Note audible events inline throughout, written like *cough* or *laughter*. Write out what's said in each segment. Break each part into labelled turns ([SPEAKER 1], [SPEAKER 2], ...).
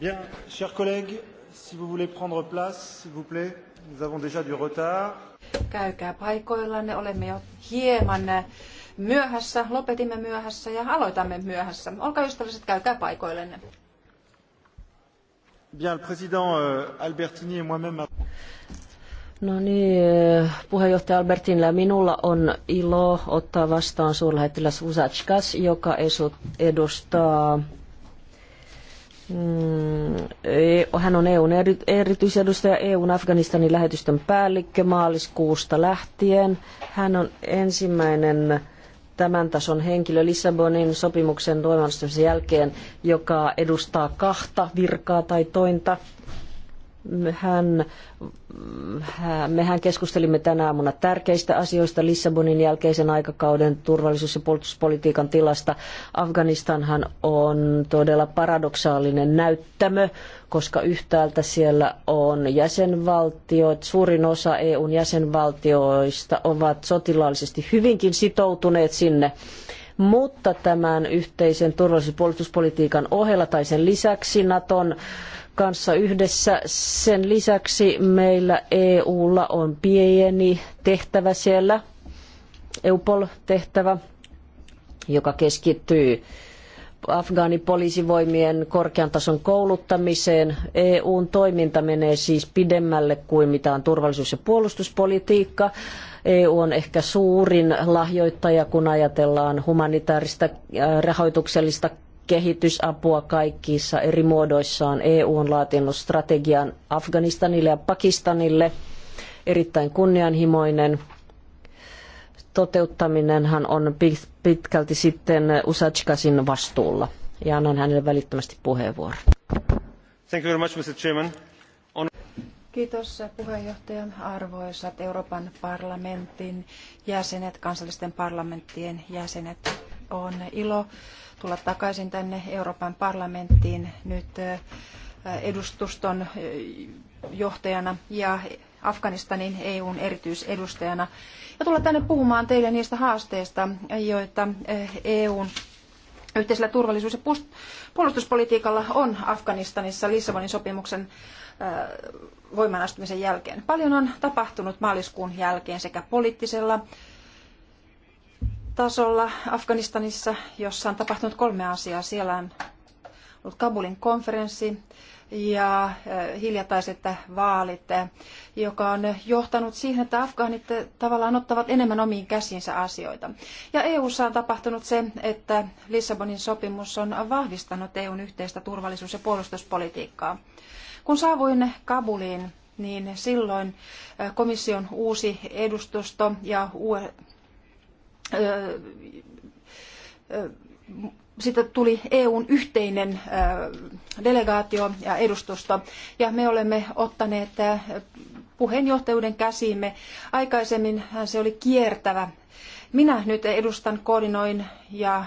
[SPEAKER 1] Bien, chers collègues, si vous voulez prendre place, s'il vous plaît, nous avons déjà du retard.
[SPEAKER 2] Käykää paikoillanne, olemme jo hieman myöhässä, lopetimme myöhässä ja aloitamme myöhässä. Olkaa ystävälliset, käykää paikoillanne.
[SPEAKER 3] Bien, le président euh, Albertini et moi-même
[SPEAKER 4] No niin, äh, puheenjohtaja minulla on ilo ottaa vastaan suurlähettiläs Usatskas, joka edustaa Mm, e- hän on EUn erityisedustaja EUn Afganistanin lähetystön päällikkö maaliskuusta lähtien. Hän on ensimmäinen tämän tason henkilö Lissabonin sopimuksen voimallistamisen jälkeen, joka edustaa kahta virkaa tai tointa hän, äh, mehän keskustelimme tänä aamuna tärkeistä asioista Lissabonin jälkeisen aikakauden turvallisuus- ja puolustuspolitiikan tilasta. Afganistanhan on todella paradoksaalinen näyttämö, koska yhtäältä siellä on jäsenvaltiot, suurin osa EUn jäsenvaltioista ovat sotilaallisesti hyvinkin sitoutuneet sinne mutta tämän yhteisen turvallisuus- ja puolustuspolitiikan ohella tai sen lisäksi Naton kanssa yhdessä. Sen lisäksi meillä EUlla on pieni tehtävä siellä, EUPOL-tehtävä, joka keskittyy afgaanipoliisivoimien korkean tason kouluttamiseen. EUn toiminta menee siis pidemmälle kuin mitä on turvallisuus- ja puolustuspolitiikka. EU on ehkä suurin lahjoittaja, kun ajatellaan humanitaarista äh, rahoituksellista kehitysapua kaikissa eri muodoissaan. EU on laatinut strategian Afganistanille ja Pakistanille. Erittäin kunnianhimoinen toteuttaminenhan on pitkälti sitten Usachkasin vastuulla. Ja annan hänelle välittömästi
[SPEAKER 1] puheenvuoron. Thank you very much, Mr. Chairman.
[SPEAKER 2] On... Kiitos puheenjohtajan arvoisat Euroopan parlamentin jäsenet, kansallisten parlamenttien jäsenet. On ilo tulla takaisin tänne Euroopan parlamenttiin nyt edustuston johtajana ja Afganistanin EUn erityisedustajana ja tulla tänne puhumaan teille niistä haasteista, joita EUn yhteisellä turvallisuus- ja puolustuspolitiikalla on Afganistanissa Lissabonin sopimuksen voimanastumisen jälkeen. Paljon on tapahtunut maaliskuun jälkeen sekä poliittisella tasolla Afganistanissa, jossa on tapahtunut kolme asiaa. Siellä on ollut Kabulin konferenssi ja eh, hiljataiset vaalit, eh, joka on johtanut siihen, että afgaanit eh, tavallaan ottavat enemmän omiin käsiinsä asioita. Ja EU:ssa on tapahtunut se, että Lissabonin sopimus on vahvistanut EUn yhteistä turvallisuus- ja puolustuspolitiikkaa. Kun saavuin Kabuliin, niin silloin komission uusi edustusto ja siitä tuli EUn yhteinen delegaatio ja edustusto, ja me olemme ottaneet puheenjohtajuuden käsiimme. Aikaisemmin se oli kiertävä. Minä nyt edustan, koordinoin ja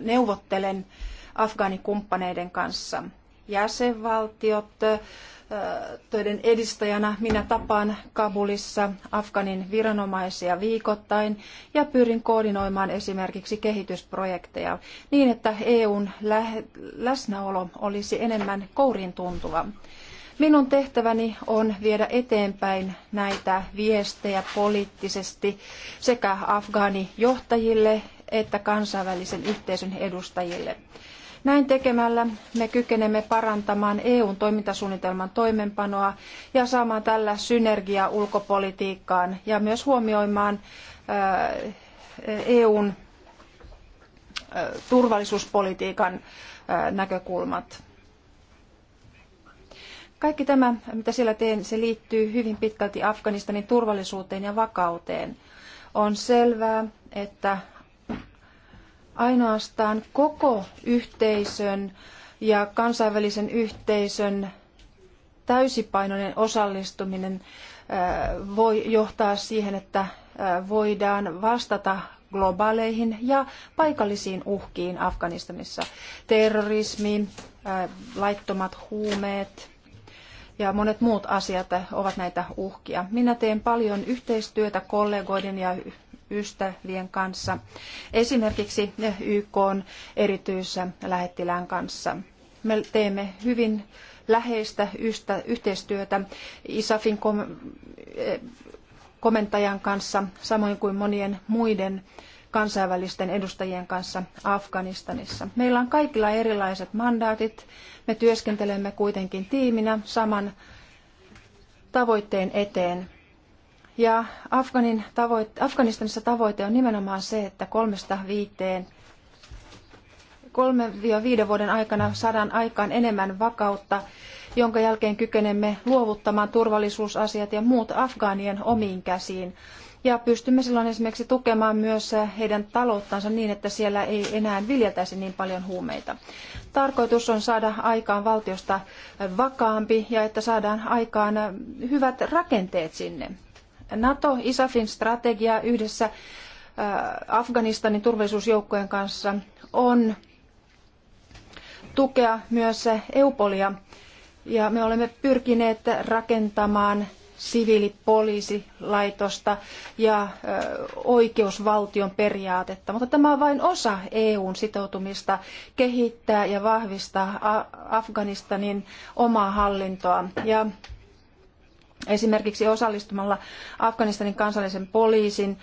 [SPEAKER 2] neuvottelen afgaanikumppaneiden kanssa – jäsenvaltiot töiden edistäjänä minä tapaan Kabulissa Afganin viranomaisia viikoittain ja pyrin koordinoimaan esimerkiksi kehitysprojekteja niin, että EUn läsnäolo olisi enemmän kouriin tuntuva. Minun tehtäväni on viedä eteenpäin näitä viestejä poliittisesti sekä afgaanijohtajille että kansainvälisen yhteisön edustajille. Näin tekemällä me kykenemme parantamaan EUn toimintasuunnitelman toimenpanoa ja saamaan tällä synergiaa ulkopolitiikkaan ja myös huomioimaan äh, EUn äh, turvallisuuspolitiikan äh, näkökulmat. Kaikki tämä, mitä siellä teen, se liittyy hyvin pitkälti Afganistanin turvallisuuteen ja vakauteen. On selvää, että ainoastaan koko yhteisön ja kansainvälisen yhteisön täysipainoinen osallistuminen äh, voi johtaa siihen, että äh, voidaan vastata globaaleihin ja paikallisiin uhkiin Afganistanissa. Terrorismi, äh, laittomat huumeet ja monet muut asiat ovat näitä uhkia. Minä teen paljon yhteistyötä kollegoiden ja ystävien kanssa, esimerkiksi YK erityislähettilään kanssa. Me teemme hyvin läheistä ystä, yhteistyötä ISAFin kom, eh, komentajan kanssa, samoin kuin monien muiden kansainvälisten edustajien kanssa Afganistanissa. Meillä on kaikilla erilaiset mandaatit. Me työskentelemme kuitenkin tiiminä saman tavoitteen eteen. Ja Afganin tavoite, Afganistanissa tavoite on nimenomaan se, että kolmesta viiteen kolme viiden vuoden aikana saadaan aikaan enemmän vakautta, jonka jälkeen kykenemme luovuttamaan turvallisuusasiat ja muut afgaanien omiin käsiin. Ja pystymme silloin esimerkiksi tukemaan myös heidän talouttansa niin, että siellä ei enää viljeltäisi niin paljon huumeita. Tarkoitus on saada aikaan valtiosta vakaampi ja että saadaan aikaan hyvät rakenteet sinne. NATO, ISAFin strategia yhdessä äh, Afganistanin turvallisuusjoukkojen kanssa on tukea myös EUPOLia. Ja me olemme pyrkineet rakentamaan siviilipoliisilaitosta ja äh, oikeusvaltion periaatetta. Mutta tämä on vain osa EUn sitoutumista kehittää ja vahvistaa Afganistanin omaa hallintoa. Ja esimerkiksi osallistumalla Afganistanin kansallisen poliisin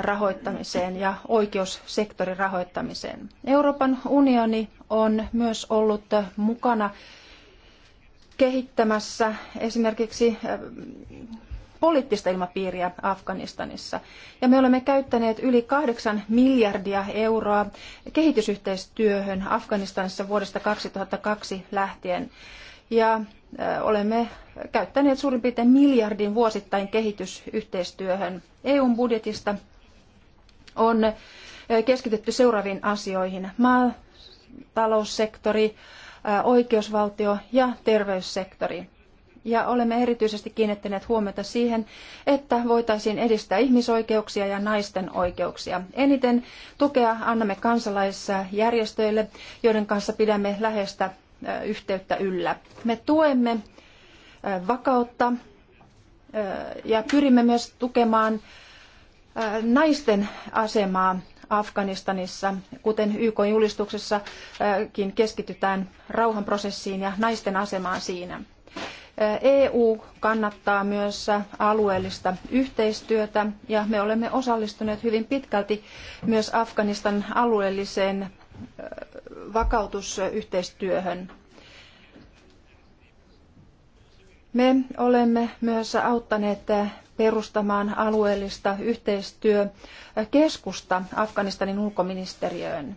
[SPEAKER 2] rahoittamiseen ja oikeussektorin rahoittamiseen. Euroopan unioni on myös ollut mukana kehittämässä esimerkiksi poliittista ilmapiiriä Afganistanissa. Ja me olemme käyttäneet yli kahdeksan miljardia euroa kehitysyhteistyöhön Afganistanissa vuodesta 2002 lähtien ja olemme käyttäneet suurin piirtein miljardin vuosittain kehitysyhteistyöhön. EUn budjetista on keskitytty seuraaviin asioihin. Maataloussektori, oikeusvaltio ja terveyssektori. Ja olemme erityisesti kiinnittäneet huomiota siihen, että voitaisiin edistää ihmisoikeuksia ja naisten oikeuksia. Eniten tukea annamme kansalaisjärjestöille, joiden kanssa pidämme läheistä yhteyttä yllä. Me tuemme vakautta ja pyrimme myös tukemaan naisten asemaa Afganistanissa, kuten YK-julistuksessakin keskitytään rauhanprosessiin ja naisten asemaan siinä. EU kannattaa myös alueellista yhteistyötä ja me olemme osallistuneet hyvin pitkälti myös Afganistan alueelliseen vakautusyhteistyöhön. Me olemme myös auttaneet perustamaan alueellista yhteistyökeskusta Afganistanin ulkoministeriöön.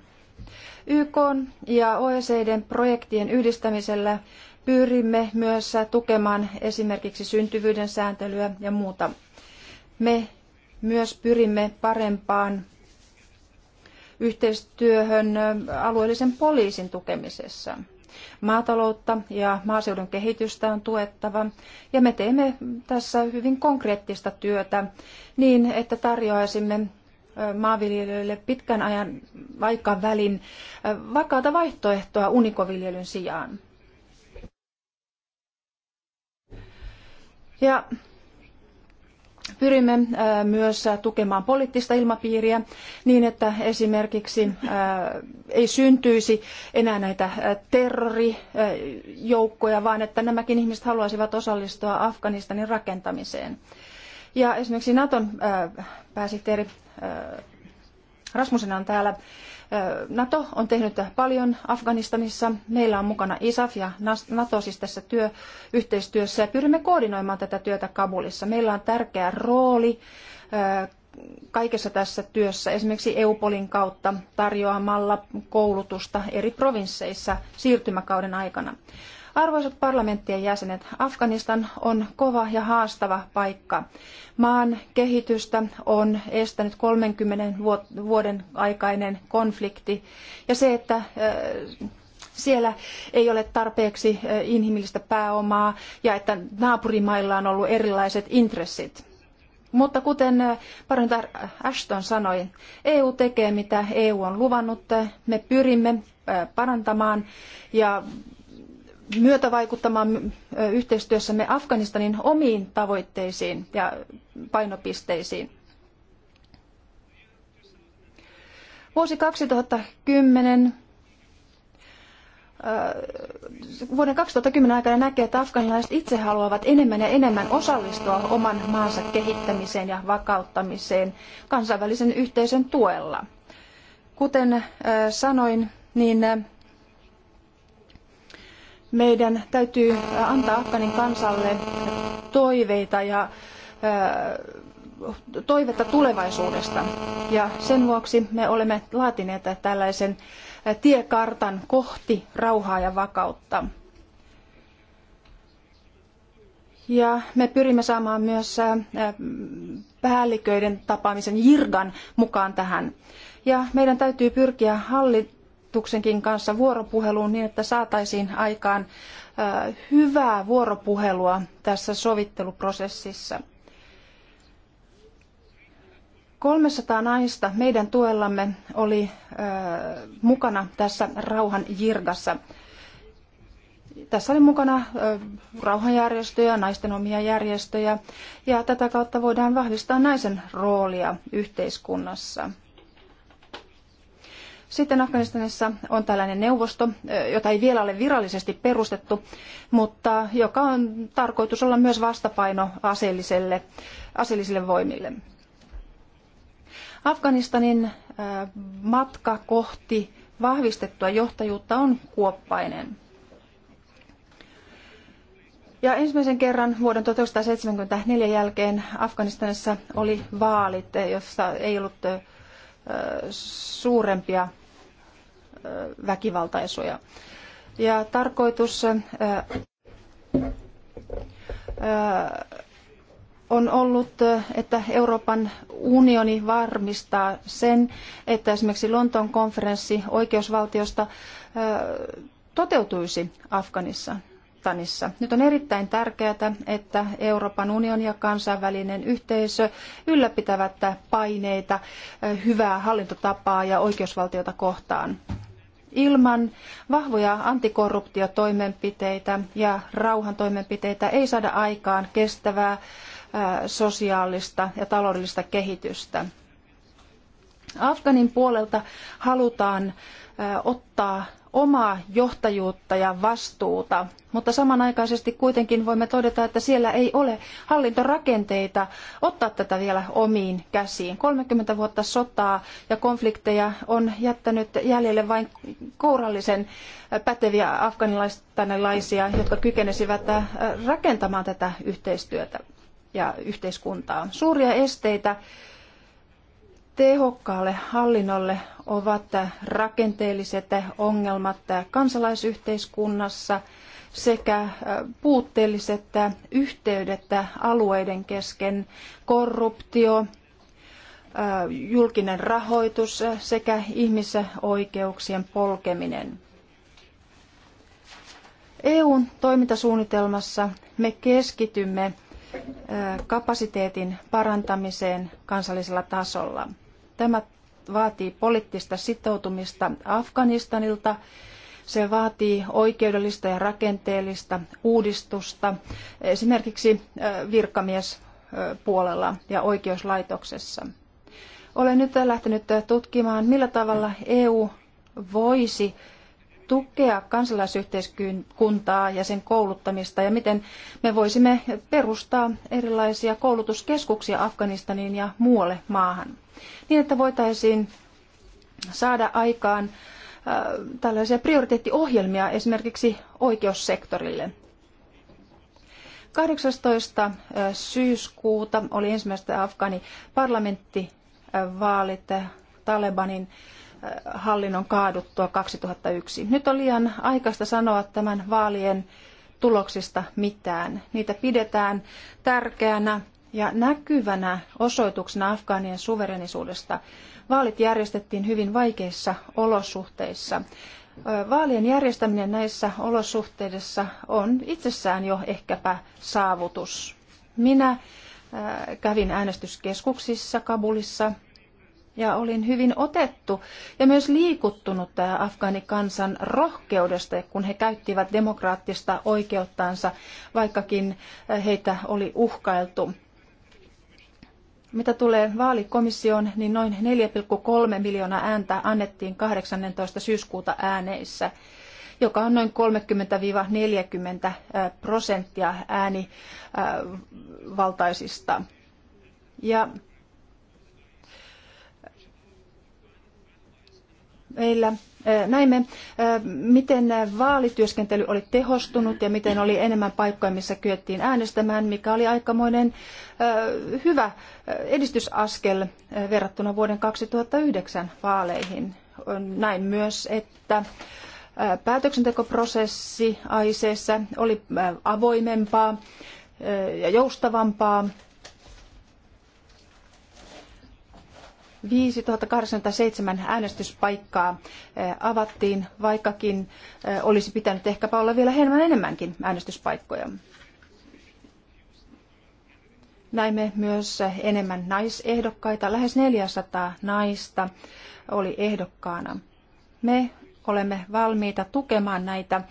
[SPEAKER 2] YK ja OECDn projektien yhdistämisellä pyrimme myös tukemaan esimerkiksi syntyvyyden sääntelyä ja muuta. Me myös pyrimme parempaan yhteistyöhön alueellisen poliisin tukemisessa. Maataloutta ja maaseudun kehitystä on tuettava ja me teemme tässä hyvin konkreettista työtä niin, että tarjoaisimme maanviljelijöille pitkän ajan aikavälin vakaata vaihtoehtoa unikoviljelyn sijaan. Ja pyrimme äh, myös tukemaan poliittista ilmapiiriä niin, että esimerkiksi äh, ei syntyisi enää näitä äh, terrorijoukkoja, vaan että nämäkin ihmiset haluaisivat osallistua Afganistanin rakentamiseen. Ja esimerkiksi Naton pääsihteeri Rasmussen on täällä NATO on tehnyt paljon Afganistanissa. Meillä on mukana ISAF ja NATO siis tässä työyhteistyössä yhteistyössä ja pyrimme koordinoimaan tätä työtä Kabulissa. Meillä on tärkeä rooli kaikessa tässä työssä, esimerkiksi EUPOLin kautta tarjoamalla koulutusta eri provinsseissa siirtymäkauden aikana. Arvoisat parlamenttien jäsenet, Afganistan on kova ja haastava paikka. Maan kehitystä on estänyt 30 vuoden aikainen konflikti ja se, että siellä ei ole tarpeeksi inhimillistä pääomaa ja että naapurimailla on ollut erilaiset intressit. Mutta kuten parantar Ashton sanoi, EU tekee mitä EU on luvannut. Me pyrimme parantamaan ja myötävaikuttamaan yhteistyössämme Afganistanin omiin tavoitteisiin ja painopisteisiin. Vuosi 2010 vuoden 2010 aikana näkee, että afganilaiset itse haluavat enemmän ja enemmän osallistua oman maansa kehittämiseen ja vakauttamiseen kansainvälisen yhteisön tuella. Kuten sanoin, niin meidän täytyy äh, antaa Afganin kansalle toiveita ja äh, toivetta tulevaisuudesta. Ja sen vuoksi me olemme laatineet tällaisen äh, tiekartan kohti rauhaa ja vakautta. Ja me pyrimme saamaan myös päälliköiden tapaamisen Jirgan mukaan tähän. Ja meidän täytyy pyrkiä hallit hallituksenkin kanssa vuoropuheluun niin, että saataisiin aikaan hyvää vuoropuhelua tässä sovitteluprosessissa. 300 naista meidän tuellamme oli mukana tässä rauhan jirgassa. Tässä oli mukana rauhanjärjestöjä, naisten omia järjestöjä ja tätä kautta voidaan vahvistaa naisen roolia yhteiskunnassa. Sitten Afganistanissa on tällainen neuvosto, jota ei vielä ole virallisesti perustettu, mutta joka on tarkoitus olla myös vastapaino aseelliselle, aseellisille voimille. Afganistanin matka kohti vahvistettua johtajuutta on kuoppainen. Ja ensimmäisen kerran vuoden 1974 jälkeen Afganistanissa oli vaalit, jossa ei ollut suurempia väkivaltaisuja. Ja tarkoitus on ollut, että Euroopan unioni varmistaa sen, että esimerkiksi Lontoon konferenssi oikeusvaltiosta toteutuisi Afganissa. Afganistanissa. Nyt on erittäin tärkeää, että Euroopan unioni ja kansainvälinen yhteisö ylläpitävät paineita hyvää hallintotapaa ja oikeusvaltiota kohtaan. Ilman vahvoja antikorruptiotoimenpiteitä ja rauhantoimenpiteitä ei saada aikaan kestävää sosiaalista ja taloudellista kehitystä. Afganin puolelta halutaan ottaa omaa johtajuutta ja vastuuta, mutta samanaikaisesti kuitenkin voimme todeta, että siellä ei ole hallintorakenteita ottaa tätä vielä omiin käsiin. 30 vuotta sotaa ja konflikteja on jättänyt jäljelle vain kourallisen päteviä afganistanilaisia, jotka kykenisivät äh, rakentamaan tätä yhteistyötä ja yhteiskuntaa. Suuria esteitä tehokkaalle hallinnolle ovat rakenteelliset ongelmat kansalaisyhteiskunnassa sekä puutteelliset yhteydet alueiden kesken, korruptio, julkinen rahoitus sekä ihmisoikeuksien polkeminen. EUn toimintasuunnitelmassa me keskitymme kapasiteetin parantamiseen kansallisella tasolla – Tämä vaatii poliittista sitoutumista Afganistanilta. Se vaatii oikeudellista ja rakenteellista uudistusta esimerkiksi virkamiespuolella ja oikeuslaitoksessa. Olen nyt lähtenyt tutkimaan, millä tavalla EU voisi tukea kansalaisyhteiskuntaa ja sen kouluttamista ja miten me voisimme perustaa erilaisia koulutuskeskuksia Afganistaniin ja muualle maahan niin että voitaisiin saada aikaan äh, tällaisia prioriteettiohjelmia esimerkiksi oikeussektorille. 18. Äh, syyskuuta oli ensimmäistä Afgani parlamenttivaalit äh, Talebanin hallinnon kaaduttua 2001. Nyt on liian aikaista sanoa tämän vaalien tuloksista mitään. Niitä pidetään tärkeänä ja näkyvänä osoituksena Afgaanien suverenisuudesta. Vaalit järjestettiin hyvin vaikeissa olosuhteissa. Vaalien järjestäminen näissä olosuhteissa on itsessään jo ehkäpä saavutus. Minä kävin äänestyskeskuksissa Kabulissa ja olin hyvin otettu ja myös liikuttunut afgaanikansan rohkeudesta, kun he käyttivät demokraattista oikeuttaansa, vaikkakin heitä oli uhkailtu. Mitä tulee vaalikomissioon, niin noin 4,3 miljoonaa ääntä annettiin 18. syyskuuta ääneissä, joka on noin 30-40 prosenttia äänivaltaisista. Ja meillä näimme, miten vaalityöskentely oli tehostunut ja miten oli enemmän paikkoja, missä kyettiin äänestämään, mikä oli aikamoinen hyvä edistysaskel verrattuna vuoden 2009 vaaleihin. Näin myös, että päätöksentekoprosessi AICssä oli avoimempaa ja joustavampaa 5087 äänestyspaikkaa eh, avattiin, vaikkakin eh, olisi pitänyt ehkäpä olla vielä hieman enemmänkin äänestyspaikkoja. Näimme myös eh, enemmän naisehdokkaita. Lähes 400 naista oli ehdokkaana. Me olemme valmiita tukemaan näitä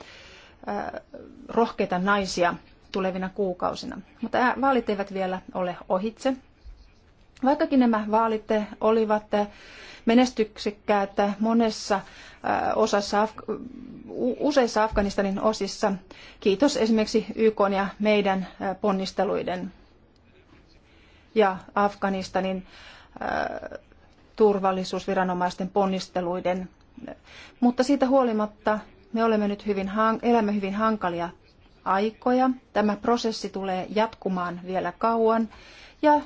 [SPEAKER 2] rohkeita naisia tulevina kuukausina. Mutta vaalit eivät vielä ole ohitse. Vaikkakin nämä vaalit olivat menestyksekkäät monessa äh, osassa, useissa Afganistanin osissa, kiitos esimerkiksi YK ja meidän äh, ponnisteluiden ja Afganistanin äh, turvallisuusviranomaisten ponnisteluiden. Mutta siitä huolimatta me olemme nyt hyvin, elämme hyvin hankalia aikoja. Tämä prosessi tulee jatkumaan vielä kauan ja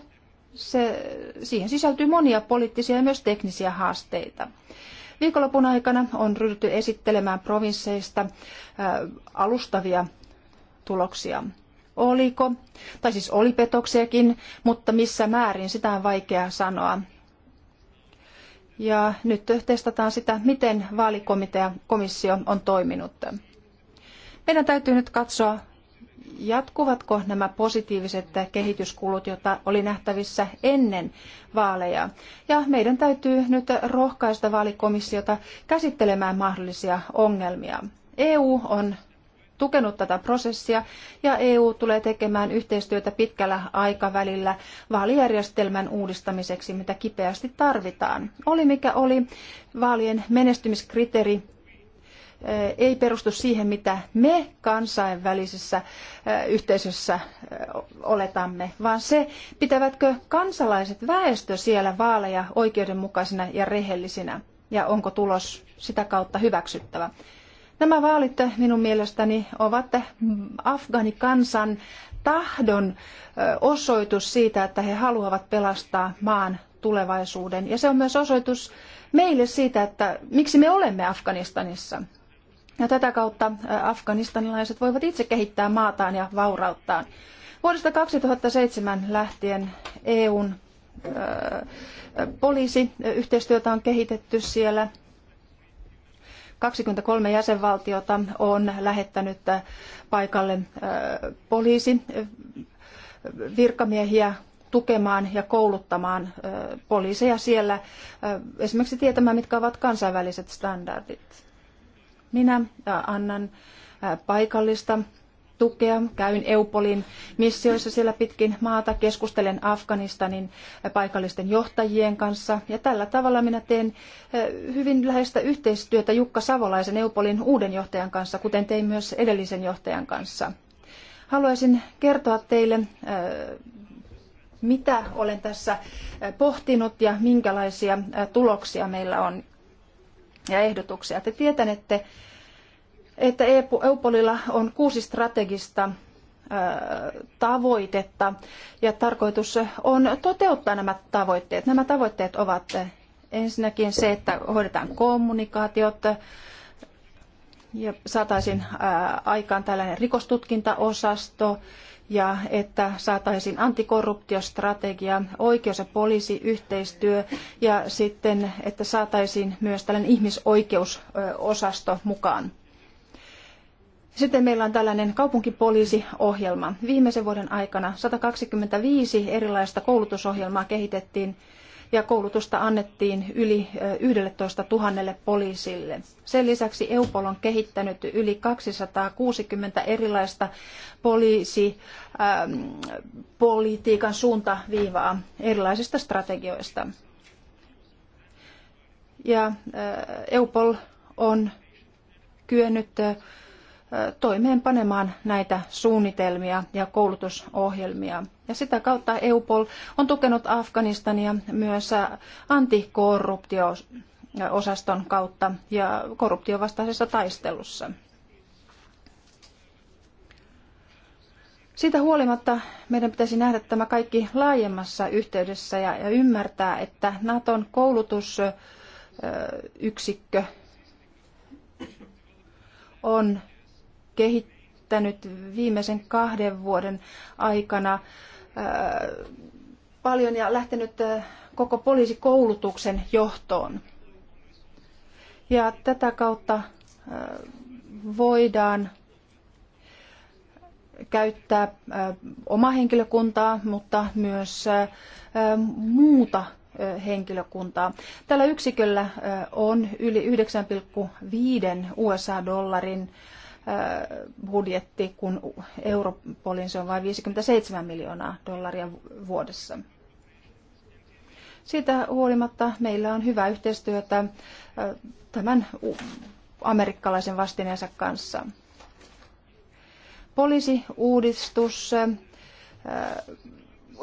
[SPEAKER 2] se, siihen sisältyy monia poliittisia ja myös teknisiä haasteita. Viikonlopun aikana on ryhdytty esittelemään provinsseista alustavia tuloksia. Oliko, tai siis oli petoksiakin, mutta missä määrin, sitä on vaikea sanoa. Ja nyt testataan sitä, miten vaalikomitea komissio on toiminut. Meidän täytyy nyt katsoa, jatkuvatko nämä positiiviset kehityskulut, joita oli nähtävissä ennen vaaleja. Ja meidän täytyy nyt rohkaista vaalikomissiota käsittelemään mahdollisia ongelmia. EU on tukenut tätä prosessia ja EU tulee tekemään yhteistyötä pitkällä aikavälillä vaalijärjestelmän uudistamiseksi, mitä kipeästi tarvitaan. Oli mikä oli, vaalien menestymiskriteeri ei perustu siihen, mitä me kansainvälisessä yhteisössä oletamme, vaan se, pitävätkö kansalaiset väestö siellä vaaleja oikeudenmukaisina ja rehellisinä, ja onko tulos sitä kautta hyväksyttävä. Nämä vaalit minun mielestäni ovat afganikansan tahdon osoitus siitä, että he haluavat pelastaa maan tulevaisuuden. Ja se on myös osoitus meille siitä, että miksi me olemme Afganistanissa. Ja tätä kautta afganistanilaiset voivat itse kehittää maataan ja vaurauttaan. Vuodesta 2007 lähtien EUn poliisiyhteistyötä on kehitetty siellä. 23 jäsenvaltiota on lähettänyt paikalle virkamiehiä tukemaan ja kouluttamaan poliiseja siellä, esimerkiksi tietämään, mitkä ovat kansainväliset standardit. Minä annan paikallista tukea, käyn Eupolin missioissa siellä pitkin maata, keskustelen Afganistanin paikallisten johtajien kanssa ja tällä tavalla minä teen hyvin läheistä yhteistyötä Jukka Savolaisen Eupolin uuden johtajan kanssa, kuten tein myös edellisen johtajan kanssa. Haluaisin kertoa teille mitä olen tässä pohtinut ja minkälaisia tuloksia meillä on ja ehdotuksia. Te tietänette, että EUPOLilla e on kuusi strategista tavoitetta ja tarkoitus on toteuttaa nämä tavoitteet. Nämä tavoitteet ovat ensinnäkin se, että hoidetaan kommunikaatiot ja saataisiin aikaan tällainen rikostutkintaosasto ja että saataisiin antikorruptiostrategia, oikeus- ja poliisiyhteistyö ja sitten, että saataisiin myös tällainen ihmisoikeusosasto mukaan. Sitten meillä on tällainen kaupunkipoliisiohjelma. Viimeisen vuoden aikana 125 erilaista koulutusohjelmaa kehitettiin ja koulutusta annettiin yli 11 000 poliisille. Sen lisäksi EUPOL on kehittänyt yli 260 erilaista poliisipolitiikan suuntaviivaa erilaisista strategioista. Ja EUPOL on kyennyt toimeenpanemaan näitä suunnitelmia ja koulutusohjelmia. Ja sitä kautta EUPOL on tukenut Afganistania myös antikorruptio-osaston kautta ja korruptiovastaisessa taistelussa. Siitä huolimatta meidän pitäisi nähdä tämä kaikki laajemmassa yhteydessä ja, ja ymmärtää, että Naton koulutusyksikkö on kehittänyt viimeisen kahden vuoden aikana äh, paljon ja lähtenyt äh, koko poliisikoulutuksen johtoon. Ja tätä kautta äh, voidaan käyttää omaa henkilökuntaa, mutta myös muuta henkilökuntaa. Tällä yksiköllä on yli 9,5 USA-dollarin budjetti, kun Europolin se on vain 57 miljoonaa dollaria vuodessa. Siitä huolimatta meillä on hyvä yhteistyötä tämän amerikkalaisen vastineensa kanssa. Poliisiuudistus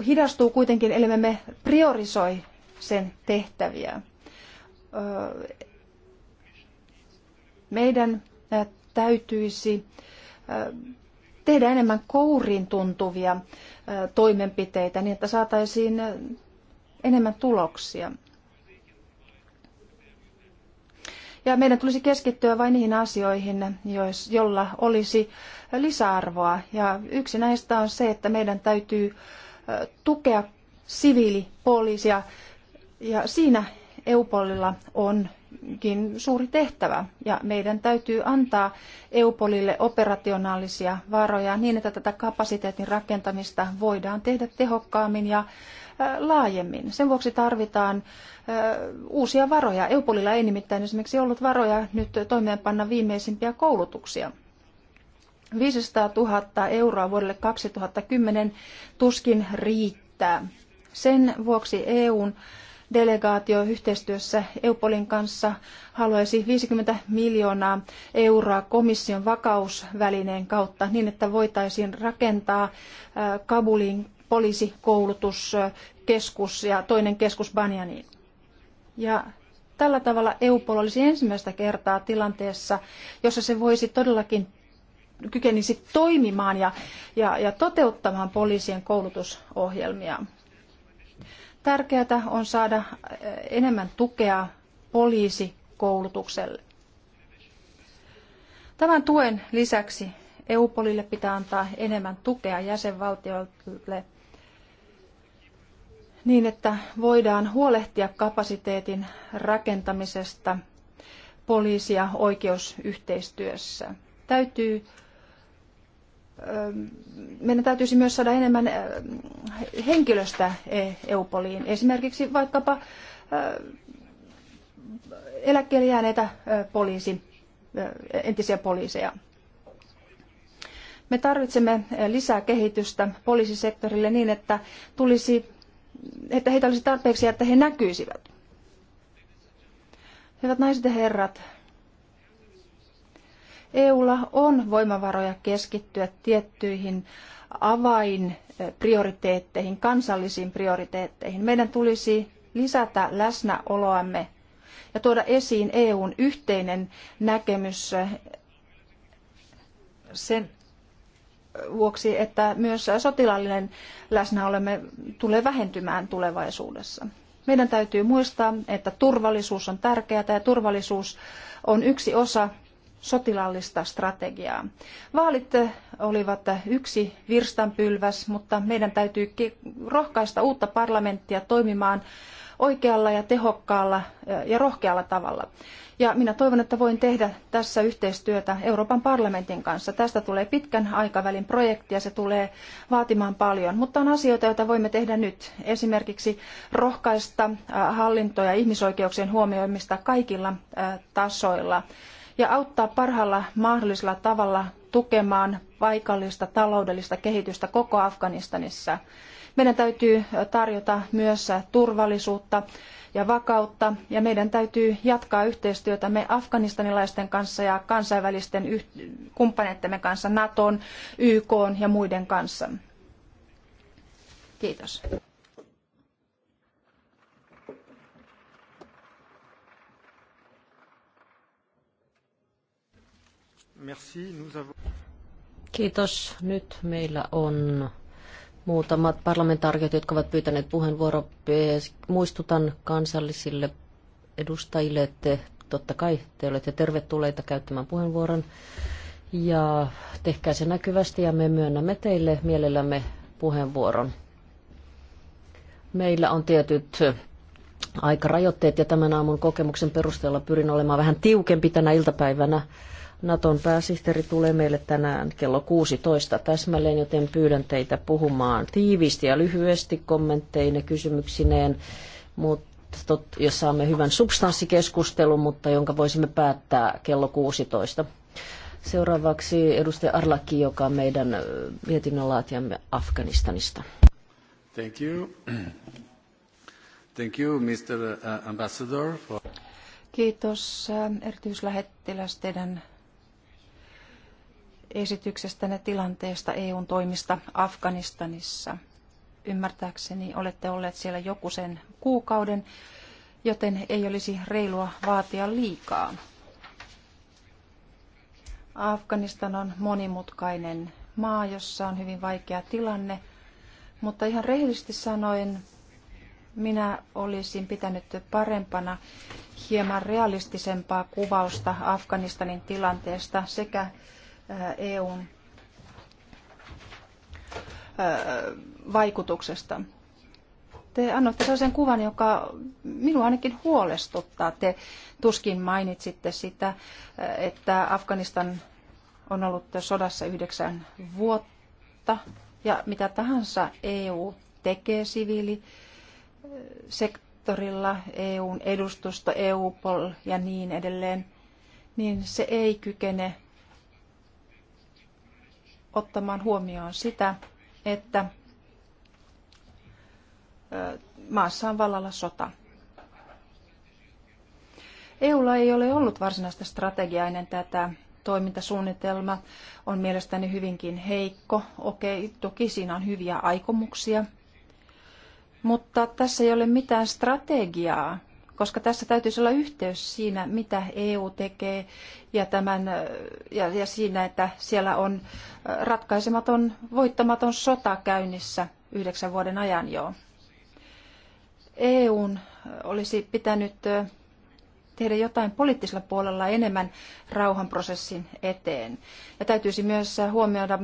[SPEAKER 2] hidastuu kuitenkin, eli me priorisoi sen tehtäviä. Meidän täytyisi tehdä enemmän kouriin tuntuvia toimenpiteitä niin, että saataisiin enemmän tuloksia. Ja meidän tulisi keskittyä vain niihin asioihin, joilla olisi lisäarvoa. Ja yksi näistä on se, että meidän täytyy tukea siviilipoliisia. Ja siinä EUPOLilla on kuitenkin suuri tehtävä ja meidän täytyy antaa EUPOLille operationaalisia varoja niin, että tätä kapasiteetin rakentamista voidaan tehdä tehokkaammin ja laajemmin. Sen vuoksi tarvitaan uusia varoja. EUPOLilla ei nimittäin esimerkiksi ollut varoja nyt toimeenpanna viimeisimpiä koulutuksia. 500 000 euroa vuodelle 2010 tuskin riittää. Sen vuoksi EUn delegaatio yhteistyössä Eupolin kanssa haluaisi 50 miljoonaa euroa komission vakausvälineen kautta niin, että voitaisiin rakentaa äh, Kabulin poliisikoulutuskeskus ja toinen keskus Banjaniin. Ja tällä tavalla EUPOL olisi ensimmäistä kertaa tilanteessa, jossa se voisi todellakin kykenisi toimimaan ja, ja, ja toteuttamaan poliisien koulutusohjelmia. Tärkeää on saada eh, enemmän tukea poliisikoulutukselle. Tämän tuen lisäksi EU-polille pitää antaa enemmän tukea jäsenvaltioille niin, että voidaan huolehtia kapasiteetin rakentamisesta poliisia oikeusyhteistyössä. Täytyy meidän täytyisi myös saada enemmän henkilöstä e- EUPOLiin. Esimerkiksi vaikkapa eläkkeelle jääneitä poliisi, entisiä poliiseja. Me tarvitsemme lisää kehitystä poliisisektorille niin, että, tulisi, että heitä olisi tarpeeksi että he näkyisivät. Hyvät naiset ja herrat, EUlla on voimavaroja keskittyä tiettyihin avainprioriteetteihin, kansallisiin prioriteetteihin. Meidän tulisi lisätä läsnäoloamme ja tuoda esiin EUn yhteinen näkemys sen vuoksi, että myös sotilaallinen läsnäolemme tulee vähentymään tulevaisuudessa. Meidän täytyy muistaa, että turvallisuus on tärkeää ja turvallisuus on yksi osa sotilaallista strategiaa. Vaalit eh, olivat eh, yksi virstanpylväs, mutta meidän täytyy rohkaista uutta parlamenttia toimimaan oikealla ja tehokkaalla eh, ja rohkealla tavalla. Ja minä toivon, että voin tehdä tässä yhteistyötä Euroopan parlamentin kanssa. Tästä tulee pitkän aikavälin projekti ja se tulee vaatimaan paljon, mutta on asioita, joita voimme tehdä nyt. Esimerkiksi rohkaista hallintoa ja ihmisoikeuksien huomioimista kaikilla tasoilla ja auttaa parhaalla mahdollisella tavalla tukemaan paikallista taloudellista kehitystä koko Afganistanissa. Meidän täytyy tarjota myös turvallisuutta ja vakautta ja meidän täytyy jatkaa yhteistyötämme afganistanilaisten kanssa ja kansainvälisten yh- kumppaneittemme kanssa, NATOn, YK ja muiden kanssa. Kiitos.
[SPEAKER 4] Kiitos. Nyt meillä on muutamat parlamentaarikot, jotka ovat pyytäneet puheenvuoroa. Muistutan kansallisille edustajille, että totta kai te olette tervetulleita käyttämään puheenvuoron. Ja tehkää se näkyvästi ja me myönnämme teille mielellämme puheenvuoron. Meillä on tietyt aikarajoitteet ja tämän aamun kokemuksen perusteella pyrin olemaan vähän tiukempi tänä iltapäivänä Naton pääsihteeri tulee meille tänään kello 16 täsmälleen, joten pyydän teitä puhumaan tiiviisti ja lyhyesti kommentteine kysymyksineen, mutta tot, jos saamme hyvän substanssikeskustelun, mutta jonka voisimme päättää kello 16. Seuraavaksi edustaja Arlaki, joka on meidän mietinnön laatijamme Afganistanista.
[SPEAKER 1] Thank you. Thank you, Mr. Uh, ambassador. For...
[SPEAKER 2] Kiitos äh, erityislähettiläs teidän esityksestänne tilanteesta EUn toimista Afganistanissa. Ymmärtääkseni olette olleet siellä joku sen kuukauden, joten ei olisi reilua vaatia liikaa. Afganistan on monimutkainen maa, jossa on hyvin vaikea tilanne, mutta ihan rehellisesti sanoen minä olisin pitänyt parempana hieman realistisempaa kuvausta Afganistanin tilanteesta sekä Äh, EUn äh, vaikutuksesta. Te annoitte sellaisen kuvan, joka minua ainakin huolestuttaa. Te tuskin mainitsitte sitä, äh, että Afganistan on ollut sodassa yhdeksän vuotta ja mitä tahansa EU tekee siviilisektorilla, EUn edustusta, EUPOL ja niin edelleen, niin se ei kykene ottamaan huomioon sitä, että maassa on vallalla sota. EUlla ei ole ollut varsinaista strategiaa ennen tätä. Toimintasuunnitelma on mielestäni hyvinkin heikko. Okei, toki siinä on hyviä aikomuksia, mutta tässä ei ole mitään strategiaa koska tässä täytyisi olla yhteys siinä, mitä EU tekee ja, tämän, ja, ja siinä, että siellä on ratkaisematon, voittamaton sota käynnissä yhdeksän vuoden ajan jo. EUn olisi pitänyt tehdä jotain poliittisella puolella enemmän rauhanprosessin eteen. Ja täytyisi myös huomioida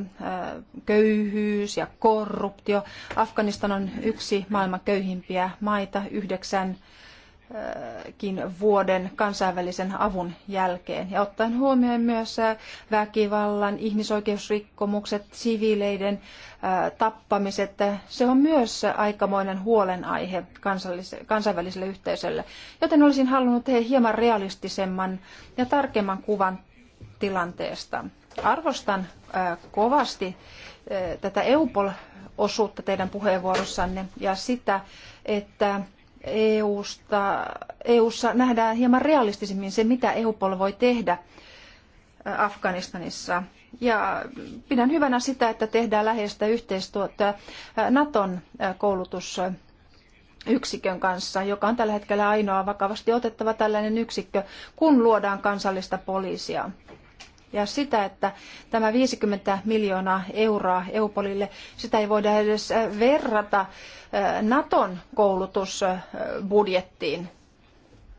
[SPEAKER 2] köyhyys ja korruptio. Afganistan on yksi maailman köyhimpiä maita, yhdeksän kin vuoden kansainvälisen avun jälkeen. Ja ottaen huomioon myös äh, väkivallan, ihmisoikeusrikkomukset, siviileiden äh, tappamiset, äh, se on myös aikamoinen huolenaihe kansainväliselle yhteisölle. Joten olisin halunnut hieman realistisemman ja tarkemman kuvan tilanteesta. Arvostan kovasti tätä EUPOL-osuutta teidän puheenvuorossanne ja sitä, että eu EUssa nähdään hieman realistisemmin se, mitä EUPOL voi tehdä äh, Afganistanissa. Ja pidän hyvänä sitä, että tehdään läheistä yhteistyötä äh, Naton äh, koulutusyksikön kanssa, joka on tällä hetkellä ainoa vakavasti otettava tällainen yksikkö, kun luodaan kansallista poliisia ja sitä, että tämä 50 miljoonaa euroa EUPOLille, sitä ei voida edes äh, verrata äh, Naton koulutusbudjettiin.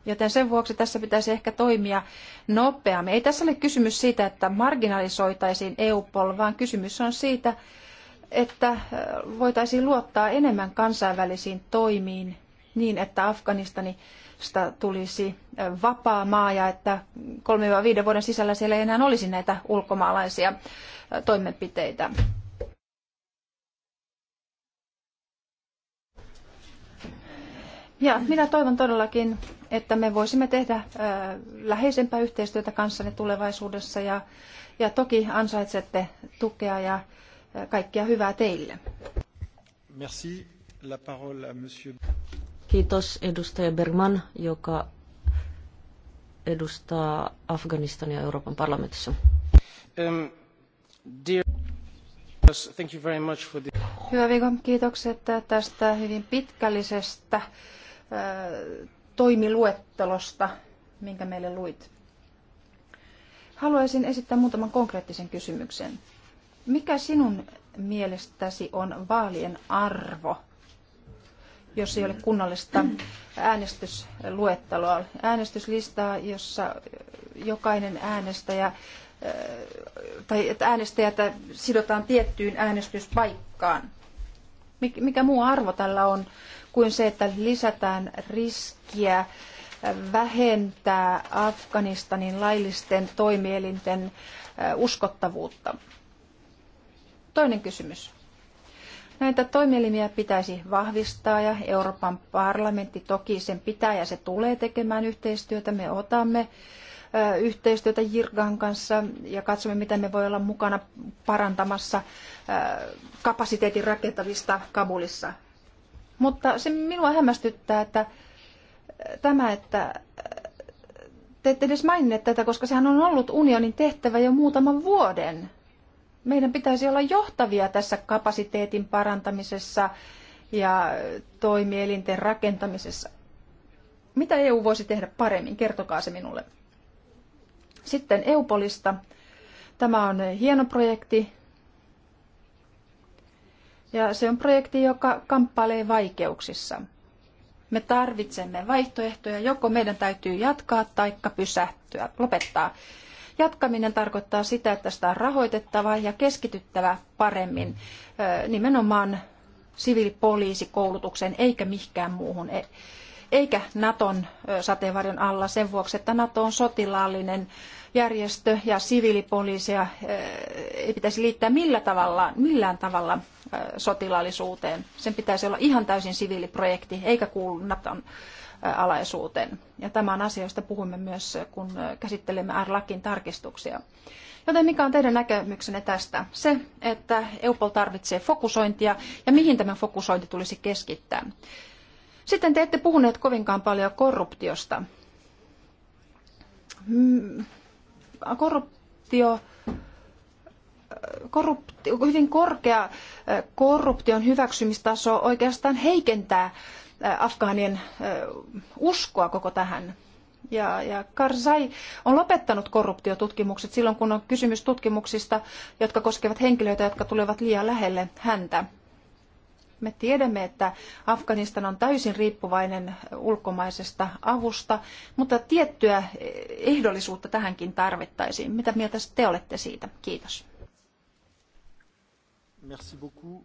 [SPEAKER 2] Joten sen vuoksi tässä pitäisi ehkä toimia nopeammin. Ei tässä ole kysymys siitä, että marginalisoitaisiin EUPOL, vaan kysymys on siitä, että äh, voitaisiin luottaa enemmän kansainvälisiin toimiin niin, että Afganistani Kiinasta tulisi vapaa maa ja että 3-5 vuoden sisällä siellä ei enää olisi näitä ulkomaalaisia toimenpiteitä. Ja minä toivon todellakin, että me voisimme tehdä läheisempää yhteistyötä kanssanne tulevaisuudessa ja, ja toki ansaitsette tukea ja kaikkea hyvää teille.
[SPEAKER 3] Merci. La parole à monsieur...
[SPEAKER 2] Kiitos edustaja Bergman, joka
[SPEAKER 4] edustaa Afganistania Euroopan parlamentissa.
[SPEAKER 3] Um,
[SPEAKER 1] dear... Thank you very much for the...
[SPEAKER 2] Hyvä viikko. kiitokset tästä hyvin pitkällisestä äh, toimiluettelosta, minkä meille luit. Haluaisin esittää muutaman konkreettisen kysymyksen. Mikä sinun mielestäsi on vaalien arvo jos ei ole kunnallista äänestysluetteloa, äänestyslistaa, jossa jokainen äänestäjä äh, tai että äänestäjät sidotaan tiettyyn äänestyspaikkaan. Mikä muu arvo tällä on kuin se, että lisätään riskiä vähentää Afganistanin laillisten toimielinten äh, uskottavuutta? Toinen kysymys. Näitä toimielimiä pitäisi vahvistaa ja Euroopan parlamentti toki sen pitää ja se tulee tekemään yhteistyötä. Me otamme yhteistyötä Jirgan kanssa ja katsomme, miten me voi olla mukana parantamassa kapasiteetin rakentamista Kabulissa. Mutta se minua hämmästyttää, että tämä, että te ette edes maininneet tätä, koska sehän on ollut unionin tehtävä jo muutaman vuoden meidän pitäisi olla johtavia tässä kapasiteetin parantamisessa ja toimielinten rakentamisessa. Mitä EU voisi tehdä paremmin? Kertokaa se minulle. Sitten EUPOLista. Tämä on hieno projekti. Ja se on projekti, joka kamppailee vaikeuksissa. Me tarvitsemme vaihtoehtoja, joko meidän täytyy jatkaa tai pysähtyä, lopettaa. Jatkaminen tarkoittaa sitä, että sitä on rahoitettava ja keskityttävä paremmin nimenomaan siviilipoliisikoulutukseen eikä mihinkään muuhun, e, eikä Naton sateenvarjon alla sen vuoksi, että Nato on sotilaallinen järjestö ja siviilipoliisia ei pitäisi liittää millä tavalla, millään tavalla sotilaallisuuteen. Sen pitäisi olla ihan täysin siviiliprojekti eikä kuulu Naton alaisuuteen. Ja tämä on asia, josta puhumme myös, kun käsittelemme Arlakin tarkistuksia. Joten mikä on teidän näkemyksenne tästä? Se, että EUPOL tarvitsee fokusointia ja mihin tämä fokusointi tulisi keskittää. Sitten te ette puhuneet kovinkaan paljon korruptiosta. Mm, korruptio korrupti, hyvin korkea korruption hyväksymistaso oikeastaan heikentää Äh, afgaanien äh, uskoa koko tähän. Ja, ja Karzai on lopettanut korruptiotutkimukset silloin, kun on kysymys tutkimuksista, jotka koskevat henkilöitä, jotka tulevat liian lähelle häntä. Me tiedämme, että Afganistan on täysin riippuvainen ulkomaisesta avusta, mutta tiettyä ehdollisuutta tähänkin tarvittaisiin. Mitä mieltä te olette siitä? Kiitos.
[SPEAKER 3] Merci beaucoup.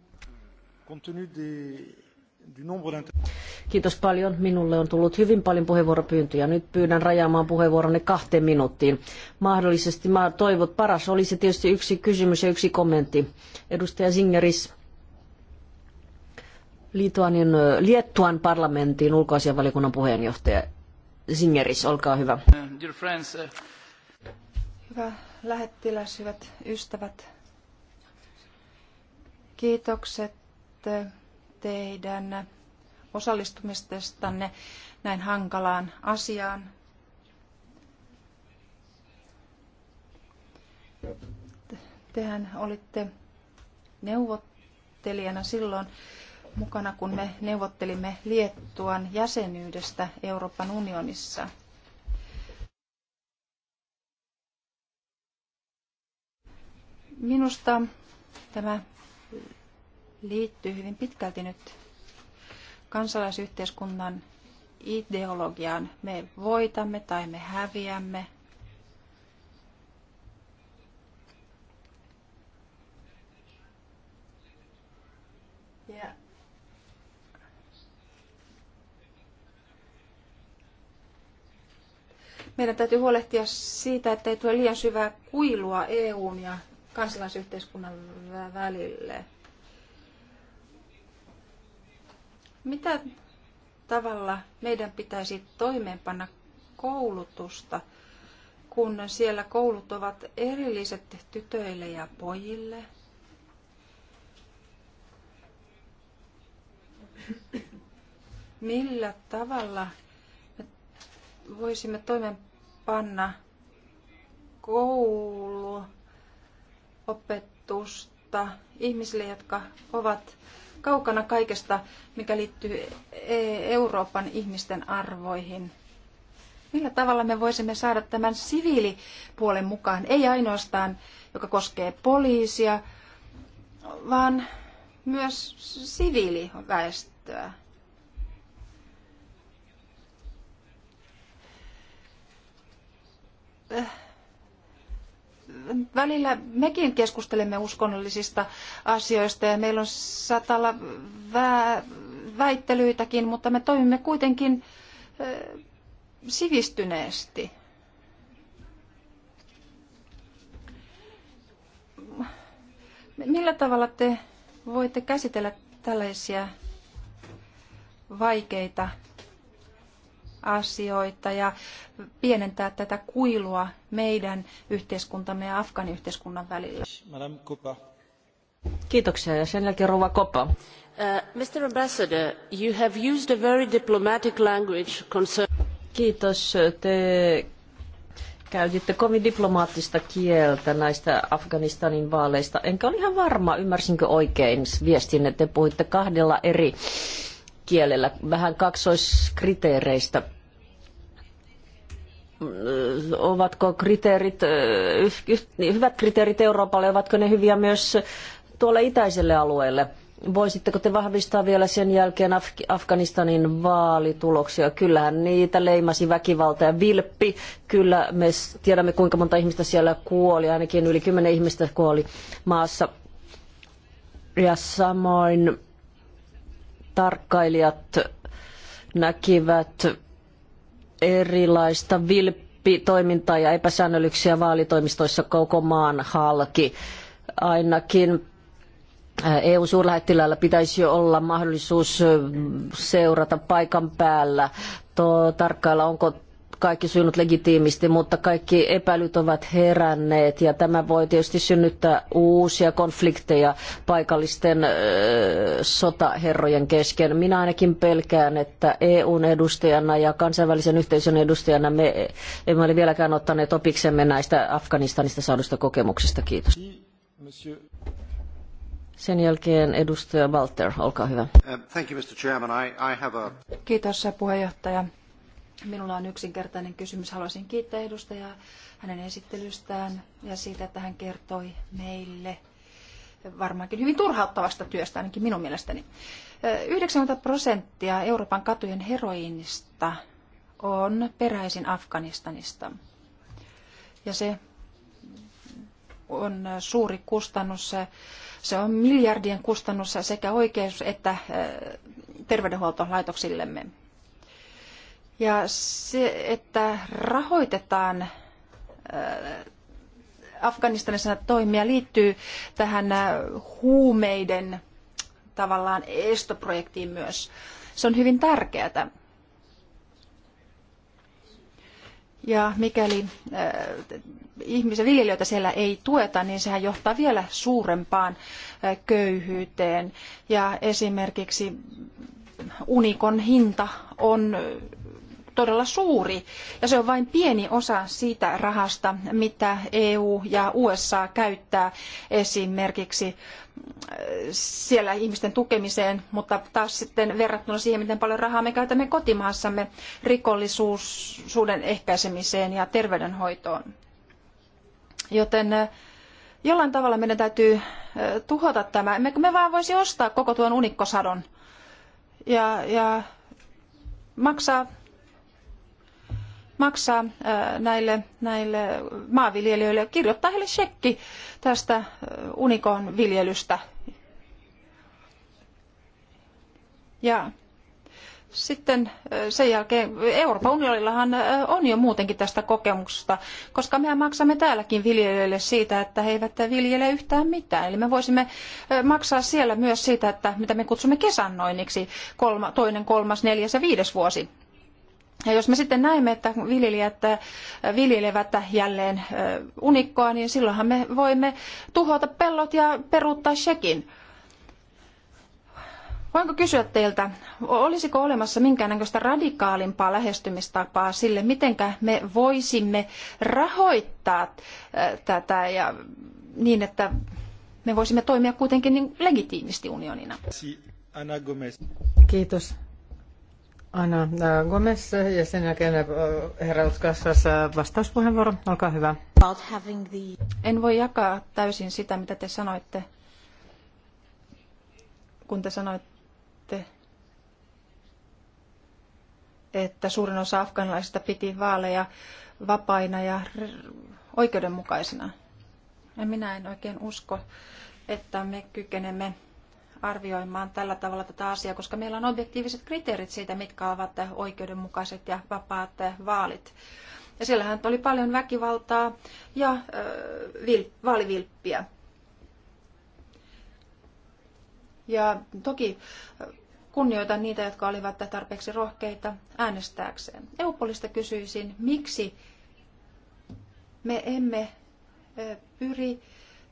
[SPEAKER 4] Kiitos paljon. Minulle on tullut hyvin paljon puheenvuoropyyntöjä. Nyt pyydän rajaamaan puheenvuoronne kahteen minuuttiin. Mahdollisesti mä toivot paras olisi tietysti yksi kysymys ja yksi kommentti. Edustaja Singeris, Liituanin, Liettuan parlamentin ulkoasianvaliokunnan puheenjohtaja Singeris, olkaa hyvä.
[SPEAKER 3] Uh,
[SPEAKER 2] hyvä lähettiläs, hyvät ystävät. Kiitokset teidän osallistumistestanne näin hankalaan asiaan. Tehän olitte neuvottelijana silloin mukana, kun me neuvottelimme Liettuan jäsenyydestä Euroopan unionissa. Minusta tämä liittyy hyvin pitkälti nyt kansalaisyhteiskunnan ideologiaan. Me voitamme tai me häviämme. Ja. Meidän täytyy huolehtia siitä, että ei tule liian syvää kuilua EUn ja kansalaisyhteiskunnan välille. Mitä tavalla meidän pitäisi toimeenpanna koulutusta, kun siellä koulut ovat erilliset tytöille ja pojille? Millä tavalla me voisimme toimeenpanna kouluopetusta ihmisille, jotka ovat kaukana kaikesta, mikä liittyy e- Euroopan ihmisten arvoihin. Millä tavalla me voisimme saada tämän siviilipuolen mukaan, ei ainoastaan, joka koskee poliisia, vaan myös siviiliväestöä? Äh välillä mekin keskustelemme uskonnollisista asioista ja meillä on satalla vä- väittelyitäkin, mutta me toimimme kuitenkin sivistyneesti. Millä tavalla te voitte käsitellä tällaisia vaikeita asioita ja pienentää tätä kuilua meidän yhteiskuntamme ja Afganin yhteiskunnan välillä.
[SPEAKER 4] Kiitoksia ja sen jälkeen Rova Mr. Uh, Ambassador, you have used a very diplomatic language concern... Kiitos. Te käytitte kovin diplomaattista kieltä näistä Afganistanin vaaleista. Enkä ole ihan varma, ymmärsinkö oikein viestin, että te puhuitte kahdella eri kielellä, vähän kaksoiskriteereistä ovatko kriteerit, eh, hyvät kriteerit Euroopalle, ovatko ne hyviä myös tuolle itäiselle alueelle? Voisitteko te vahvistaa vielä sen jälkeen Af- Afganistanin vaalituloksia? Kyllähän niitä leimasi väkivalta ja vilppi. Kyllä me tiedämme kuinka monta ihmistä siellä kuoli, ainakin yli kymmenen ihmistä kuoli maassa. Ja samoin tarkkailijat näkivät erilaista vilppitoimintaa ja epäsäännöllisyyksiä vaalitoimistoissa koko maan halki. Ainakin äh, EU-suurlähettilällä pitäisi olla mahdollisuus äh, seurata paikan päällä, to, tarkkailla onko kaikki sujunut legitiimisti, mutta kaikki epäilyt ovat heränneet ja tämä voi tietysti synnyttää uusia konflikteja paikallisten äh, sotaherrojen kesken. Minä ainakin pelkään, että EUn edustajana ja kansainvälisen yhteisön edustajana me emme ole vieläkään ottaneet opiksemme näistä Afganistanista saadusta kokemuksista. Kiitos. Sen jälkeen edustaja Walter, olkaa hyvä.
[SPEAKER 2] Kiitos puheenjohtaja. Minulla on yksinkertainen kysymys. Haluaisin kiittää edustajaa hänen esittelystään ja siitä, että hän kertoi meille varmaankin hyvin turhauttavasta työstä, ainakin minun mielestäni. 90 prosenttia Euroopan katujen heroiinista on peräisin Afganistanista. Ja se on suuri kustannus. Se on miljardien kustannus sekä oikeus- että eh, terveydenhuoltolaitoksillemme. Ja se, että rahoitetaan äh, Afganistanissa toimia liittyy tähän äh, huumeiden tavallaan estoprojektiin myös. Se on hyvin tärkeää. Ja mikäli äh, ihmisiä, viljelijöitä siellä ei tueta, niin sehän johtaa vielä suurempaan äh, köyhyyteen. Ja esimerkiksi unikon hinta on todella suuri ja se on vain pieni osa siitä rahasta, mitä EU ja USA käyttää esimerkiksi äh, siellä ihmisten tukemiseen, mutta taas sitten verrattuna siihen, miten paljon rahaa me käytämme kotimaassamme rikollisuuden ehkäisemiseen ja terveydenhoitoon. Joten äh, jollain tavalla meidän täytyy äh, tuhota tämä. Emmekö me vaan voisi ostaa koko tuon unikkosadon ja, ja maksaa maksaa äh, näille, näille maanviljelijöille, kirjoittaa heille shekki tästä äh, unikon viljelystä. Ja sitten äh, sen jälkeen Euroopan unionillahan on jo muutenkin tästä kokemuksesta, koska me maksamme täälläkin viljelijöille siitä, että he eivät viljele yhtään mitään. Eli me voisimme maksaa siellä myös siitä, että mitä me kutsumme kesannoinniksi kolma, toinen, kolmas, neljäs ja viides vuosi. Ja jos me sitten näemme, että viljelijät äh, viljelevät jälleen äh, unikkoa, niin silloinhan me voimme tuhota pellot ja peruuttaa shekin. Voinko kysyä teiltä, olisiko olemassa minkäännäköistä radikaalimpaa lähestymistapaa sille, mitenkä me voisimme rahoittaa äh, tätä ja niin, että me voisimme toimia kuitenkin niin legitiimisti unionina? Kiitos.
[SPEAKER 5] Anna äh, Gomez ja sen jälkeen äh, herra Utskassas äh, vastauspuheenvuoro. Olkaa hyvä.
[SPEAKER 2] En voi jakaa täysin sitä, mitä te sanoitte, kun te sanoitte, että suurin osa afganilaisista piti vaaleja vapaina ja oikeudenmukaisina. Ja minä en oikein usko, että me kykenemme arvioimaan tällä tavalla tätä asiaa, koska meillä on objektiiviset kriteerit siitä, mitkä ovat oikeudenmukaiset ja vapaat vaalit. Ja siellähän oli paljon väkivaltaa ja äh, vil, vaalivilppiä. Ja toki kunnioitan niitä, jotka olivat tarpeeksi rohkeita äänestääkseen. Eupolista kysyisin, miksi me emme pyri äh,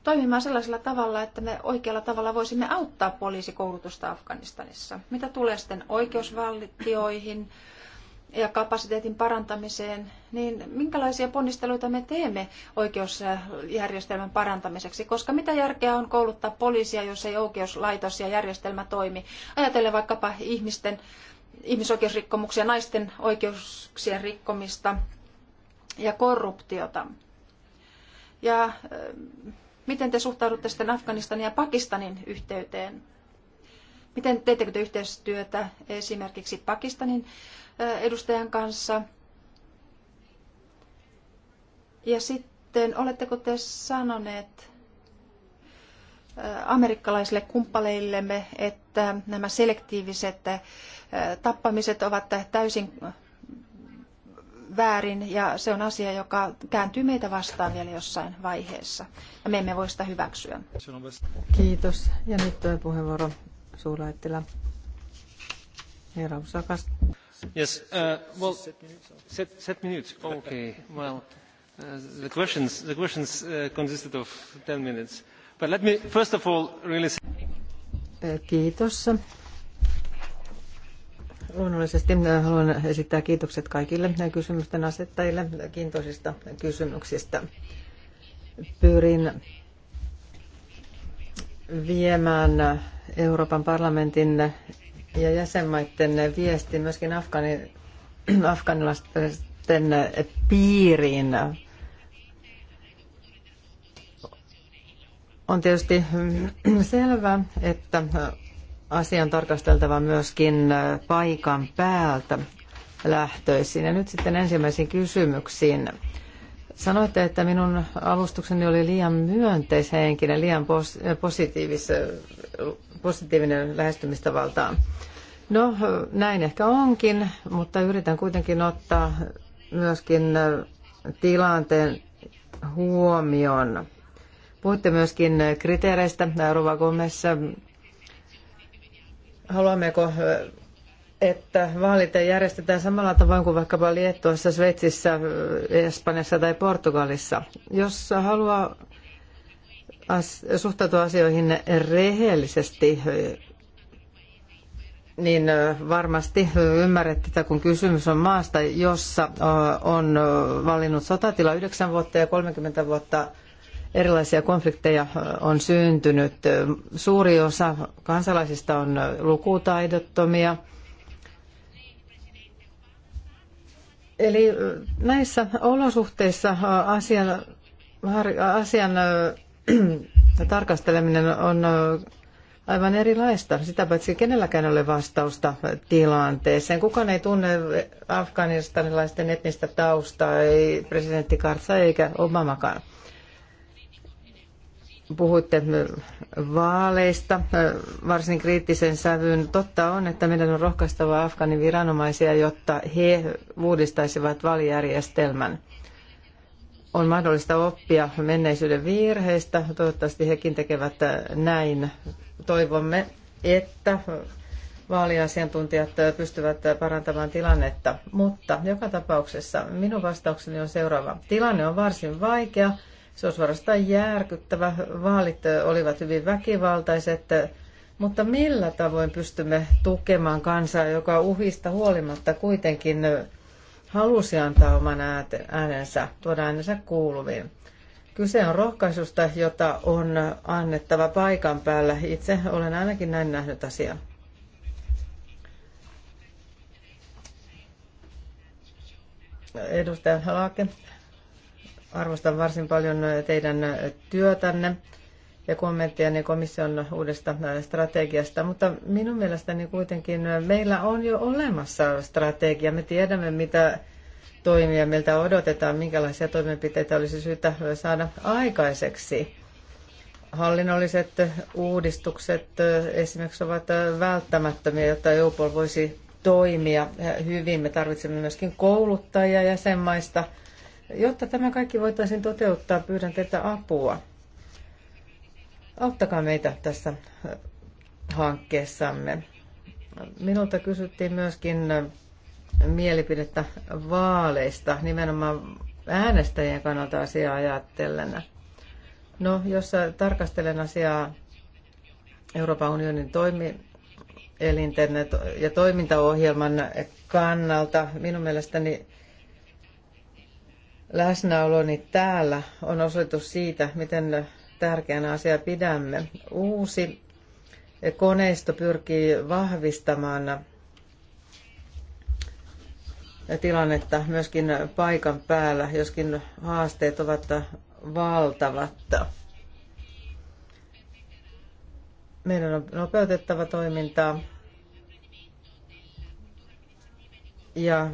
[SPEAKER 2] toimimaan sellaisella tavalla, että me oikealla tavalla voisimme auttaa poliisikoulutusta Afganistanissa. Mitä tulee sitten oikeusvaltioihin ja kapasiteetin parantamiseen, niin minkälaisia ponnisteluita me teemme oikeusjärjestelmän parantamiseksi? Koska mitä järkeä on kouluttaa poliisia, jos ei oikeuslaitos ja järjestelmä toimi? Ajatellen vaikkapa ihmisten ihmisoikeusrikkomuksia, naisten oikeuksien rikkomista ja korruptiota. Ja Miten te suhtaudutte sitten Afganistanin ja Pakistanin yhteyteen? Miten teettekö te yhteistyötä esimerkiksi Pakistanin edustajan kanssa? Ja sitten, oletteko te sanoneet amerikkalaisille kumppaneillemme, että nämä selektiiviset tappamiset ovat täysin väärin ja se on asia, joka kääntyy meitä vastaan vielä jossain vaiheessa. Ja me emme voi sitä hyväksyä.
[SPEAKER 5] Kiitos. Ja nyt tuo puheenvuoro suurlähettilä Herra Usakas.
[SPEAKER 1] Yes, uh, well, set, set minutes. Okay, well, uh, the questions, the questions uh, consisted of 10 minutes. But let me first of all really... say.
[SPEAKER 5] Kiitos. Luonnollisesti äh, haluan esittää kiitokset kaikille kysymysten asettajille kiintoisista kysymyksistä. Pyrin viemään Euroopan parlamentin ja jäsenmaiden viesti myöskin Afgani, *clears throat* afganilaisten piiriin. On tietysti *clears throat* selvää, että asian tarkasteltava myöskin paikan päältä lähtöisin. Ja nyt sitten ensimmäisiin kysymyksiin. Sanoitte, että minun alustukseni oli liian myönteishenkinen, liian positiivinen lähestymistavaltaan. No näin ehkä onkin, mutta yritän kuitenkin ottaa myöskin tilanteen huomioon. Puhuitte myöskin kriteereistä. Rova Gomes Haluammeko, että vaalit järjestetään samalla tavoin kuin vaikkapa Liettuassa, Sveitsissä, Espanjassa tai Portugalissa? Jos haluaa suhtautua asioihin rehellisesti, niin varmasti ymmärrät että kun kysymys on maasta, jossa on valinnut sotatila 9 vuotta ja 30 vuotta erilaisia konflikteja on syntynyt. Suuri osa kansalaisista on lukutaidottomia. Eli näissä olosuhteissa asian, asian *clears throat* tarkasteleminen on aivan erilaista. Sitä paitsi kenelläkään ei ole vastausta tilanteeseen. Kukaan ei tunne afganistanilaisten etnistä taustaa, ei presidentti Karza eikä Obamakaan puhuitte vaaleista varsin kriittisen sävyyn. Totta on, että meidän on rohkaistava Afganin viranomaisia, jotta he uudistaisivat vaalijärjestelmän. On mahdollista oppia menneisyyden virheistä. Toivottavasti hekin tekevät näin. Toivomme, että vaaliasiantuntijat pystyvät parantamaan tilannetta. Mutta joka tapauksessa minun vastaukseni on seuraava. Tilanne on varsin vaikea se on suorastaan järkyttävä. Vaalit olivat hyvin väkivaltaiset, mutta millä tavoin pystymme tukemaan kansaa, joka uhista huolimatta kuitenkin halusi antaa oman äänensä, tuoda äänensä kuuluviin? Kyse on rohkaisusta, jota on annettava paikan päällä. Itse olen ainakin näin nähnyt asiaa. Edustaja Halake Arvostan varsin paljon teidän työtänne ja kommenttianne niin komission uudesta strategiasta, mutta minun mielestäni kuitenkin meillä on jo olemassa strategia. Me tiedämme, mitä toimia meiltä odotetaan, minkälaisia toimenpiteitä olisi syytä saada aikaiseksi. Hallinnolliset uudistukset esimerkiksi ovat välttämättömiä, jotta EUPOL voisi toimia hyvin. Me tarvitsemme myöskin kouluttajia jäsenmaista – Jotta tämä kaikki voitaisiin toteuttaa, pyydän teiltä apua. Auttakaa meitä tässä äh, hankkeessamme. Minulta kysyttiin myöskin äh, mielipidettä vaaleista, nimenomaan äänestäjien kannalta asiaa ajatellen. No, jos tarkastelen asiaa Euroopan unionin toimielinten ja toimintaohjelman kannalta, minun mielestäni läsnäoloni täällä on osoitus siitä, miten tärkeänä asia pidämme. Uusi koneisto pyrkii vahvistamaan tilannetta myöskin paikan päällä, joskin haasteet ovat valtavat. Meidän on nopeutettava toimintaa ja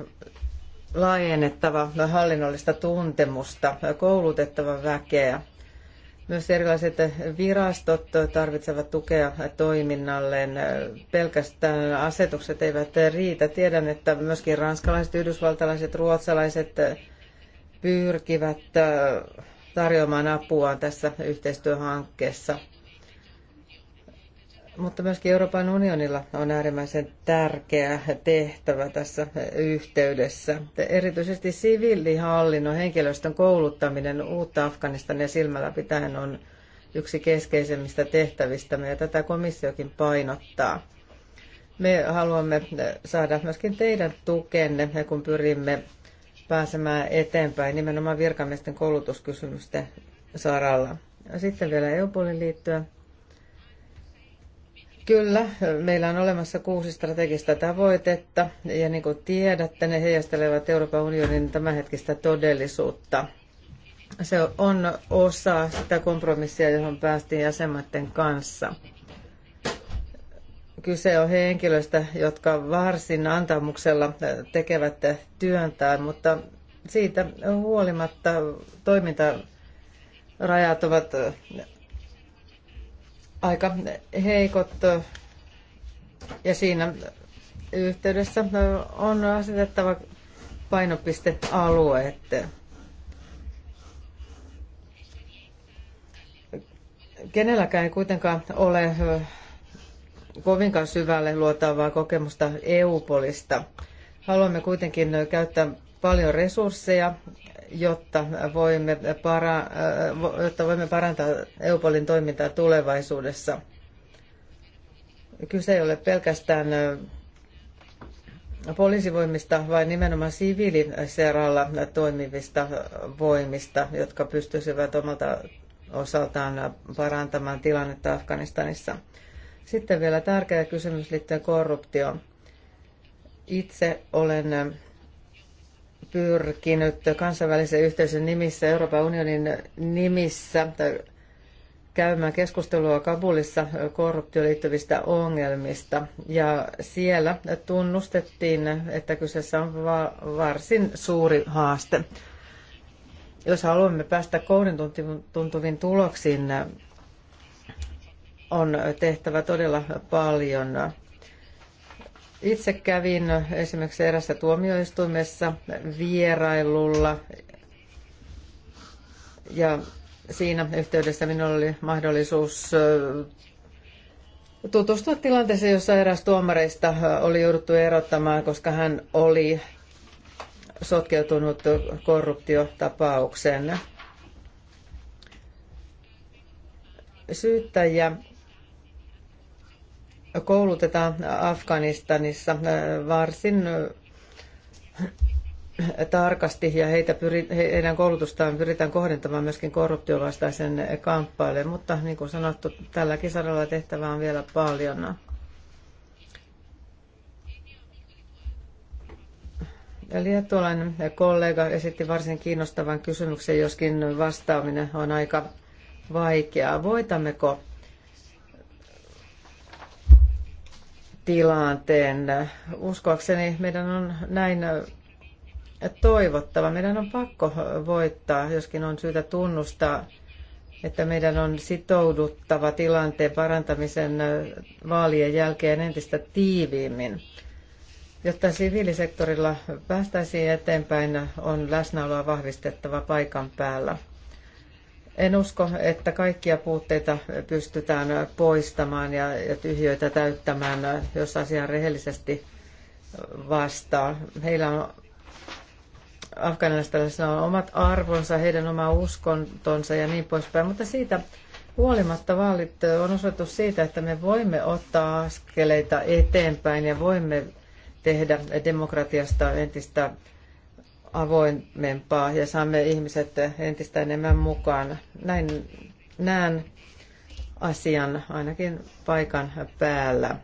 [SPEAKER 5] laajennettava hallinnollista tuntemusta, koulutettava väkeä. Myös erilaiset virastot tarvitsevat tukea toiminnalleen. Pelkästään asetukset eivät riitä. Tiedän, että myöskin ranskalaiset, yhdysvaltalaiset, ruotsalaiset pyrkivät tarjoamaan apua tässä yhteistyöhankkeessa – mutta myöskin Euroopan unionilla on äärimmäisen tärkeä tehtävä tässä yhteydessä. Erityisesti siviilihallinnon henkilöstön kouluttaminen uutta Afganistania silmällä pitäen on yksi keskeisemmistä tehtävistä, ja tätä komissiokin painottaa. Me haluamme saada myöskin teidän tukenne, kun pyrimme pääsemään eteenpäin nimenomaan virkamiesten koulutuskysymysten saralla. Sitten vielä EUPOLin liittyen. Kyllä, meillä on olemassa kuusi strategista tavoitetta ja niin kuin tiedätte, ne heijastelevat Euroopan unionin tämänhetkistä todellisuutta. Se on osa sitä kompromissia, johon päästiin jäsenmaiden kanssa. Kyse on henkilöistä, jotka varsin antamuksella tekevät työntään, mutta siitä huolimatta toimintarajat ovat aika heikot ja siinä yhteydessä on asetettava painopistealueet. Kenelläkään ei kuitenkaan ole kovinkaan syvälle luotavaa kokemusta EU-polista. Haluamme kuitenkin käyttää paljon resursseja jotta voimme, para, jotta voimme parantaa EUPOLin toimintaa tulevaisuudessa. Kyse ei ole pelkästään poliisivoimista, vaan nimenomaan siviiliseralla toimivista voimista, jotka pystyisivät omalta osaltaan parantamaan tilannetta Afganistanissa. Sitten vielä tärkeä kysymys liittyen korruptioon. Itse olen pyrkinyt kansainvälisen yhteisön nimissä, Euroopan unionin nimissä käymään keskustelua Kabulissa korruptioon liittyvistä ongelmista. Ja siellä tunnustettiin, että kyseessä on va- varsin suuri haaste. Jos haluamme päästä kouden tuntuviin tuloksiin, on tehtävä todella paljon. Itse kävin esimerkiksi erässä tuomioistuimessa vierailulla ja siinä yhteydessä minulla oli mahdollisuus tutustua tilanteeseen, jossa eräs tuomareista oli jouduttu erottamaan, koska hän oli sotkeutunut korruptiotapaukseen. Syyttäjä koulutetaan Afganistanissa äh, varsin äh, tarkasti ja heitä pyri, heidän koulutustaan pyritään kohdentamaan myöskin korruptiovastaisen kamppaille, mutta niin kuin sanottu, tälläkin saralla tehtävää on vielä paljon. Liettualainen kollega esitti varsin kiinnostavan kysymyksen, joskin vastaaminen on aika vaikeaa. Voitammeko tilanteen. Uskoakseni meidän on näin toivottava. Meidän on pakko voittaa, joskin on syytä tunnustaa, että meidän on sitouduttava tilanteen parantamisen vaalien jälkeen entistä tiiviimmin. Jotta siviilisektorilla päästäisiin eteenpäin, on läsnäoloa vahvistettava paikan päällä. En usko, että kaikkia puutteita pystytään poistamaan ja, ja tyhjöitä täyttämään, jos asiaan rehellisesti vastaa. Heillä on afganistanilaisilla on omat arvonsa, heidän oma uskontonsa ja niin poispäin, mutta siitä huolimatta vaalit on osoitus siitä, että me voimme ottaa askeleita eteenpäin ja voimme tehdä demokratiasta entistä avoimempaa ja saamme ihmiset entistä enemmän mukaan. Näin näen asian ainakin paikan päällä.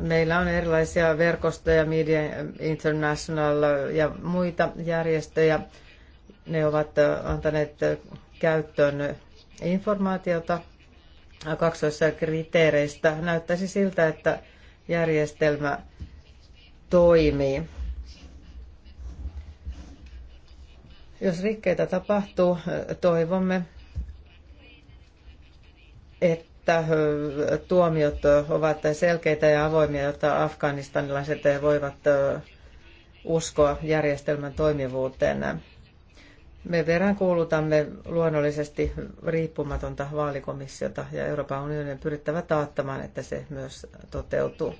[SPEAKER 5] Meillä on erilaisia verkostoja, Media International ja muita järjestöjä. Ne ovat antaneet käyttöön informaatiota kriteereistä Näyttäisi siltä, että järjestelmä toimii. Jos rikkeitä tapahtuu, toivomme, että tuomiot ovat selkeitä ja avoimia, jotta afganistanilaiset voivat uskoa järjestelmän toimivuuteen. Me kuulutamme luonnollisesti riippumatonta vaalikomissiota ja Euroopan unionin pyrittävä taattamaan, että se myös toteutuu.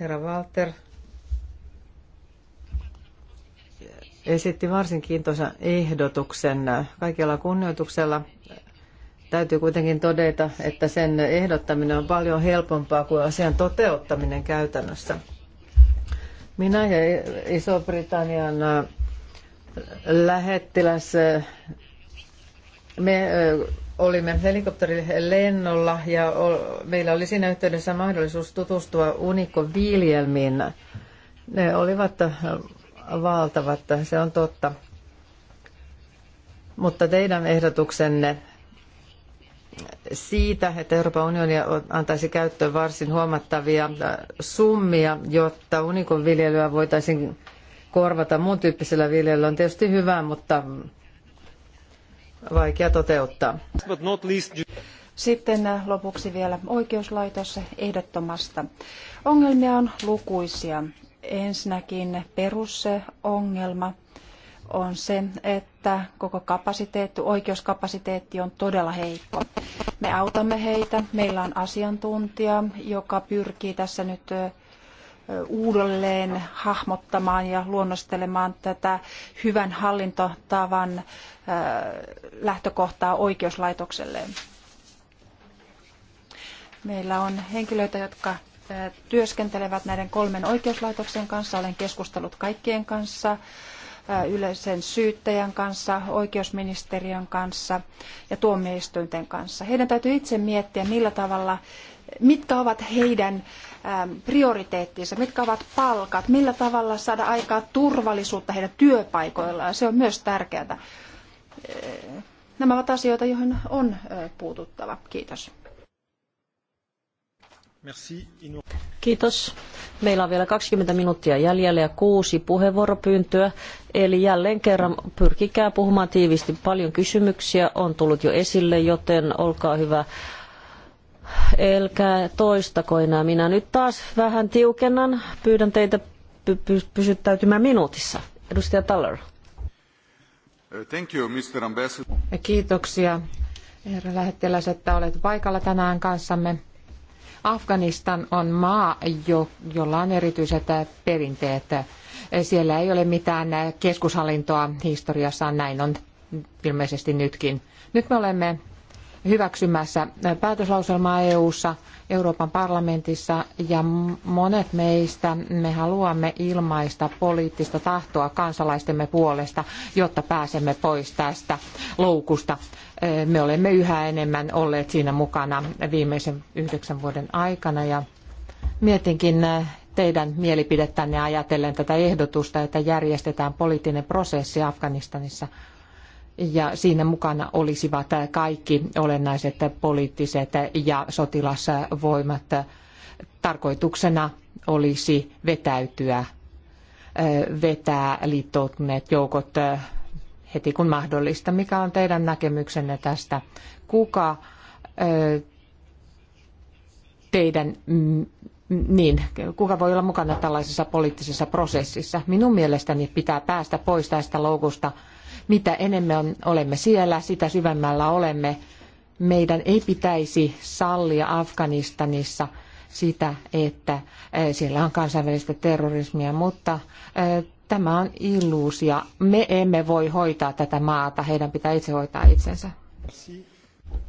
[SPEAKER 5] Herra Walter, esitti varsin kiintoisen ehdotuksen. Kaikella kunnioituksella täytyy kuitenkin todeta, että sen ehdottaminen on paljon helpompaa kuin asian toteuttaminen käytännössä. Minä ja Iso-Britannian äh, lähettiläs, äh, me äh, olimme helikopterilennolla ja meillä oli siinä yhteydessä mahdollisuus tutustua unikkoviljelmiin. Ne olivat valtavat, se on totta. Mutta teidän ehdotuksenne siitä, että Euroopan unioni antaisi käyttöön varsin huomattavia summia, jotta unikon viljelyä voitaisiin korvata muun tyyppisellä viljelyllä on
[SPEAKER 2] tietysti hyvä, mutta
[SPEAKER 5] vaikea toteuttaa.
[SPEAKER 2] Sitten lopuksi vielä oikeuslaitos ehdottomasta. Ongelmia on lukuisia. Ensinnäkin perusongelma on se, että koko kapasiteetti, oikeuskapasiteetti on todella heikko. Me autamme heitä. Meillä on asiantuntija, joka pyrkii tässä nyt uudelleen hahmottamaan ja luonnostelemaan tätä hyvän hallintotavan lähtökohtaa oikeuslaitokselleen. Meillä on henkilöitä, jotka työskentelevät näiden kolmen oikeuslaitoksen kanssa. Olen keskustellut kaikkien kanssa, yleisen syyttäjän kanssa, oikeusministeriön kanssa ja tuomioistuinten kanssa. Heidän täytyy itse miettiä, millä tavalla, mitkä ovat heidän prioriteettinsa, mitkä ovat palkat, millä tavalla saada aikaa turvallisuutta heidän työpaikoillaan. Se on myös tärkeää. Nämä ovat asioita, joihin on puututtava. Kiitos. Kiitos.
[SPEAKER 4] Meillä on vielä 20 minuuttia jäljellä ja kuusi puheenvuoropyyntöä. Eli jälleen kerran pyrkikää puhumaan tiivisti. Paljon kysymyksiä on tullut jo esille, joten olkaa hyvä. Elkää toistako enää. Minä nyt taas vähän tiukennan. Pyydän teitä py- pysyttäytymään minuutissa. Edustaja Taller.
[SPEAKER 3] Uh, thank you, Mr.
[SPEAKER 4] Kiitoksia, herra lähettiläs,
[SPEAKER 6] että olet paikalla tänään kanssamme. Afganistan on maa, jolla on erityiset perinteet. Siellä ei ole mitään keskushallintoa historiassaan, näin on ilmeisesti nytkin. Nyt me olemme hyväksymässä päätöslauselmaa EU:ssa, Euroopan parlamentissa ja monet meistä me haluamme ilmaista poliittista tahtoa kansalaistemme puolesta, jotta pääsemme pois tästä loukusta. Me olemme yhä enemmän olleet siinä mukana viimeisen yhdeksän vuoden aikana ja mietinkin teidän mielipidettänne ajatellen tätä ehdotusta, että järjestetään poliittinen prosessi Afganistanissa – ja siinä mukana olisivat kaikki olennaiset poliittiset ja sotilasvoimat. Tarkoituksena olisi vetäytyä, vetää liittoutuneet joukot heti kun mahdollista. Mikä on teidän näkemyksenne tästä? Kuka teidän, mm, niin, kuka voi olla mukana tällaisessa poliittisessa prosessissa? Minun mielestäni pitää päästä pois tästä loukusta mitä enemmän olemme siellä, sitä syvemmällä olemme. Meidän ei pitäisi sallia Afganistanissa sitä, että eh, siellä on kansainvälistä terrorismia, mutta eh, tämä on illuusia. Me emme voi hoitaa tätä maata, heidän pitää itse hoitaa itsensä.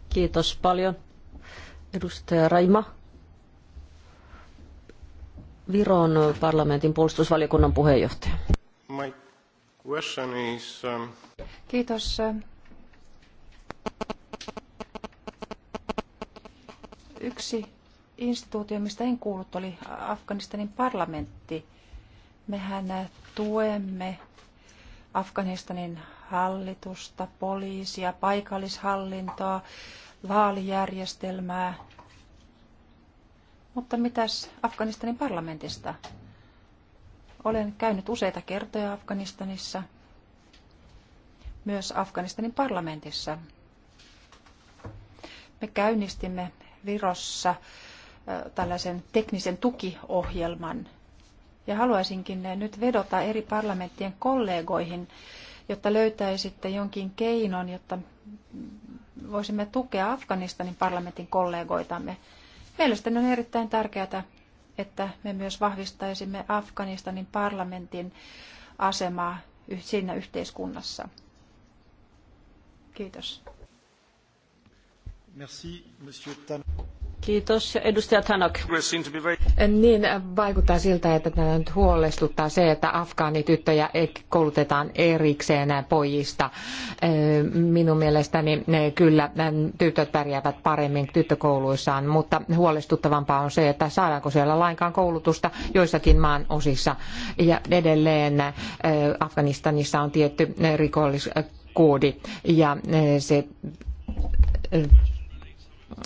[SPEAKER 6] Kiitos
[SPEAKER 4] paljon. Edustaja Raima. Viron parlamentin puolustusvaliokunnan puheenjohtaja.
[SPEAKER 1] Mike. Um,
[SPEAKER 2] Kiitos. Yksi instituutio, mistä en kuullut, oli Afganistanin parlamentti. Mehän tuemme Afganistanin hallitusta, poliisia, paikallishallintoa, vaalijärjestelmää. Mutta mitäs Afganistanin parlamentista? Olen käynyt useita kertoja Afganistanissa, myös Afganistanin parlamentissa. Me käynnistimme Virossa tällaisen teknisen tukiohjelman. Ja haluaisinkin nyt vedota eri parlamenttien kollegoihin, jotta löytäisitte jonkin keinon, jotta voisimme tukea Afganistanin parlamentin kollegoitamme. Mielestäni on erittäin tärkeää että me myös vahvistaisimme Afganistanin parlamentin asemaa siinä yhteiskunnassa. Kiitos.
[SPEAKER 1] Merci,
[SPEAKER 4] Kiitos. Edustaja Tanok. Niin,
[SPEAKER 6] vaikuttaa siltä, että tämä nyt huolestuttaa se, että afgaanityttöjä koulutetaan erikseen pojista. Minun mielestäni kyllä tytöt pärjäävät paremmin tyttökouluissaan, mutta huolestuttavampaa on se, että saadaanko siellä lainkaan koulutusta joissakin maan osissa. Ja edelleen eh, Afganistanissa on tietty eh, rikolliskoodi ja eh, se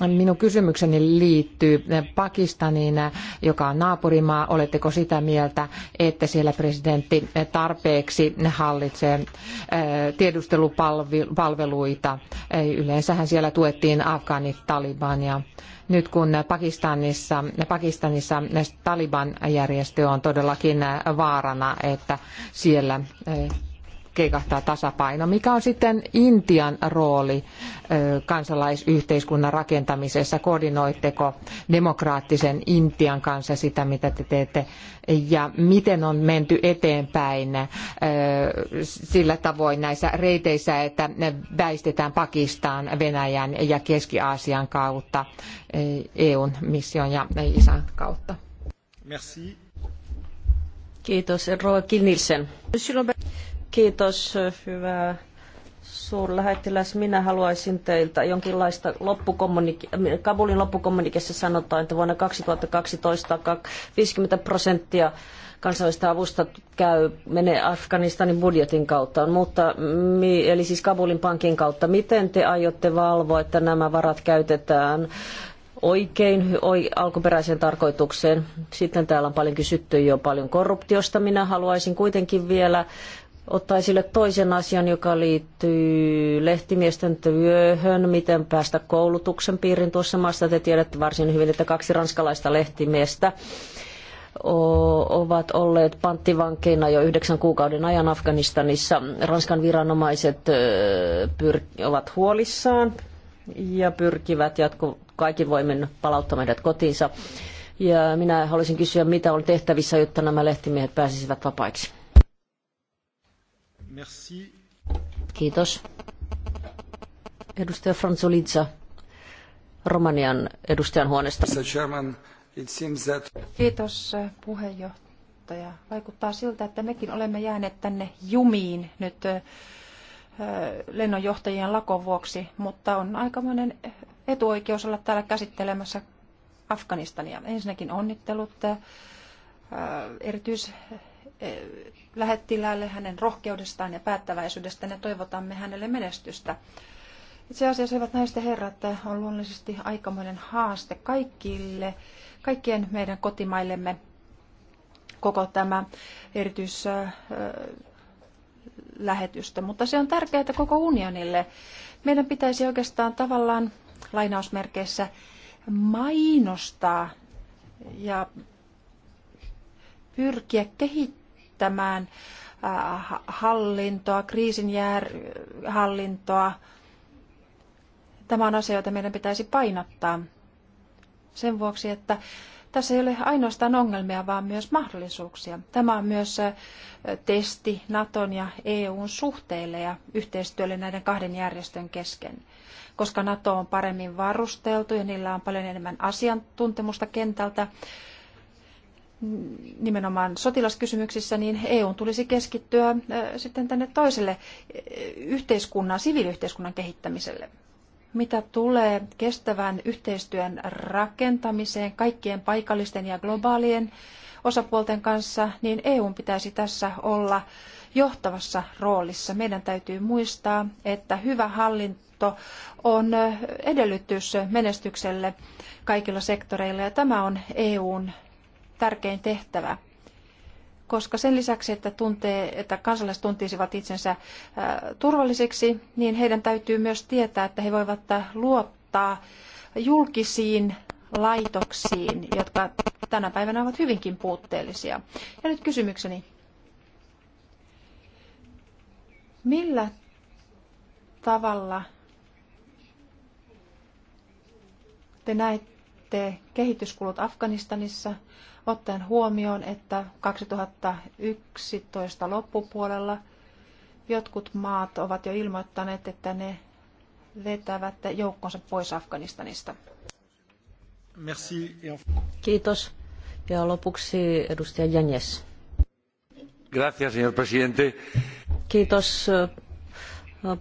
[SPEAKER 6] Minun kysymykseni liittyy Pakistaniin, joka on naapurimaa. Oletteko sitä mieltä, että siellä presidentti tarpeeksi hallitsee eh, tiedustelupalveluita? Yleensähän siellä tuettiin Afganit Talibania. Nyt kun Pakistanissa, Pakistanissa Taliban-järjestö on todellakin vaarana, että siellä eh, keikahtaa tasapaino. Mikä on sitten Intian rooli kansalaisyhteiskunnan rakentamisessa? Koordinoitteko demokraattisen Intian kanssa sitä, mitä te teette? Ja miten on menty eteenpäin sillä tavoin näissä reiteissä, että ne väistetään Pakistan, Venäjän ja Keski-Aasian kautta, EUn mission ja isän kautta?
[SPEAKER 3] Merci.
[SPEAKER 4] Kiitos, Roa Kinnilsen. Kiitos, hyvä suurlähettiläs. Minä haluaisin teiltä jonkinlaista loppukommunik- Kabulin loppukommunikessa sanotaan, että vuonna 2012 50 prosenttia kansainvälistä avusta käy, menee Afganistanin budjetin kautta, mutta, eli siis Kabulin pankin kautta. Miten te aiotte valvoa, että nämä varat käytetään oikein oi, alkuperäiseen tarkoitukseen. Sitten täällä on paljon kysytty jo paljon korruptiosta. Minä haluaisin kuitenkin vielä ottaa esille toisen asian, joka liittyy lehtimiesten työhön, miten päästä koulutuksen piiriin tuossa maassa. Te tiedätte varsin hyvin, että kaksi ranskalaista lehtimiestä ovat olleet panttivankeina jo yhdeksän kuukauden ajan Afganistanissa. Ranskan viranomaiset ovat huolissaan ja pyrkivät jatko kaikin voimin palauttamaan heidät kotiinsa. Ja minä haluaisin kysyä, mitä on tehtävissä, jotta nämä lehtimiehet pääsisivät vapaiksi. Merci. Kiitos. Edustaja Franzolidza, Romanian edustajan huoneesta.
[SPEAKER 2] Kiitos puheenjohtaja. Vaikuttaa siltä, että mekin olemme jääneet tänne jumiin nyt lennonjohtajien lakon vuoksi, mutta on aikamoinen etuoikeus olla täällä käsittelemässä Afganistania. Ensinnäkin onnittelut erityis Eh, lähettiläälle hänen rohkeudestaan ja päättäväisyydestään ja toivotamme hänelle menestystä. Itse asiassa, hyvät naiset ja herrat, on luonnollisesti aikamoinen haaste kaikille, kaikkien meidän kotimaillemme koko tämä erityislähetystä, mutta se on tärkeää koko unionille. Meidän pitäisi oikeastaan tavallaan lainausmerkeissä mainostaa ja pyrkiä kehittämään kehittämään äh, hallintoa, hallintoa, Tämä on asia, jota meidän pitäisi painottaa sen vuoksi, että tässä ei ole ainoastaan ongelmia, vaan myös mahdollisuuksia. Tämä on myös äh, testi Naton ja EUn suhteille ja yhteistyölle näiden kahden järjestön kesken. Koska Nato on paremmin varusteltu ja niillä on paljon enemmän asiantuntemusta kentältä, nimenomaan sotilaskysymyksissä, niin EU tulisi keskittyä äh, sitten tänne toiselle äh, yhteiskunnan, siviiliyhteiskunnan kehittämiselle. Mitä tulee kestävän yhteistyön rakentamiseen kaikkien paikallisten ja globaalien osapuolten kanssa, niin EU pitäisi tässä olla johtavassa roolissa. Meidän täytyy muistaa, että hyvä hallinto on äh, edellytys menestykselle kaikilla sektoreilla ja tämä on EUn tärkein tehtävä. Koska sen lisäksi, että, tuntee, että kansalaiset tuntisivat itsensä äh, turvallisiksi, niin heidän täytyy myös tietää, että he voivat luottaa julkisiin laitoksiin, jotka tänä päivänä ovat hyvinkin puutteellisia. Ja nyt kysymykseni. Millä tavalla te näette kehityskulut Afganistanissa? ottaen huomioon, että 2011 loppupuolella jotkut maat ovat jo ilmoittaneet, että ne vetävät joukkonsa pois Afganistanista.
[SPEAKER 3] Merci.
[SPEAKER 4] Kiitos. Ja lopuksi edustaja Janjes.
[SPEAKER 5] Gracias, señor presidente.
[SPEAKER 4] Kiitos äh,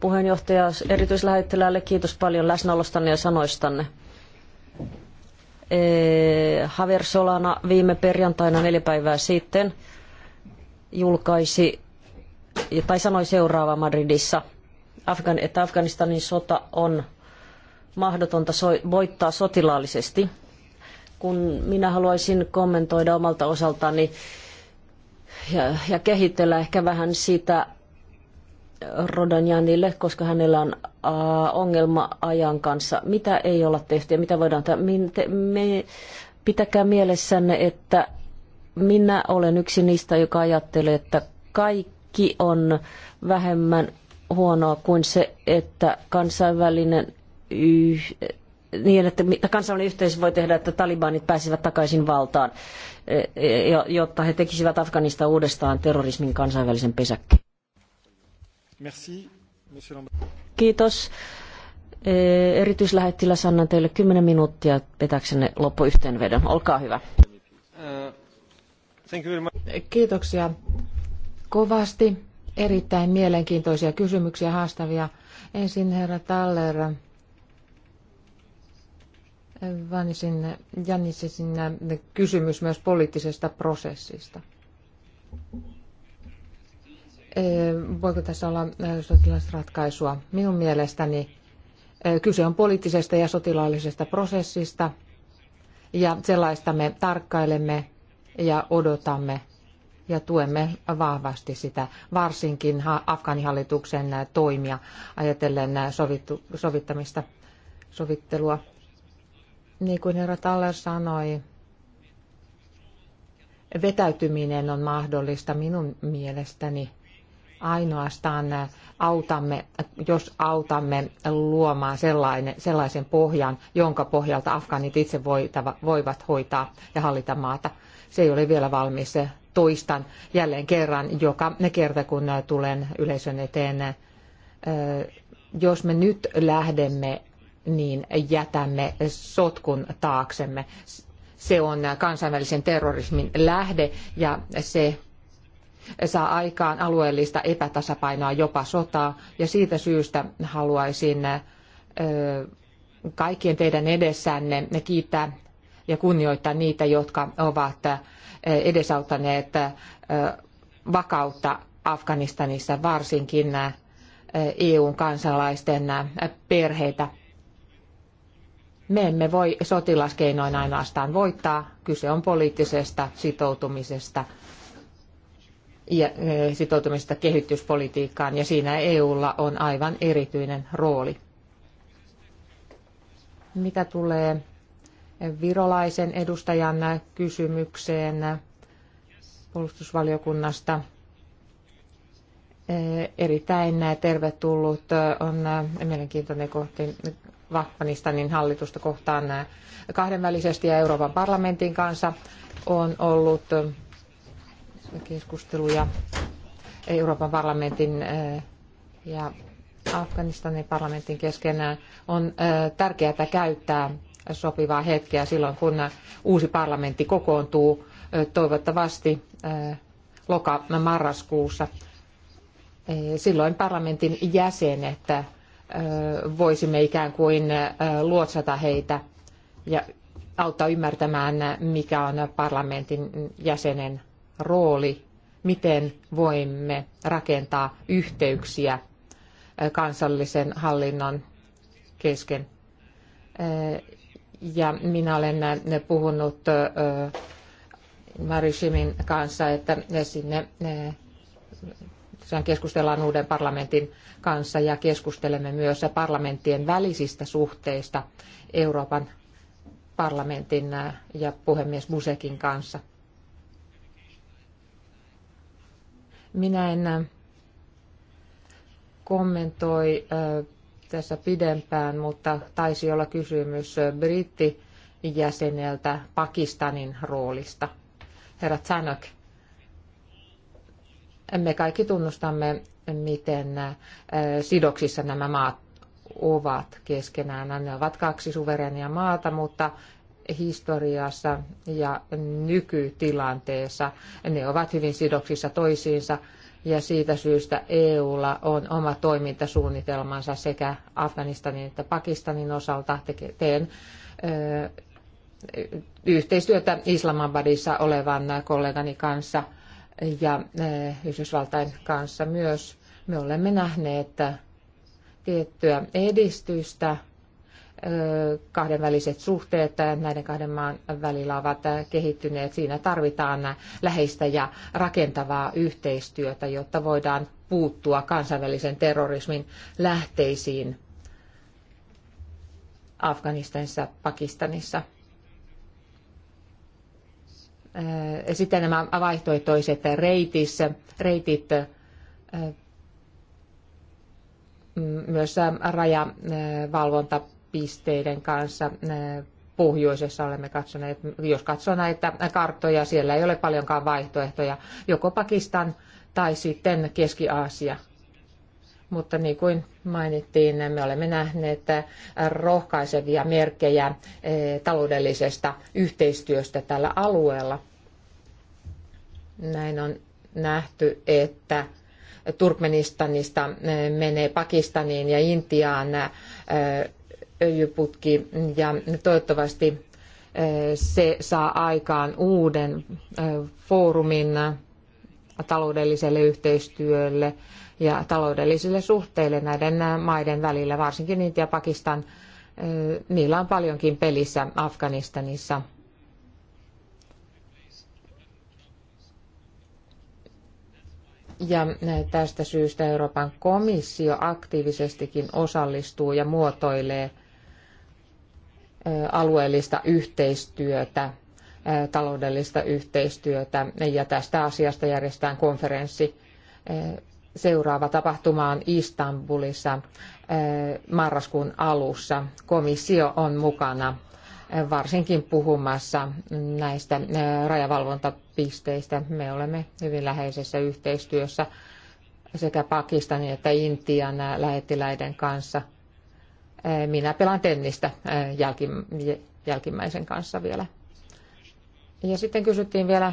[SPEAKER 4] puheenjohtaja erityislähettiläälle. Kiitos paljon läsnäolostanne ja sanoistanne. Haversolana eh, Solana viime perjantaina neljä päivää sitten julkaisi tai sanoi seuraava Madridissa, että Afganistanin sota on mahdotonta voittaa sotilaallisesti. Kun minä haluaisin kommentoida omalta osaltani ja, ja kehitellä ehkä vähän sitä Rodanjanille, koska hänellä on ongelma ajan kanssa. Mitä ei olla tehty ja mitä voidaan tehdä? Me, pitäkää mielessänne, että minä olen yksi niistä, joka ajattelee, että kaikki on vähemmän huonoa kuin se, että kansainvälinen yh, niin, että mitä kansainvälinen yhteisö voi tehdä, että talibanit pääsivät takaisin valtaan, e- e- jotta he tekisivät Afganista uudestaan terrorismin kansainvälisen pesäkkeen. Kiitos. E, erityislähettiläs annan teille 10 minuuttia petäksenne loppuyhteenvedon. Olkaa hyvä.
[SPEAKER 1] Uh,
[SPEAKER 4] Kiitoksia kovasti. Erittäin mielenkiintoisia
[SPEAKER 6] kysymyksiä, haastavia. Ensin herra Taller, Vanisin, Jannisin kysymys myös poliittisesta prosessista voiko tässä olla sotilasratkaisua? Minun mielestäni kyse on poliittisesta ja sotilaallisesta prosessista, ja sellaista me tarkkailemme ja odotamme ja tuemme vahvasti sitä, varsinkin Afganihallituksen toimia ajatellen sovittu, sovittamista, sovittelua. Niin kuin herra Taller sanoi, vetäytyminen on mahdollista minun mielestäni ainoastaan autamme, jos autamme luomaan sellainen, sellaisen pohjan, jonka pohjalta afgaanit itse voitava, voivat hoitaa ja hallita maata. Se ei ole vielä valmis. Toistan jälleen kerran joka kerta, kun tulen yleisön eteen. Jos me nyt lähdemme, niin jätämme sotkun taaksemme. Se on kansainvälisen terrorismin lähde ja se saa aikaan alueellista epätasapainoa, jopa sotaa, ja siitä syystä haluaisin kaikkien teidän edessänne kiittää ja kunnioittaa niitä, jotka ovat edesauttaneet vakautta Afganistanissa, varsinkin EUn kansalaisten perheitä. Me emme voi sotilaskeinoin ainoastaan voittaa, kyse on poliittisesta sitoutumisesta ja sitoutumista kehityspolitiikkaan, ja siinä EUlla on aivan erityinen rooli. Mitä tulee virolaisen edustajan kysymykseen puolustusvaliokunnasta, erittäin tervetullut on mielenkiintoinen kohti Afganistanin hallitusta kohtaan kahdenvälisesti ja Euroopan parlamentin kanssa on ollut keskusteluja Euroopan parlamentin eh, ja Afganistanin parlamentin keskenään eh, on eh, tärkeää käyttää sopivaa hetkeä silloin, kun uusi parlamentti kokoontuu toivottavasti loka-marraskuussa. Silloin parlamentin jäsenet voisimme ikään kuin luotsata heitä ja auttaa ymmärtämään, mikä on parlamentin jäsenen rooli, miten voimme rakentaa yhteyksiä kansallisen hallinnon kesken. Ja minä olen puhunut Marishimin kanssa, että sinne keskustellaan uuden parlamentin kanssa ja keskustelemme myös parlamenttien välisistä suhteista Euroopan parlamentin ja puhemies Busekin kanssa. Minä en äh, kommentoi äh, tässä pidempään, mutta taisi olla kysymys äh, brittijäseneltä Pakistanin roolista. Herra Tsanok, me kaikki tunnustamme, miten sidoksissa nämä maat ovat keskenään. Ne ovat kaksi suverenia maata, mutta historiassa ja nykytilanteessa. Ne ovat hyvin sidoksissa toisiinsa ja siitä syystä EUlla on oma toimintasuunnitelmansa sekä Afganistanin että Pakistanin osalta. Teen yhteistyötä Islamabadissa olevan kollegani kanssa ja Yhdysvaltain kanssa myös. Me olemme nähneet tiettyä edistystä kahdenväliset suhteet näiden kahden maan välillä ovat kehittyneet. Siinä tarvitaan läheistä ja rakentavaa yhteistyötä, jotta voidaan puuttua kansainvälisen terrorismin lähteisiin Afganistanissa, Pakistanissa. Sitten nämä vaihtoehtoiset reitis, reitit myös rajavalvonta pisteiden kanssa. Pohjoisessa olemme katsoneet, jos katsoo näitä karttoja, siellä ei ole paljonkaan vaihtoehtoja, joko Pakistan tai sitten Keski-Aasia. Mutta niin kuin mainittiin, me olemme nähneet rohkaisevia merkkejä taloudellisesta yhteistyöstä tällä alueella. Näin on nähty, että Turkmenistanista menee Pakistaniin ja Intiaan öljyputki ja toivottavasti eh, se saa aikaan uuden eh, foorumin taloudelliselle yhteistyölle ja taloudellisille suhteille näiden maiden välillä, varsinkin Intia ja Pakistan. Eh, niillä on paljonkin pelissä Afganistanissa. Ja tästä syystä Euroopan komissio aktiivisestikin osallistuu ja muotoilee – alueellista yhteistyötä, taloudellista yhteistyötä ja tästä asiasta järjestetään konferenssi. Seuraava tapahtuma on Istanbulissa marraskuun alussa. Komissio on mukana varsinkin puhumassa näistä rajavalvontapisteistä. Me olemme hyvin läheisessä yhteistyössä sekä Pakistanin että Intian lähettiläiden kanssa. Eh, minä pelaan tennistä eh, jälkimmäisen kanssa vielä. Ja sitten kysyttiin vielä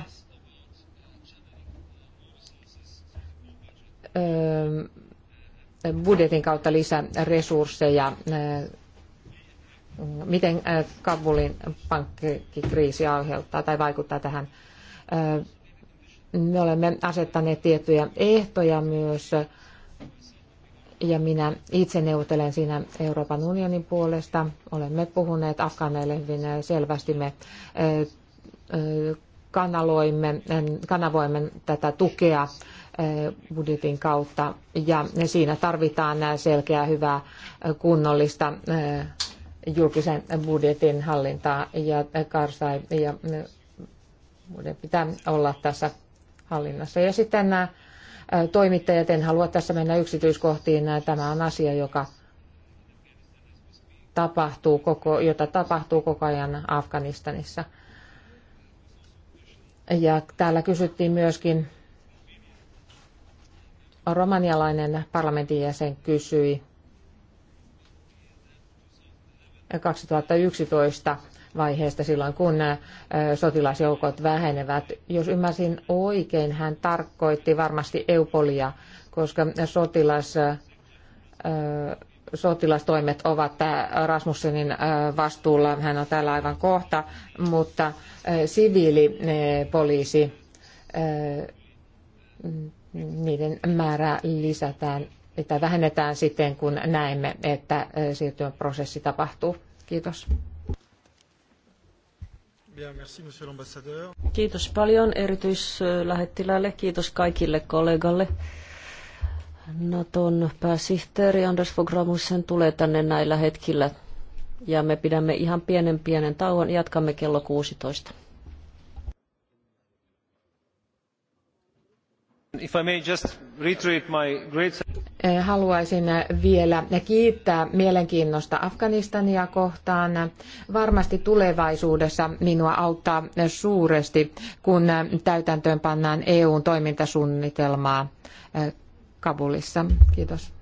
[SPEAKER 6] eh, budjetin kautta lisäresursseja. Miten Kabulin pankkikriisi aiheuttaa tai vaikuttaa tähän? Me olemme asettaneet tiettyjä ehtoja myös ja minä itse neuvottelen siinä Euroopan unionin puolesta. Olemme puhuneet afgaaneille hyvin selvästi. Me kanaloimme, kanavoimme tätä tukea budjetin kautta ja siinä tarvitaan selkeää, hyvää, kunnollista julkisen budjetin hallintaa ja karsai ja muiden pitää olla tässä hallinnassa. Ja sitten nämä toimittajat. En halua tässä mennä yksityiskohtiin. Tämä on asia, joka tapahtuu koko, jota tapahtuu koko ajan Afganistanissa. Ja täällä kysyttiin myöskin, romanialainen parlamentin jäsen kysyi 2011 vaiheesta silloin, kun sotilasjoukot vähenevät. Jos ymmärsin oikein, hän tarkoitti varmasti Eupolia, koska sotilas, sotilastoimet ovat Rasmussenin vastuulla. Hän on täällä aivan kohta, mutta siviilipoliisi, niiden määrää lisätään että vähennetään siten, kun näemme, että siirtymäprosessi tapahtuu. Kiitos.
[SPEAKER 4] Kiitos paljon erityislähettilälle, kiitos kaikille kollegalle. Naton no, pääsihteeri Anders Fogh Rasmussen tulee tänne näillä hetkillä ja me pidämme ihan pienen pienen tauon. Jatkamme kello 16. Eh,
[SPEAKER 6] haluaisin vielä kiittää mielenkiinnosta Afganistania kohtaan. Varmasti tulevaisuudessa minua auttaa suuresti, kun täytäntöön pannaan EUn toimintasuunnitelmaa eh, Kabulissa. Kiitos.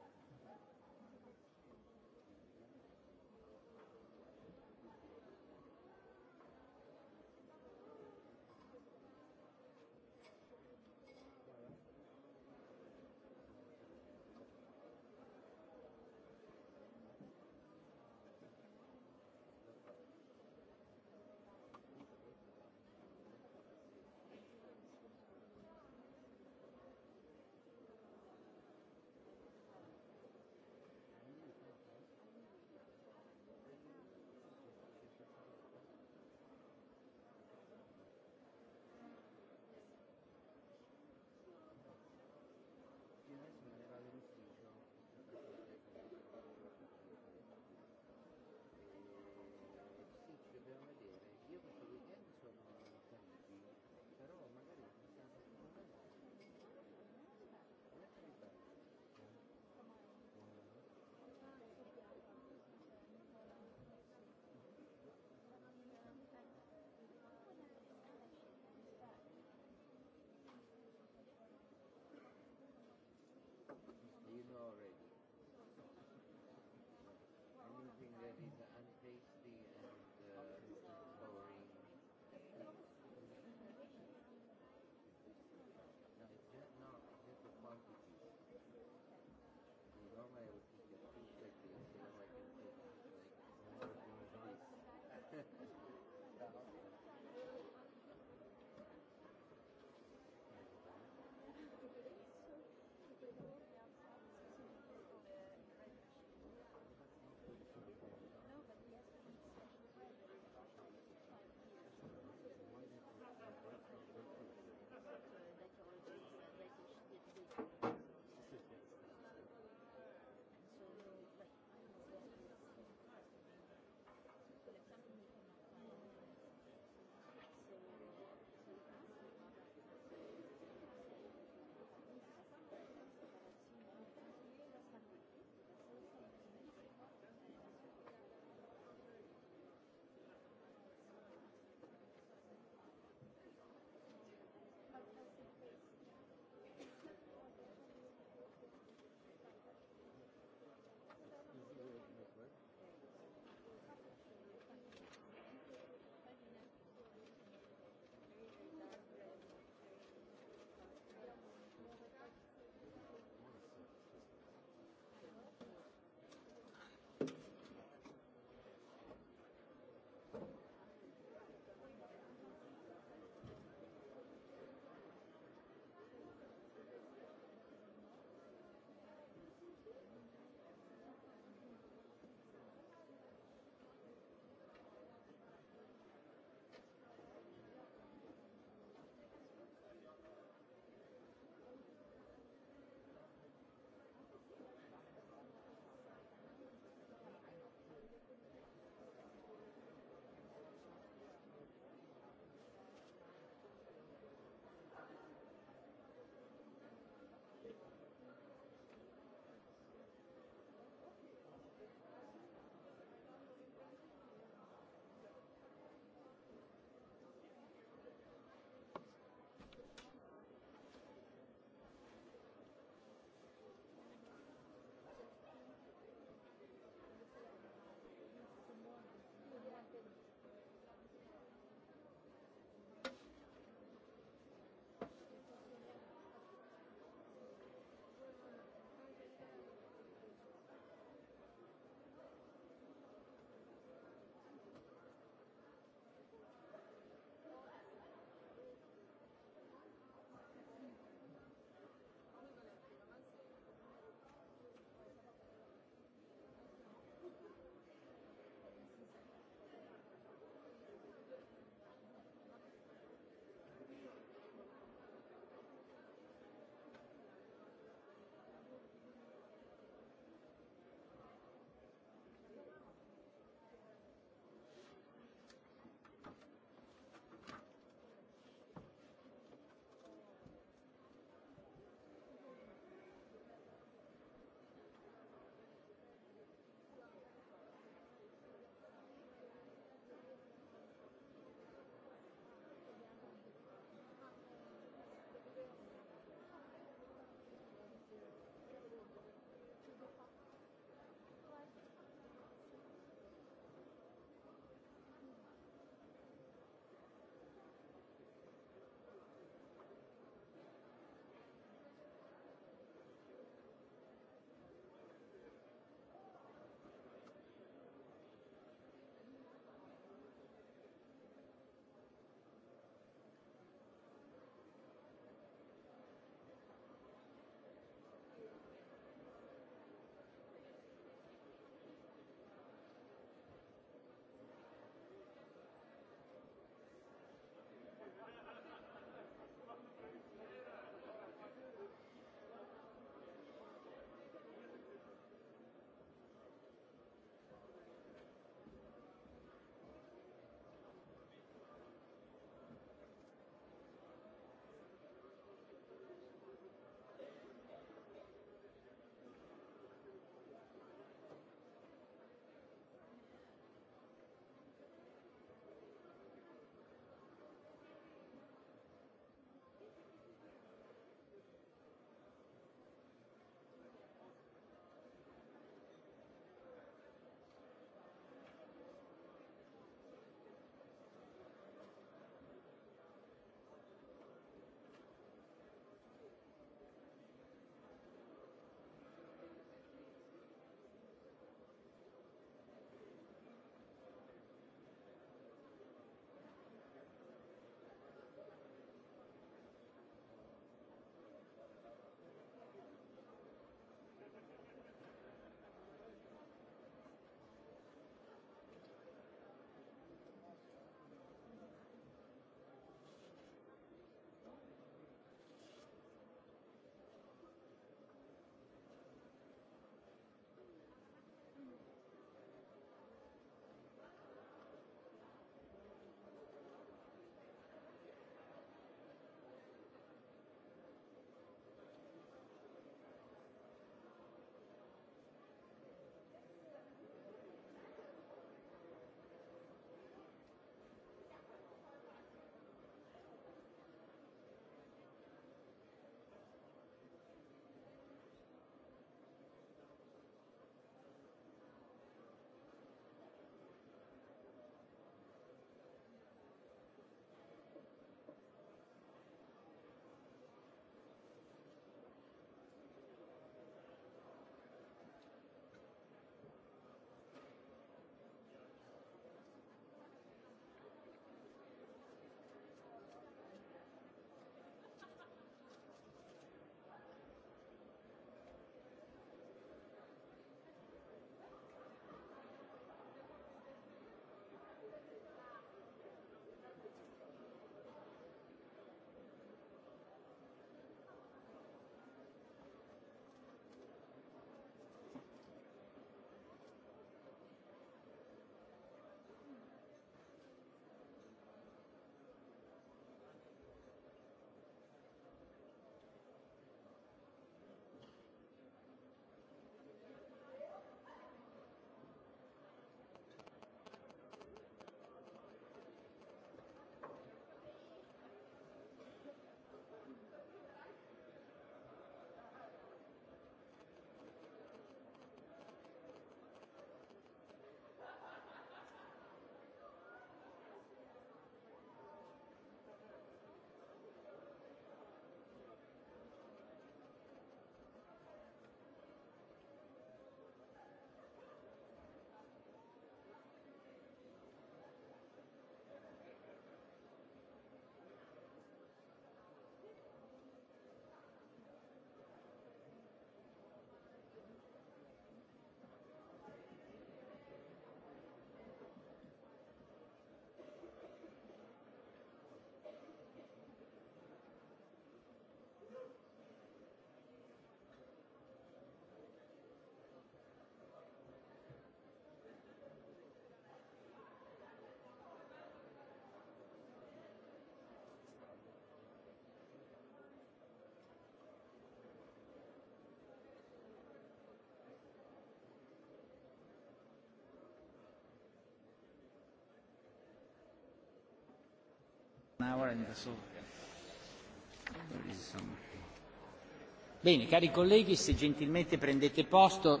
[SPEAKER 3] Bene, cari colleghi, se gentilmente prendete posto.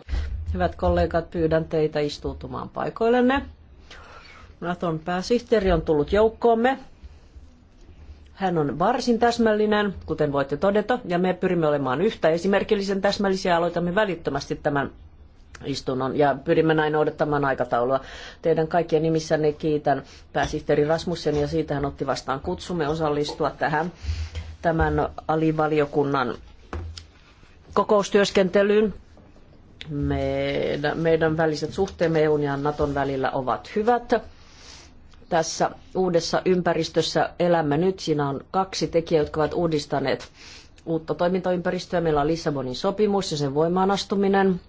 [SPEAKER 4] Hyvät kollegat, pyydän teitä istuutumaan paikoillenne. Naton pääsihteeri on tullut joukkoomme. Hän on varsin täsmällinen, kuten voitte todeta, ja me pyrimme olemaan yhtä esimerkillisen täsmällisiä aloitamme välittömästi tämän istunnon ja pyrimme näin noudattamaan aikataulua. Teidän kaikkien nimissänne kiitän pääsihteeri Rasmussen ja siitä hän otti vastaan kutsumme osallistua tähän tämän alivaliokunnan kokoustyöskentelyyn. Meidän, meidän väliset suhteemme EUn ja Naton välillä ovat hyvät. Tässä uudessa ympäristössä elämme nyt. Siinä on kaksi tekijää, jotka ovat uudistaneet uutta toimintaympäristöä. Meillä on Lissabonin sopimus ja sen voimaanastuminen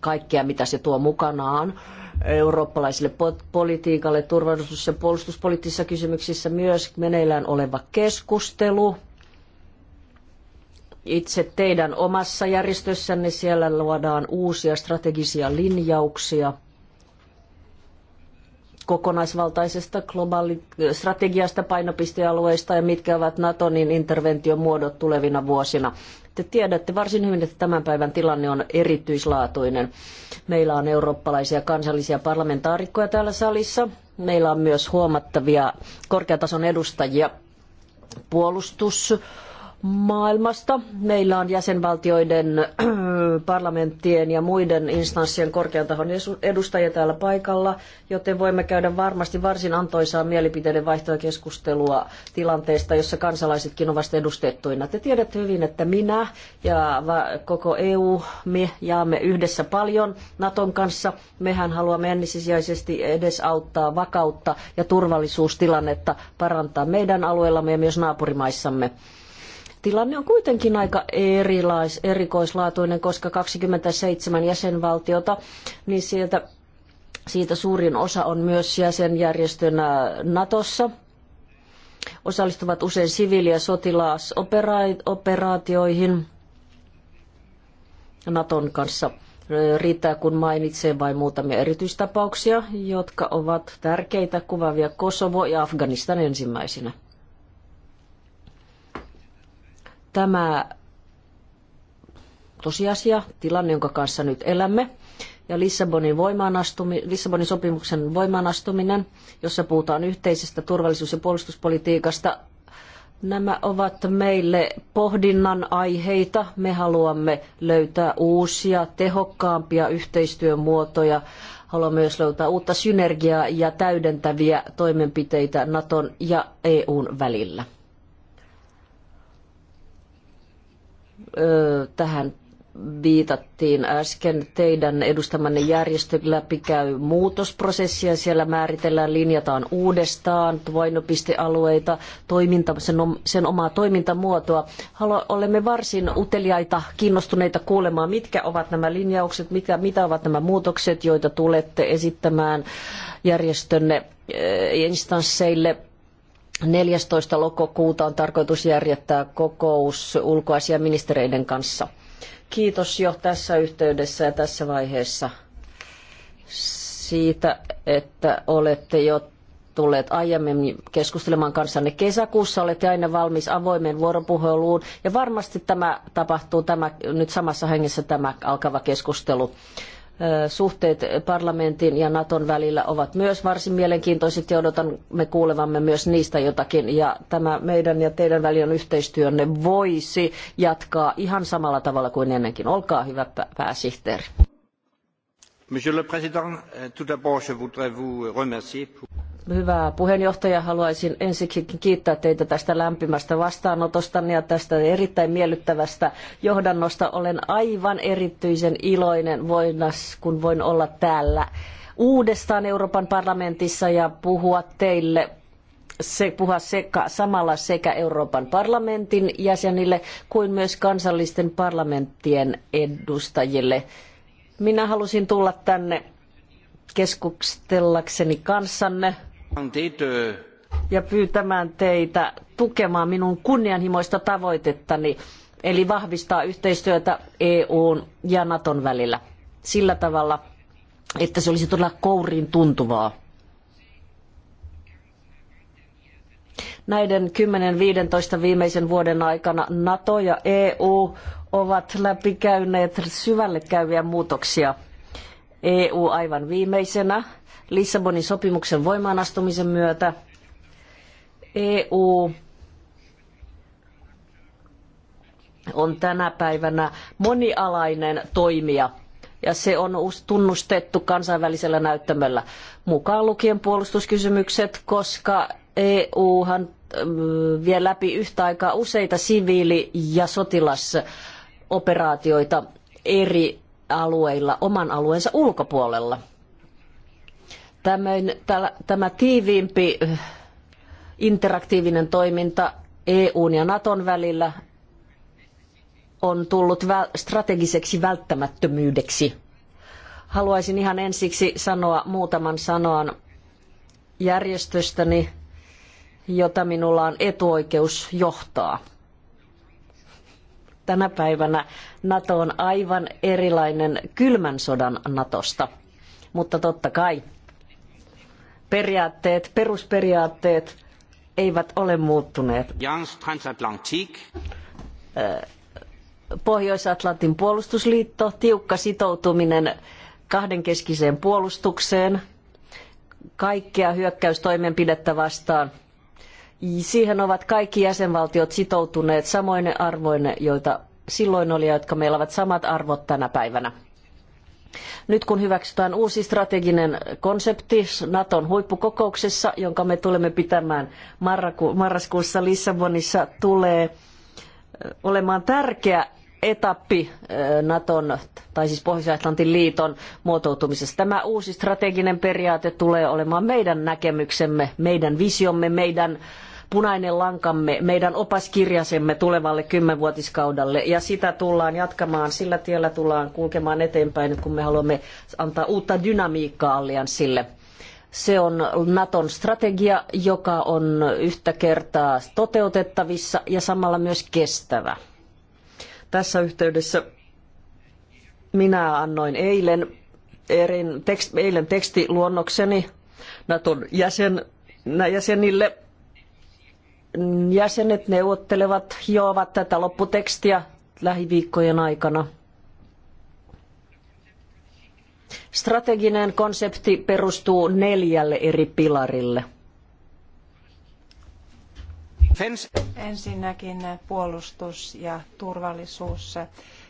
[SPEAKER 4] kaikkea, mitä se tuo mukanaan eurooppalaiselle politiikalle, turvallisuus- ja puolustuspoliittisissa kysymyksissä myös meneillään oleva keskustelu. Itse teidän omassa järjestössänne siellä luodaan uusia strategisia linjauksia kokonaisvaltaisesta globaalistrategiasta, painopistealueista ja mitkä ovat NATOnin niin interventiomuodot muodot tulevina vuosina. Te tiedätte varsin hyvin, että tämän päivän tilanne on erityislaatuinen. Meillä on eurooppalaisia kansallisia parlamentaarikkoja täällä salissa. Meillä on myös huomattavia korkeatason edustajia puolustus maailmasta. Meillä on jäsenvaltioiden äh, parlamenttien ja muiden instanssien korkean tahon edustajia täällä paikalla, joten voimme käydä varmasti varsin antoisaa mielipiteiden vaihtoa keskustelua tilanteesta, jossa kansalaisetkin ovat edustettuina. Te tiedätte hyvin, että minä ja koko EU, me jaamme yhdessä paljon Naton kanssa. Mehän haluamme ensisijaisesti edesauttaa vakautta ja turvallisuustilannetta parantaa meidän alueellamme ja myös naapurimaissamme. Tilanne on kuitenkin aika erilais, erikoislaatuinen, koska 27 jäsenvaltiota, niin sieltä, siitä suurin osa on myös jäsenjärjestönä Natossa. Osallistuvat usein siviili- ja sotilaasoperaatioihin Naton kanssa. Riittää, kun mainitsee vain muutamia erityistapauksia, jotka ovat tärkeitä kuvaavia Kosovo ja Afganistan ensimmäisinä tämä tosiasia, tilanne, jonka kanssa nyt elämme, ja Lissabonin, voimaanastumi, Lissabonin sopimuksen voimaanastuminen, jossa puhutaan yhteisestä turvallisuus- ja puolustuspolitiikasta, Nämä ovat meille pohdinnan aiheita. Me haluamme löytää uusia, tehokkaampia yhteistyön muotoja. Haluamme myös löytää uutta synergiaa ja täydentäviä toimenpiteitä Naton ja EUn välillä. tähän viitattiin äsken. Teidän edustamanne järjestö läpikäy muutosprosessia. Siellä määritellään, linjataan uudestaan painopistealueita, toiminta, sen, sen omaa toimintamuotoa. Halu, olemme varsin uteliaita, kiinnostuneita kuulemaan, mitkä ovat nämä linjaukset, mitä, mitä ovat nämä muutokset, joita tulette esittämään järjestönne instansseille 14. lokakuuta on tarkoitus järjestää kokous ulkoasiaministereiden kanssa. Kiitos jo tässä yhteydessä ja tässä vaiheessa siitä, että olette jo tulleet aiemmin keskustelemaan kanssanne kesäkuussa. Olette aina valmis avoimen vuoropuheluun ja varmasti tämä tapahtuu tämä, nyt samassa hengessä tämä alkava keskustelu suhteet parlamentin ja Naton välillä ovat myös varsin mielenkiintoiset ja odotamme kuulevamme myös niistä jotakin. Ja tämä meidän ja teidän välinen yhteistyönne voisi jatkaa ihan samalla tavalla kuin ennenkin. Olkaa hyvä pääsihteeri.
[SPEAKER 3] Monsieur le Président, tout d'abord je voudrais vous remercier pour...
[SPEAKER 4] Hyvää puheenjohtaja, haluaisin ensiksikin kiittää teitä tästä lämpimästä vastaanotostanne ja tästä erittäin miellyttävästä johdannosta. Olen aivan erityisen iloinen, kun voin olla täällä uudestaan Euroopan parlamentissa ja puhua teille se, puhua sekä, samalla sekä Euroopan parlamentin jäsenille kuin myös kansallisten parlamenttien edustajille. Minä halusin tulla tänne keskustellakseni kanssanne
[SPEAKER 3] Uh,
[SPEAKER 4] ja pyytämään teitä tukemaan minun kunnianhimoista tavoitettani, eli vahvistaa yhteistyötä EUn ja Naton välillä sillä tavalla, että se olisi todella kouriin tuntuvaa. Näiden 10-15 viimeisen vuoden aikana NATO ja EU ovat läpikäyneet syvälle käyviä muutoksia. EU aivan viimeisenä Lissabonin sopimuksen voimaanastumisen myötä EU on tänä päivänä monialainen toimija ja se on tunnustettu kansainvälisellä näyttämöllä mukaan lukien puolustuskysymykset, koska EUhan ähm, vie läpi yhtä aikaa useita siviili- ja sotilasoperaatioita eri alueilla oman alueensa ulkopuolella. Tämäin, tämä tiiviimpi interaktiivinen toiminta EUn ja Naton välillä on tullut strategiseksi välttämättömyydeksi. Haluaisin ihan ensiksi sanoa muutaman sanan järjestöstäni, jota minulla on etuoikeus johtaa. Tänä päivänä Nato on aivan erilainen kylmän sodan Natosta, mutta totta kai periaatteet, perusperiaatteet eivät ole muuttuneet. Pohjois-Atlantin puolustusliitto, tiukka sitoutuminen kahdenkeskiseen puolustukseen, kaikkea hyökkäystoimenpidettä vastaan. Siihen ovat kaikki jäsenvaltiot sitoutuneet samoine arvoine, joita silloin oli ja jotka meillä ovat samat arvot tänä päivänä. Nyt kun hyväksytään uusi strateginen konsepti Naton huippukokouksessa, jonka me tulemme pitämään marraskuussa Lissabonissa, tulee olemaan tärkeä etappi Naton, tai siis Pohjois-Atlantin liiton muotoutumisessa. Tämä uusi strateginen periaate tulee olemaan meidän näkemyksemme, meidän visiomme, meidän äh, punainen lankamme, meidän opaskirjasemme tulevalle kymmenvuotiskaudelle. Ja sitä tullaan jatkamaan, sillä tiellä tullaan kulkemaan eteenpäin, kun me haluamme antaa uutta dynamiikkaa allianssille. Se on Naton strategia, joka on yhtä kertaa toteutettavissa ja samalla myös kestävä. Tässä yhteydessä minä annoin eilen, erin, tekst, eilen tekstiluonnokseni Naton jäsen, jäsenille jäsenet neuvottelevat, hioavat tätä lopputekstiä lähiviikkojen aikana. Strateginen konsepti perustuu neljälle eri pilarille.
[SPEAKER 2] Ensinnäkin puolustus ja turvallisuus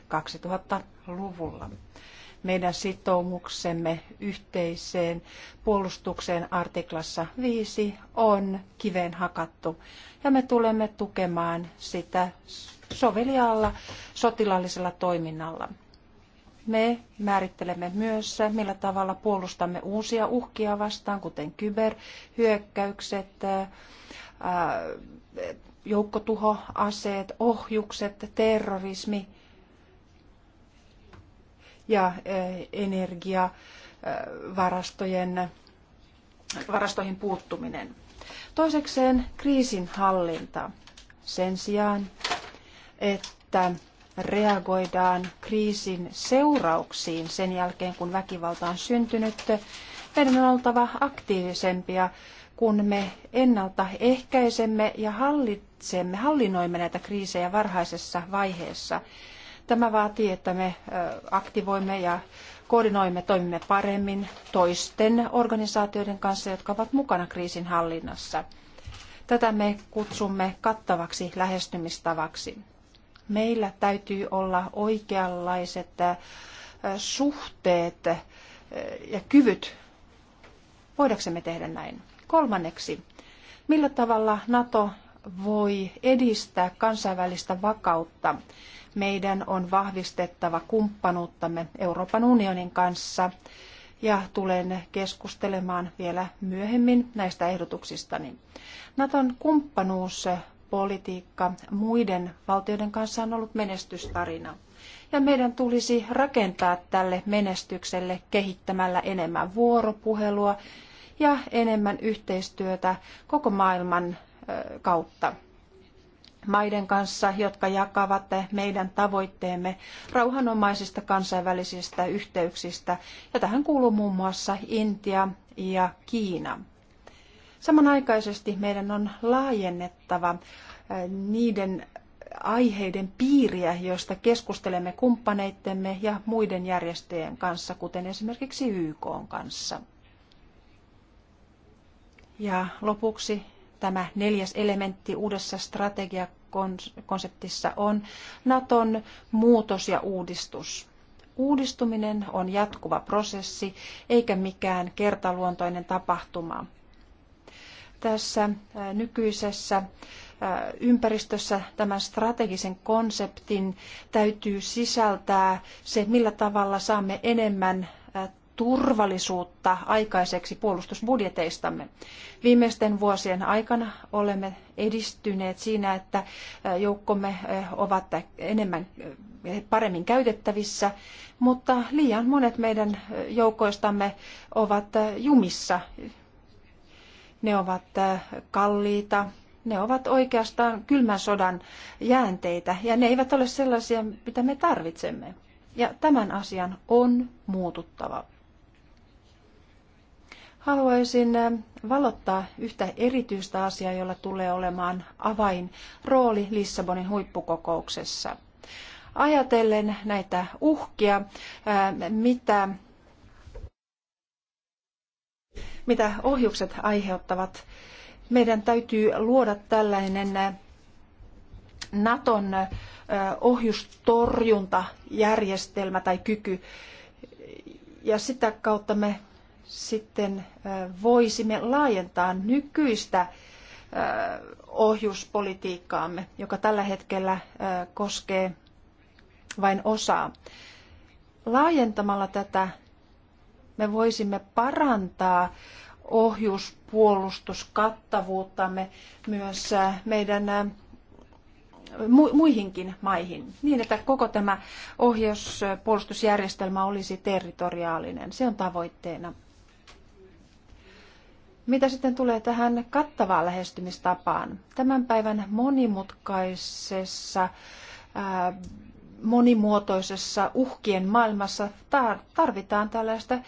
[SPEAKER 2] 2000-luvulla meidän sitoumuksemme yhteiseen puolustukseen artiklassa 5 on kiveen hakattu ja me tulemme tukemaan sitä sovelialla sotilaallisella toiminnalla. Me määrittelemme myös, millä tavalla puolustamme uusia uhkia vastaan, kuten kyberhyökkäykset, joukkotuhoaseet, ohjukset, terrorismi – ja eh, energiavarastojen varastoihin puuttuminen. Toisekseen kriisinhallinta sen sijaan, että reagoidaan kriisin seurauksiin sen jälkeen, kun väkivalta on syntynyt. Meidän on oltava aktiivisempia, kun me ennalta ehkäisemme ja hallitsemme, hallinnoimme näitä kriisejä varhaisessa vaiheessa. Tämä vaatii, että me aktivoimme ja koordinoimme, toimimme paremmin toisten organisaatioiden kanssa, jotka ovat mukana kriisin hallinnassa. Tätä me kutsumme kattavaksi lähestymistavaksi. Meillä täytyy olla oikeanlaiset suhteet ja kyvyt. Voidaksemme tehdä näin? Kolmanneksi, millä tavalla NATO voi edistää kansainvälistä vakautta meidän on vahvistettava kumppanuuttamme Euroopan unionin kanssa ja tulen keskustelemaan vielä myöhemmin näistä ehdotuksistani. Naton kumppanuuspolitiikka muiden valtioiden kanssa on ollut menestystarina. Ja meidän tulisi rakentaa tälle menestykselle kehittämällä enemmän vuoropuhelua ja enemmän yhteistyötä koko maailman kautta maiden kanssa, jotka jakavat meidän tavoitteemme rauhanomaisista kansainvälisistä yhteyksistä, ja tähän kuuluu muun muassa Intia ja Kiina. Samanaikaisesti meidän on laajennettava äh, niiden aiheiden piiriä, joista keskustelemme kumppaneittemme ja muiden järjestöjen kanssa, kuten esimerkiksi YK kanssa. Ja lopuksi tämä neljäs elementti uudessa strategiakonseptissa on Naton muutos ja uudistus. Uudistuminen on jatkuva prosessi eikä mikään kertaluontoinen tapahtuma. Tässä nykyisessä ympäristössä tämän strategisen konseptin täytyy sisältää se, millä tavalla saamme enemmän turvallisuutta aikaiseksi puolustusbudjeteistamme. Viimeisten vuosien aikana olemme edistyneet siinä, että joukkomme ovat enemmän paremmin käytettävissä, mutta liian monet meidän joukoistamme ovat jumissa. Ne ovat kalliita, ne ovat oikeastaan kylmän sodan jäänteitä ja ne eivät ole sellaisia, mitä me tarvitsemme. Ja tämän asian on muututtava. Haluaisin valottaa yhtä erityistä asiaa, jolla tulee olemaan avain rooli Lissabonin huippukokouksessa. Ajatellen näitä uhkia, mitä, mitä ohjukset aiheuttavat, meidän täytyy luoda tällainen Naton ohjustorjuntajärjestelmä tai kyky, ja sitä kautta me sitten voisimme laajentaa nykyistä ohjuspolitiikkaamme, joka tällä hetkellä koskee vain osaa. Laajentamalla tätä me voisimme parantaa ohjuspuolustuskattavuuttamme myös meidän muihinkin maihin, niin että koko tämä ohjauspuolustusjärjestelmä olisi territoriaalinen. Se on tavoitteena. Mitä sitten tulee tähän kattavaan lähestymistapaan? Tämän päivän monimutkaisessa, ää, äh, monimuotoisessa uhkien maailmassa tarvitaan tällaista äh,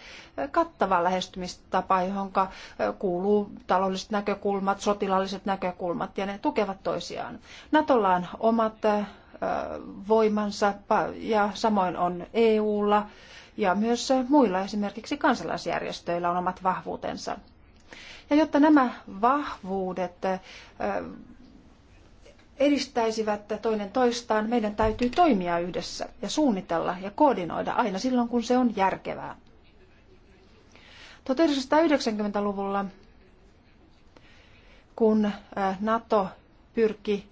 [SPEAKER 2] kattavaa lähestymistapaa, johon äh, kuuluu taloudelliset näkökulmat, sotilaalliset näkökulmat ja ne tukevat toisiaan. Natolla on omat ää, voimansa ja samoin on EUlla ja myös muilla esimerkiksi kansalaisjärjestöillä on omat vahvuutensa. Ja jotta nämä vahvuudet edistäisivät toinen toistaan, meidän täytyy toimia yhdessä ja suunnitella ja koordinoida aina silloin, kun se on järkevää. 1990-luvulla, kun NATO pyrki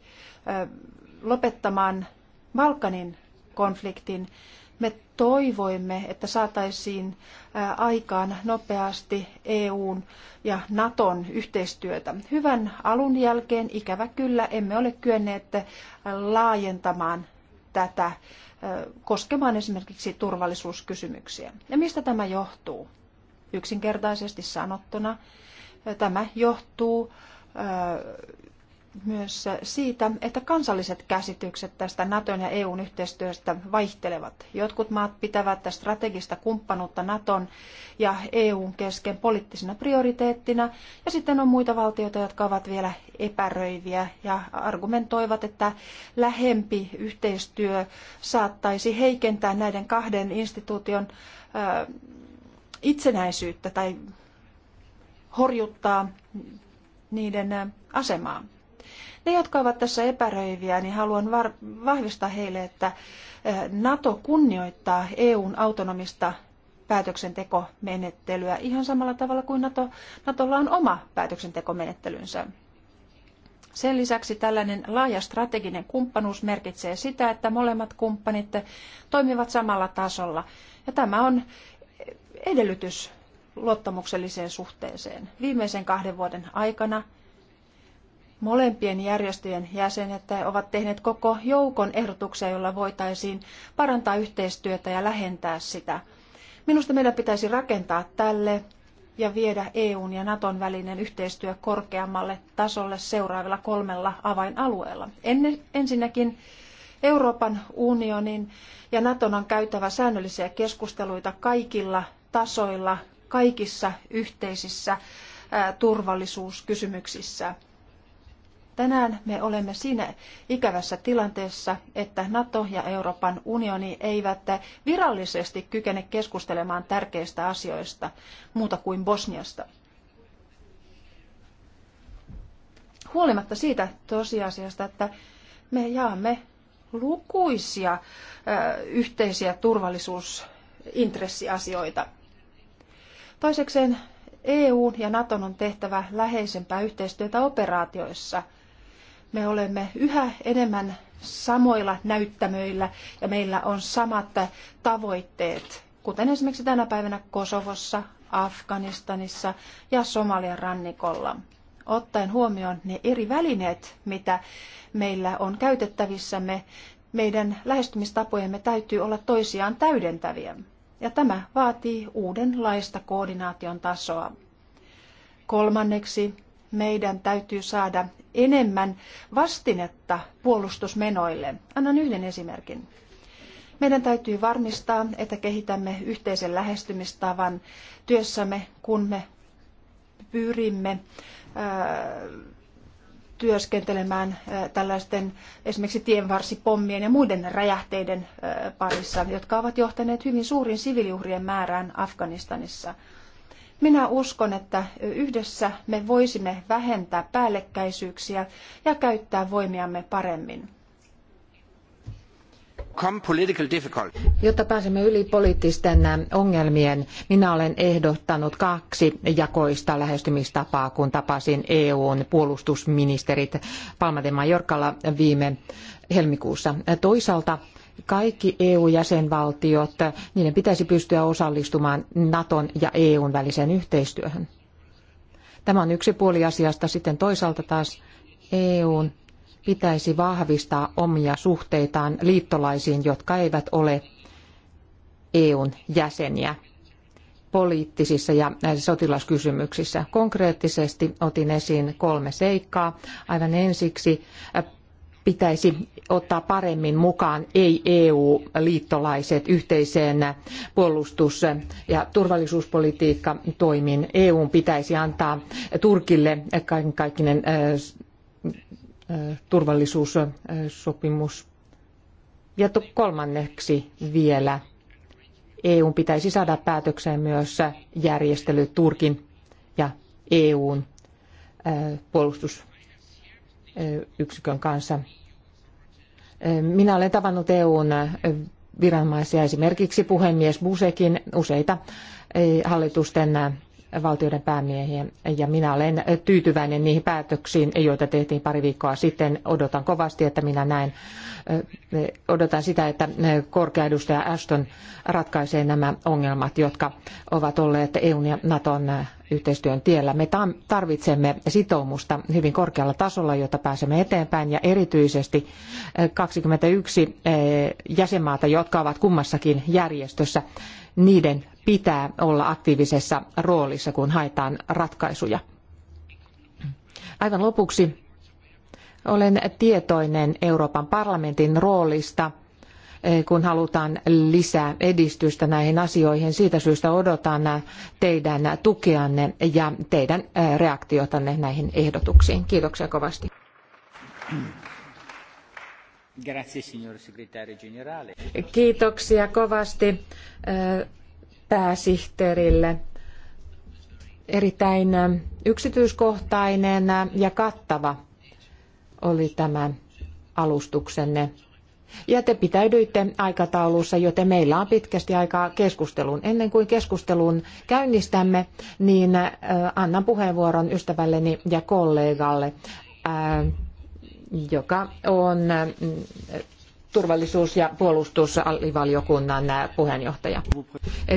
[SPEAKER 2] lopettamaan Balkanin konfliktin, me toivoimme, että saataisiin aikaan nopeasti EUn ja Naton yhteistyötä. Hyvän alun jälkeen ikävä kyllä emme ole kyenneet laajentamaan tätä koskemaan esimerkiksi turvallisuuskysymyksiä. Ja mistä tämä johtuu? Yksinkertaisesti sanottuna tämä johtuu myös siitä, että kansalliset käsitykset tästä Naton ja EUn yhteistyöstä vaihtelevat. Jotkut maat pitävät strategista kumppanuutta Naton ja EUn kesken poliittisena prioriteettina, ja sitten on muita valtioita, jotka ovat vielä epäröiviä ja argumentoivat, että lähempi yhteistyö saattaisi heikentää näiden kahden instituution itsenäisyyttä tai horjuttaa niiden asemaa. Ne, jotka ovat tässä epäröiviä, niin haluan vahvistaa heille, että NATO kunnioittaa EUn autonomista päätöksentekomenettelyä ihan samalla tavalla kuin NATO, NATOlla on oma päätöksentekomenettelynsä. Sen lisäksi tällainen laaja strateginen kumppanuus merkitsee sitä, että molemmat kumppanit toimivat samalla tasolla. Ja tämä on edellytys luottamukselliseen suhteeseen. Viimeisen kahden vuoden aikana Molempien järjestöjen jäsenet ovat tehneet koko joukon ehdotuksia, joilla voitaisiin parantaa yhteistyötä ja lähentää sitä. Minusta meidän pitäisi rakentaa tälle ja viedä EUn ja Naton välinen yhteistyö korkeammalle tasolle seuraavilla kolmella avainalueella. ensinnäkin Euroopan unionin ja Naton on käytävä säännöllisiä keskusteluita kaikilla tasoilla, kaikissa yhteisissä turvallisuuskysymyksissä Tänään me olemme siinä ikävässä tilanteessa, että NATO ja Euroopan unioni eivät virallisesti kykene keskustelemaan tärkeistä asioista muuta kuin Bosniasta. Huolimatta siitä tosiasiasta, että me jaamme lukuisia yhteisiä turvallisuusintressiasioita. Toisekseen EUn ja Naton on tehtävä läheisempää yhteistyötä operaatioissa – me olemme yhä enemmän samoilla näyttämöillä ja meillä on samat tavoitteet, kuten esimerkiksi tänä päivänä Kosovossa, Afganistanissa ja Somalian rannikolla. Ottaen huomioon ne eri välineet, mitä meillä on käytettävissämme, meidän lähestymistapojemme täytyy olla toisiaan täydentäviä. Ja tämä vaatii uudenlaista koordinaation tasoa. Kolmanneksi, meidän täytyy saada enemmän vastinetta puolustusmenoille. Annan yhden esimerkin. Meidän täytyy varmistaa, että kehitämme yhteisen lähestymistavan työssämme, kun me pyrimme työskentelemään tällaisten esimerkiksi tienvarsipommien ja muiden räjähteiden parissa, jotka ovat johtaneet hyvin suuriin siviiliuhrien määrään Afganistanissa. Minä uskon, että yhdessä me voisimme vähentää päällekkäisyyksiä ja käyttää voimiamme paremmin.
[SPEAKER 6] Jotta pääsemme yli poliittisten ongelmien, minä olen ehdottanut kaksi jakoista lähestymistapaa, kun tapasin EUn puolustusministerit Palma de Mallorcalla viime helmikuussa. Toisaalta kaikki EU-jäsenvaltiot, niiden pitäisi pystyä osallistumaan Naton ja EUn väliseen yhteistyöhön. Tämä on yksi puoli asiasta. Sitten toisaalta taas EUn pitäisi vahvistaa omia suhteitaan liittolaisiin, jotka eivät ole EUn jäseniä poliittisissa ja sotilaskysymyksissä. Konkreettisesti otin esiin kolme seikkaa. Aivan ensiksi pitäisi ottaa paremmin mukaan ei-EU-liittolaiset yhteiseen puolustus- ja turvallisuuspolitiikka toimiin. EUn pitäisi antaa Turkille kaikkinen turvallisuussopimus. Ja kolmanneksi vielä EUn pitäisi saada päätökseen myös järjestely Turkin ja EUn puolustus- yksikön kanssa. Minä olen tavannut EUn viranomaisia, esimerkiksi puhemies Busekin, useita eh, hallitusten eh, valtioiden päämiehiä ja minä olen tyytyväinen niihin päätöksiin, joita tehtiin pari viikkoa sitten. Odotan kovasti, että minä näen, odotan sitä, että korkea edustaja Ashton ratkaisee nämä ongelmat, jotka ovat olleet EUn ja Naton yhteistyön tiellä. Me tarvitsemme sitoumusta hyvin korkealla tasolla, jotta pääsemme eteenpäin ja erityisesti 21 jäsenmaata, jotka ovat kummassakin järjestössä, niiden pitää olla aktiivisessa roolissa, kun haetaan ratkaisuja. Aivan lopuksi olen tietoinen Euroopan parlamentin roolista, eh, kun halutaan lisää edistystä näihin asioihin. Siitä syystä odotan teidän tukeanne ja teidän eh, reaktiotanne näihin ehdotuksiin. Kiitoksia kovasti. Kiitoksia kovasti eh, pääsihteerille erittäin yksityiskohtainen ja kattava oli tämä alustuksenne. Ja te pitäydyitte aikataulussa, joten meillä on pitkästi aikaa keskusteluun. Ennen kuin keskustelun käynnistämme, niin äh, annan puheenvuoron ystävälleni ja kollegalle, äh, joka on äh, turvallisuus- ja puolustusalivaliokunnan äh, puheenjohtaja.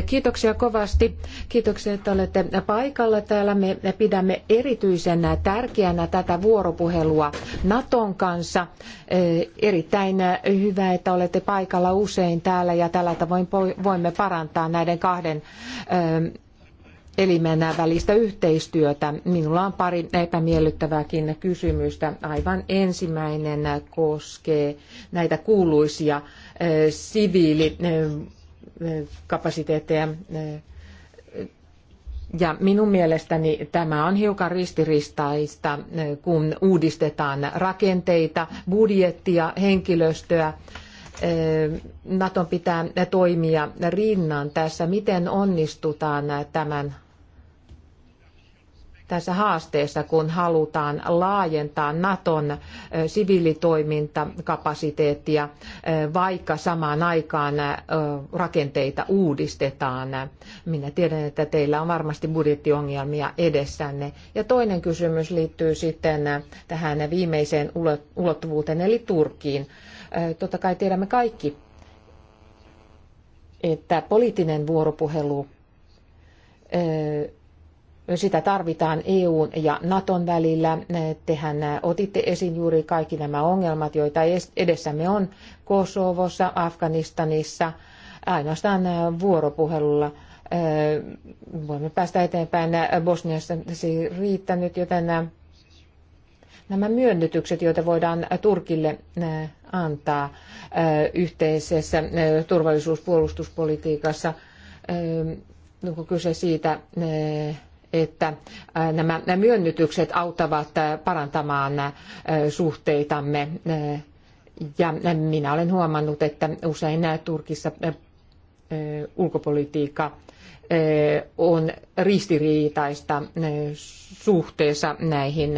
[SPEAKER 6] Kiitoksia kovasti. Kiitoksia, että olette paikalla täällä. Me pidämme erityisen tärkeänä tätä vuoropuhelua Naton kanssa. Äh, erittäin hyvä, että olette paikalla usein täällä ja tällä tavoin voimme parantaa näiden kahden äh, elimen välistä yhteistyötä. Minulla on pari epämiellyttävääkin kysymystä. Aivan ensimmäinen koskee näitä kuuluisia eh, siviilikapasiteetteja. Eh, ja minun mielestäni tämä on hiukan ristiristaista, eh, kun uudistetaan rakenteita, budjettia, henkilöstöä. Naton pitää toimia rinnan tässä. Miten onnistutaan tämän tässä haasteessa, kun halutaan laajentaa Naton siviilitoimintakapasiteettia, vaikka samaan aikaan rakenteita uudistetaan. Minä tiedän, että teillä on varmasti budjettiongelmia edessänne. Ja toinen kysymys liittyy sitten tähän viimeiseen ulottuvuuteen, eli Turkkiin. Totta kai tiedämme kaikki, että poliittinen vuoropuhelu sitä tarvitaan EUn ja Naton välillä. Tehän otitte esiin juuri kaikki nämä ongelmat, joita edessämme on Kosovossa, Afganistanissa. Ainoastaan vuoropuhelulla eh, voimme päästä eteenpäin. Bosniassa se ei riittänyt, joten eh, nämä myönnytykset, joita voidaan Turkille eh, antaa yhteisessä turvallisuus- ja puolustuspolitiikassa, onko kyse siitä, että äh, nämä myönnytykset auttavat äh, parantamaan äh, suhteitamme. Ja minä olen huomannut, että usein Turkissa ulkopolitiikka on ristiriitaista suhteessa näihin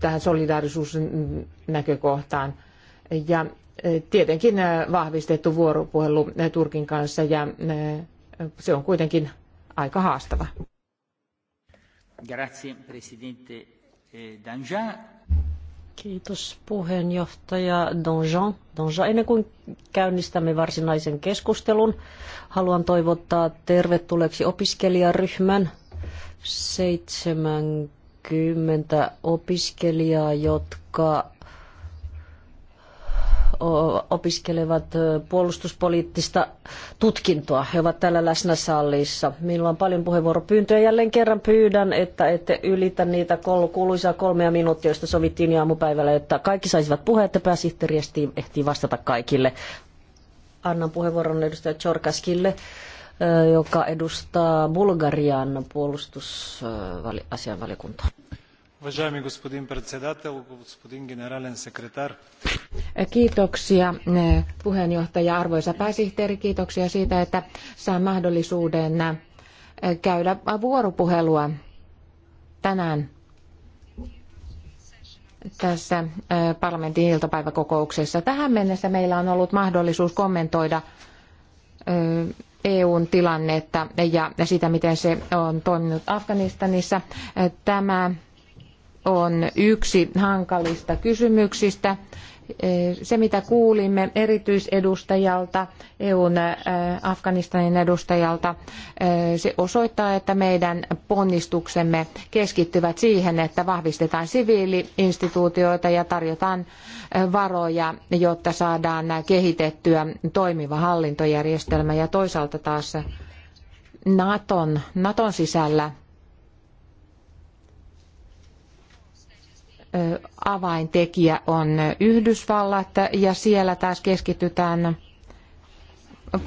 [SPEAKER 6] tähän solidaarisuusnäkökohtaan. Ja tietenkin vahvistettu vuoropuhelu Turkin kanssa ja se on kuitenkin
[SPEAKER 3] aika haastava. Grazie, presidente eh,
[SPEAKER 4] Kiitos puheenjohtaja Donjon. Donjon. Ennen kuin käynnistämme varsinaisen keskustelun, haluan toivottaa tervetulleeksi opiskelijaryhmän 70 opiskelijaa, jotka opiskelevat puolustuspoliittista tutkintoa. He ovat täällä läsnä sallissa. Minulla on paljon puheenvuoropyyntöjä. Jälleen kerran pyydän, että ette ylitä niitä kuuluisia kolmea minuuttia, joista sovittiin aamupäivällä, että kaikki saisivat puheen, että pääsihteeri ehtii vastata kaikille. Annan puheenvuoron edustaja Chorkaskille joka edustaa Bulgarian puolustusasianvaliokuntaa.
[SPEAKER 1] Уважаеми господин председател, господин генерален секретар.
[SPEAKER 4] Kiitoksia
[SPEAKER 6] puheenjohtaja, arvoisa pääsihteeri, kiitoksia siitä, että saan mahdollisuuden käydä vuoropuhelua tänään tässä e, parlamentin iltapäiväkokouksessa. Tähän mennessä meillä on ollut mahdollisuus kommentoida EUn e tilannetta ja sitä, miten se on toiminut Afganistanissa. Tämä on yksi hankalista kysymyksistä. Eh, se, mitä kuulimme erityisedustajalta, EUn eh, Afganistanin edustajalta, eh, se osoittaa, että meidän ponnistuksemme keskittyvät siihen, että vahvistetaan siviiliinstituutioita ja tarjotaan varoja, jotta saadaan kehitettyä toimiva hallintojärjestelmä ja toisaalta taas Naton, Naton sisällä avaintekijä on Yhdysvallat ja siellä taas keskitytään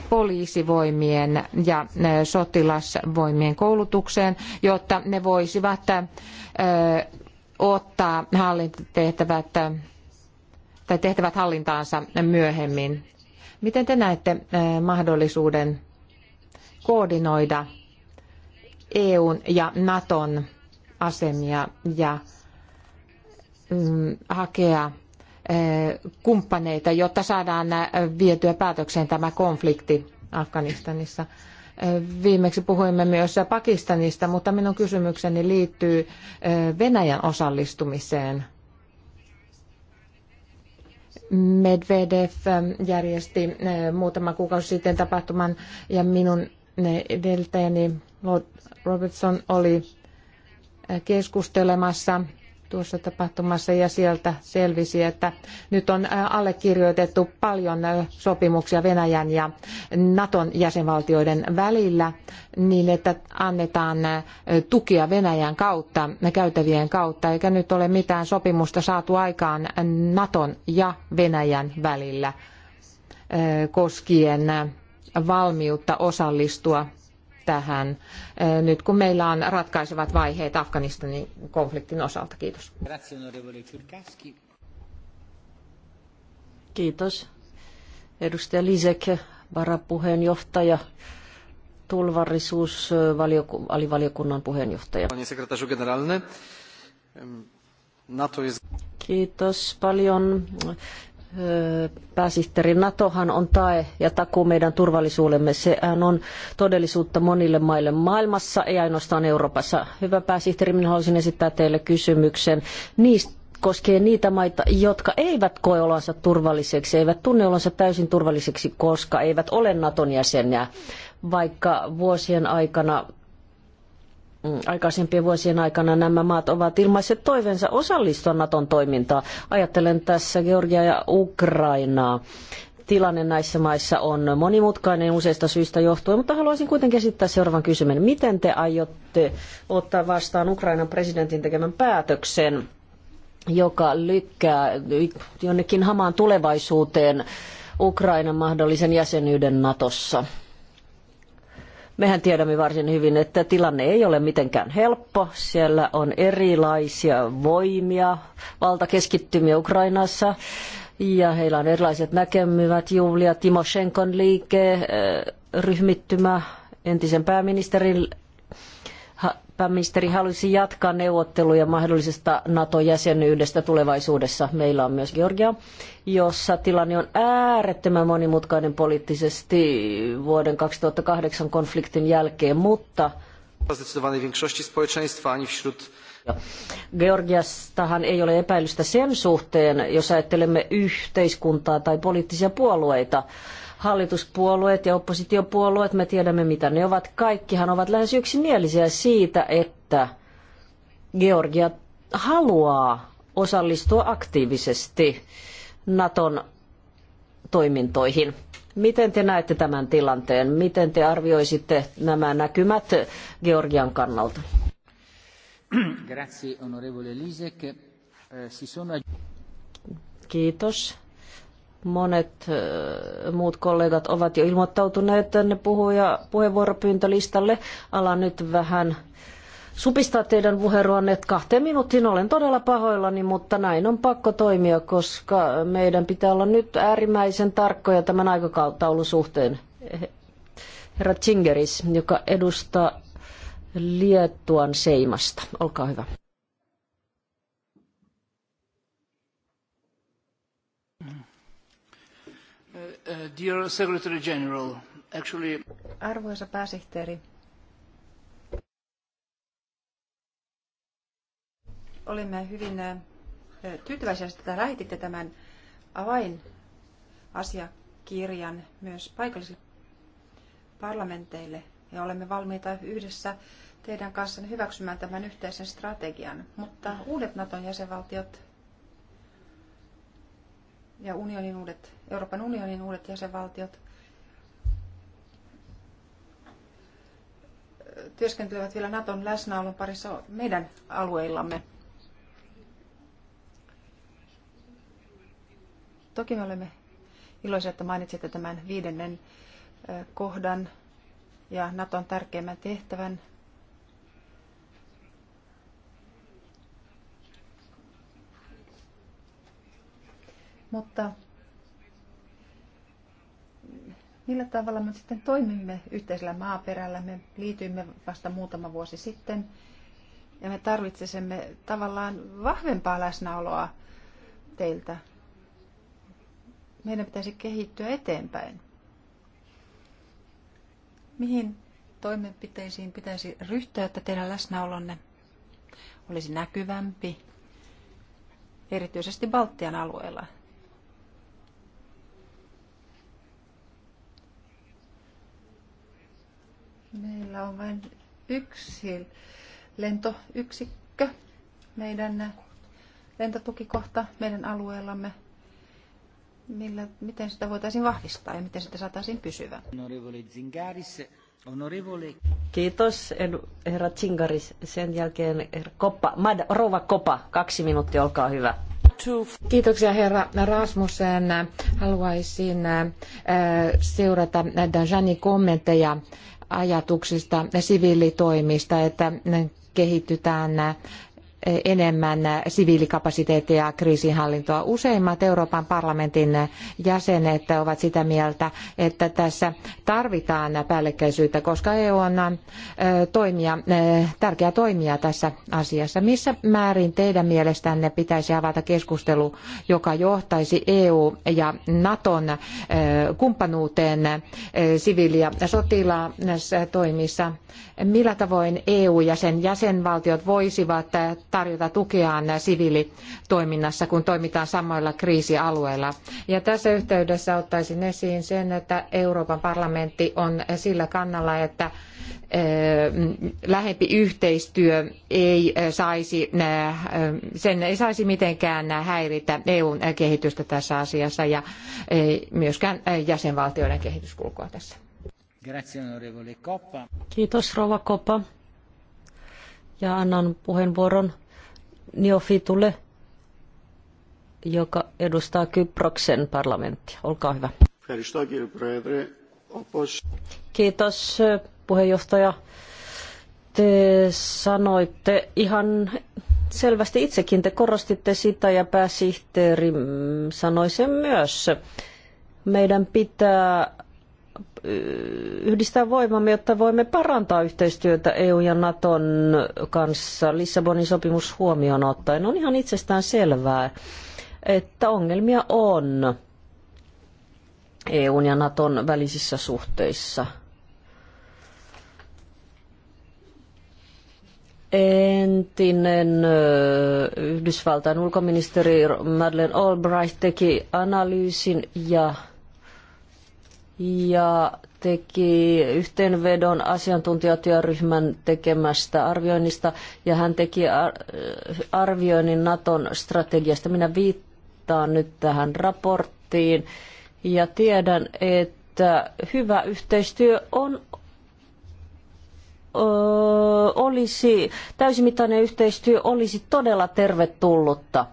[SPEAKER 6] poliisivoimien ja sotilasvoimien koulutukseen, jotta ne voisivat ottaa hallintatehtävät tai tehtävät hallintaansa myöhemmin. Miten te näette mahdollisuuden koordinoida EUn ja Naton asemia ja Mm, hakea eh, kumppaneita, jotta saadaan eh, vietyä päätökseen tämä konflikti Afganistanissa. Eh, viimeksi puhuimme myös Pakistanista, mutta minun kysymykseni liittyy Venäjän osallistumiseen. Medvedev järjesti muutama kuukausi sitten tapahtuman ja minun edeltäjäni Lord Robertson oli keskustelemassa tuossa tapahtumassa ja sieltä selvisi, että nyt on allekirjoitettu paljon sopimuksia Venäjän ja Naton jäsenvaltioiden välillä niin, että annetaan tukea Venäjän kautta, käytävien kautta, eikä nyt ole mitään sopimusta saatu aikaan Naton ja Venäjän välillä koskien valmiutta osallistua tähän, eh, nyt kun meillä on ratkaisevat vaiheet Afganistanin konfliktin osalta. Kiitos.
[SPEAKER 4] Kiitos. Edustaja Lisek, varapuheenjohtaja, tulvarisuusalivaliokunnan puheenjohtaja. Kiitos paljon pääsihteeri, Natohan on tae ja takuu meidän turvallisuudemme. Sehän on todellisuutta monille maille maailmassa, ei ainoastaan Euroopassa. Hyvä pääsihteeri, minä haluaisin esittää teille kysymyksen niistä koskee niitä maita, jotka eivät koe olonsa turvalliseksi, eivät tunne olonsa täysin turvalliseksi, koska eivät ole Naton jäseniä, vaikka vuosien aikana Mm, aikaisempien vuosien aikana nämä maat ovat ilmaiset toiveensa osallistua Naton toimintaan. Ajattelen tässä Georgia ja Ukrainaa. Tilanne näissä maissa on monimutkainen useista syistä johtuen, mutta haluaisin kuitenkin esittää seuraavan kysymyksen. Miten te aiotte ottaa vastaan Ukrainan presidentin tekemän päätöksen, joka lykkää jonnekin hamaan tulevaisuuteen Ukrainan mahdollisen jäsenyyden Natossa? Mehän tiedämme varsin hyvin, että tilanne ei ole mitenkään helppo. Siellä on erilaisia voimia, valtakeskittymiä Ukrainassa ja heillä on erilaiset näkemyvät. Julia Timoshenkon liike, eh, ryhmittymä, entisen pääministerin pääministeri halusi jatkaa neuvotteluja mahdollisesta NATO-jäsenyydestä tulevaisuudessa. Meillä on myös Georgia, jossa tilanne on äärettömän monimutkainen poliittisesti vuoden 2008 konfliktin jälkeen, mutta Georgiastahan ei ole epäilystä sen suhteen, jos ajattelemme yhteiskuntaa tai poliittisia puolueita. Hallituspuolueet ja oppositiopuolueet, me tiedämme mitä ne ovat, kaikkihan ovat lähes yksimielisiä siitä, että Georgia haluaa osallistua aktiivisesti Naton toimintoihin. Miten te näette tämän tilanteen? Miten te arvioisitte nämä näkymät Georgian kannalta?
[SPEAKER 3] Eh,
[SPEAKER 4] Kiitos. Monet muut kollegat ovat jo ilmoittautuneet tänne puhuja puheenvuoropyyntölistalle. Alan nyt vähän supistaa teidän puheenvuoronne kahteen minuuttiin. Olen todella pahoillani, mutta näin on pakko toimia, koska meidän pitää olla nyt äärimmäisen tarkkoja tämän aikakautaulun suhteen. Herra Tsingeris, joka edustaa Liettuan Seimasta. Olkaa hyvä.
[SPEAKER 1] Uh, dear Secretary General, actually...
[SPEAKER 2] Arvoisa pääsihteeri, olimme hyvin uh, tyytyväisiä, että lähetitte tämän avainasiakirjan myös paikallisille parlamenteille ja olemme valmiita yhdessä teidän kanssanne hyväksymään tämän yhteisen strategian. Mutta uudet Naton jäsenvaltiot ja unionin uudet, Euroopan unionin uudet jäsenvaltiot työskentelevät vielä Naton läsnäolon parissa meidän alueillamme. Toki me olemme iloisia, että mainitsitte tämän viidennen kohdan ja Naton tärkeimmän tehtävän Mutta millä tavalla me sitten toimimme yhteisellä maaperällä? Me liityimme vasta muutama vuosi sitten ja me tarvitsisimme tavallaan vahvempaa läsnäoloa teiltä. Meidän pitäisi kehittyä eteenpäin. Mihin toimenpiteisiin pitäisi ryhtyä, että teidän läsnäolonne olisi näkyvämpi, erityisesti Baltian alueella? Meillä on vain yksi lentoyksikkö, meidän lentotukikohta meidän alueellamme. Millä, miten sitä voitaisiin vahvistaa
[SPEAKER 3] ja miten sitä saataisiin pysyvä?
[SPEAKER 2] Kiitos,
[SPEAKER 4] herra Tsingaris. Sen jälkeen Koppa, Mad, Rova Kopa, kaksi minuuttia, olkaa hyvä.
[SPEAKER 6] Kiitoksia herra Rasmussen. Haluaisin äh, seurata Danjani kommentteja ajatuksista siviilitoimista, että kehitytään enemmän siviilikapasiteettia ja kriisinhallintoa. Useimmat Euroopan parlamentin jäsenet ovat sitä mieltä, että tässä tarvitaan päällekkäisyyttä, koska EU on äh, toimija, äh, tärkeä toimija tässä asiassa. Missä määrin teidän mielestänne pitäisi avata keskustelu, joka johtaisi EU ja Naton äh, kumppanuuteen siviili- ja sotilastoimissa? Millä tavoin EU ja sen jäsenvaltiot voisivat tarjota tukeaan siviilitoiminnassa, kun toimitaan samoilla kriisialueilla. Ja tässä yhteydessä ottaisin esiin sen, että Euroopan parlamentti on sillä kannalla, että eh, lähempi yhteistyö ei eh, saisi, eh, sen ei saisi mitenkään häiritä EUn kehitystä tässä asiassa ja myöskään
[SPEAKER 4] jäsenvaltioiden kehityskulkua tässä. Kiitos Rova Koppa. Ja annan puheenvuoron Niofitule, joka edustaa Kyproksen parlamenttia. Olkaa hyvä. Kiitos puheenjohtaja. Te sanoitte ihan selvästi itsekin, te korostitte sitä ja pääsihteeri sanoi sen myös. Meidän pitää yhdistää voimamme, jotta voimme parantaa yhteistyötä EU ja Naton kanssa Lissabonin sopimus huomioon ottaen. On ihan itsestään selvää, että ongelmia on EUn ja Naton välisissä suhteissa. entinen Yhdysvaltain ulkoministeri Madeleine Albright teki analyysin ja ja teki yhteenvedon asiantuntijatyöryhmän tekemästä arvioinnista ja hän teki arvioinnin Naton strategiasta. Minä viittaan nyt tähän raporttiin ja tiedän, että hyvä yhteistyö on olisi, täysimittainen yhteistyö olisi todella tervetullutta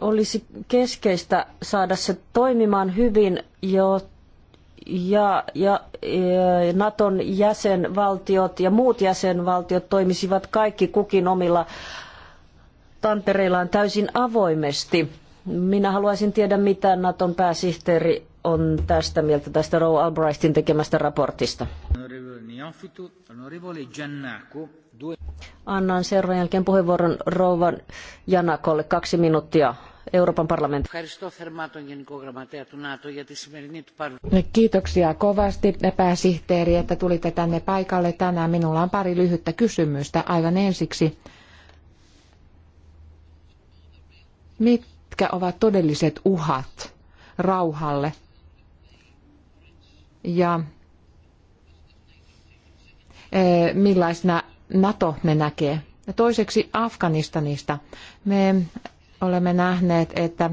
[SPEAKER 4] olisi keskeistä saada se toimimaan hyvin, jotta ja, ja e, Naton jäsenvaltiot ja muut jäsenvaltiot toimisivat kaikki kukin omilla tantereillaan täysin avoimesti. Minä haluaisin tiedä, mitä Naton pääsihteeri on tästä mieltä tästä Row Albrightin tekemästä raportista. Annan seuraavan jälkeen puheenvuoron Rouvan Janakolle kaksi minuuttia. Euroopan parlamentti.
[SPEAKER 6] Kiitoksia kovasti pääsihteeri, että tulitte tänne paikalle tänään. Minulla on pari lyhyttä kysymystä aivan ensiksi. Mitkä ovat todelliset uhat rauhalle? Ja eh, millaisena NATO ne näkee? Toiseksi Afganistanista. Me olemme nähneet, että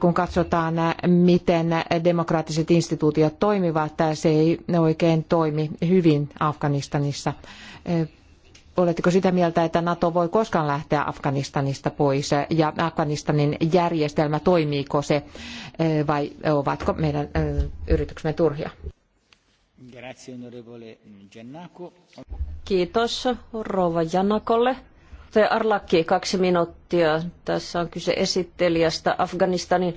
[SPEAKER 6] kun katsotaan, miten demokraattiset instituutiot toimivat, se ei oikein toimi hyvin Afganistanissa. Oletteko sitä mieltä, että NATO voi koskaan lähteä Afganistanista pois ja Afganistanin järjestelmä toimiiko se vai ovatko meidän
[SPEAKER 4] yrityksemme turhia? Kiitos rouva Janakolle. Edustaja Arlakki, kaksi minuuttia. Tässä on kyse esittelijästä Afganistanin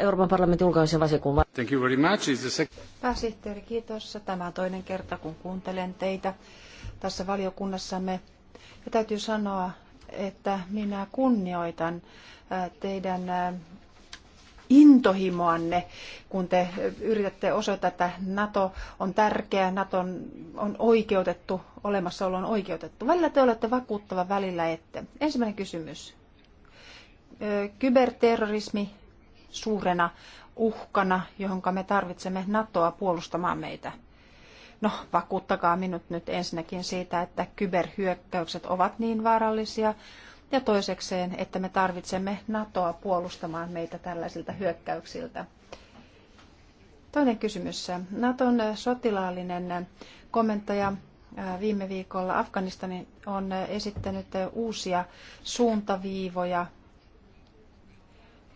[SPEAKER 4] Euroopan parlamentin ulkoisen vasikunnan. Thank
[SPEAKER 1] you very much.
[SPEAKER 2] Pääsihteeri, kiitos. Tämä on toinen kerta, kun kuuntelen teitä tässä valiokunnassamme. Ja täytyy sanoa, että minä kunnioitan teidän intohimoanne, kun te yritätte osoittaa, että NATO on tärkeä, NATO on, oikeutettu, olemassaolo on oikeutettu. Välillä te olette vakuuttava, välillä ette. Ensimmäinen kysymys. Kyberterrorismi suurena uhkana, johon me tarvitsemme NATOa puolustamaan meitä. No, vakuuttakaa minut nyt ensinnäkin siitä, että kyberhyökkäykset ovat niin vaarallisia, ja toisekseen, että me tarvitsemme NATOa puolustamaan meitä tällaisilta hyökkäyksiltä. Toinen kysymys. Naton sotilaallinen komentaja viime viikolla Afganistani on esittänyt uusia suuntaviivoja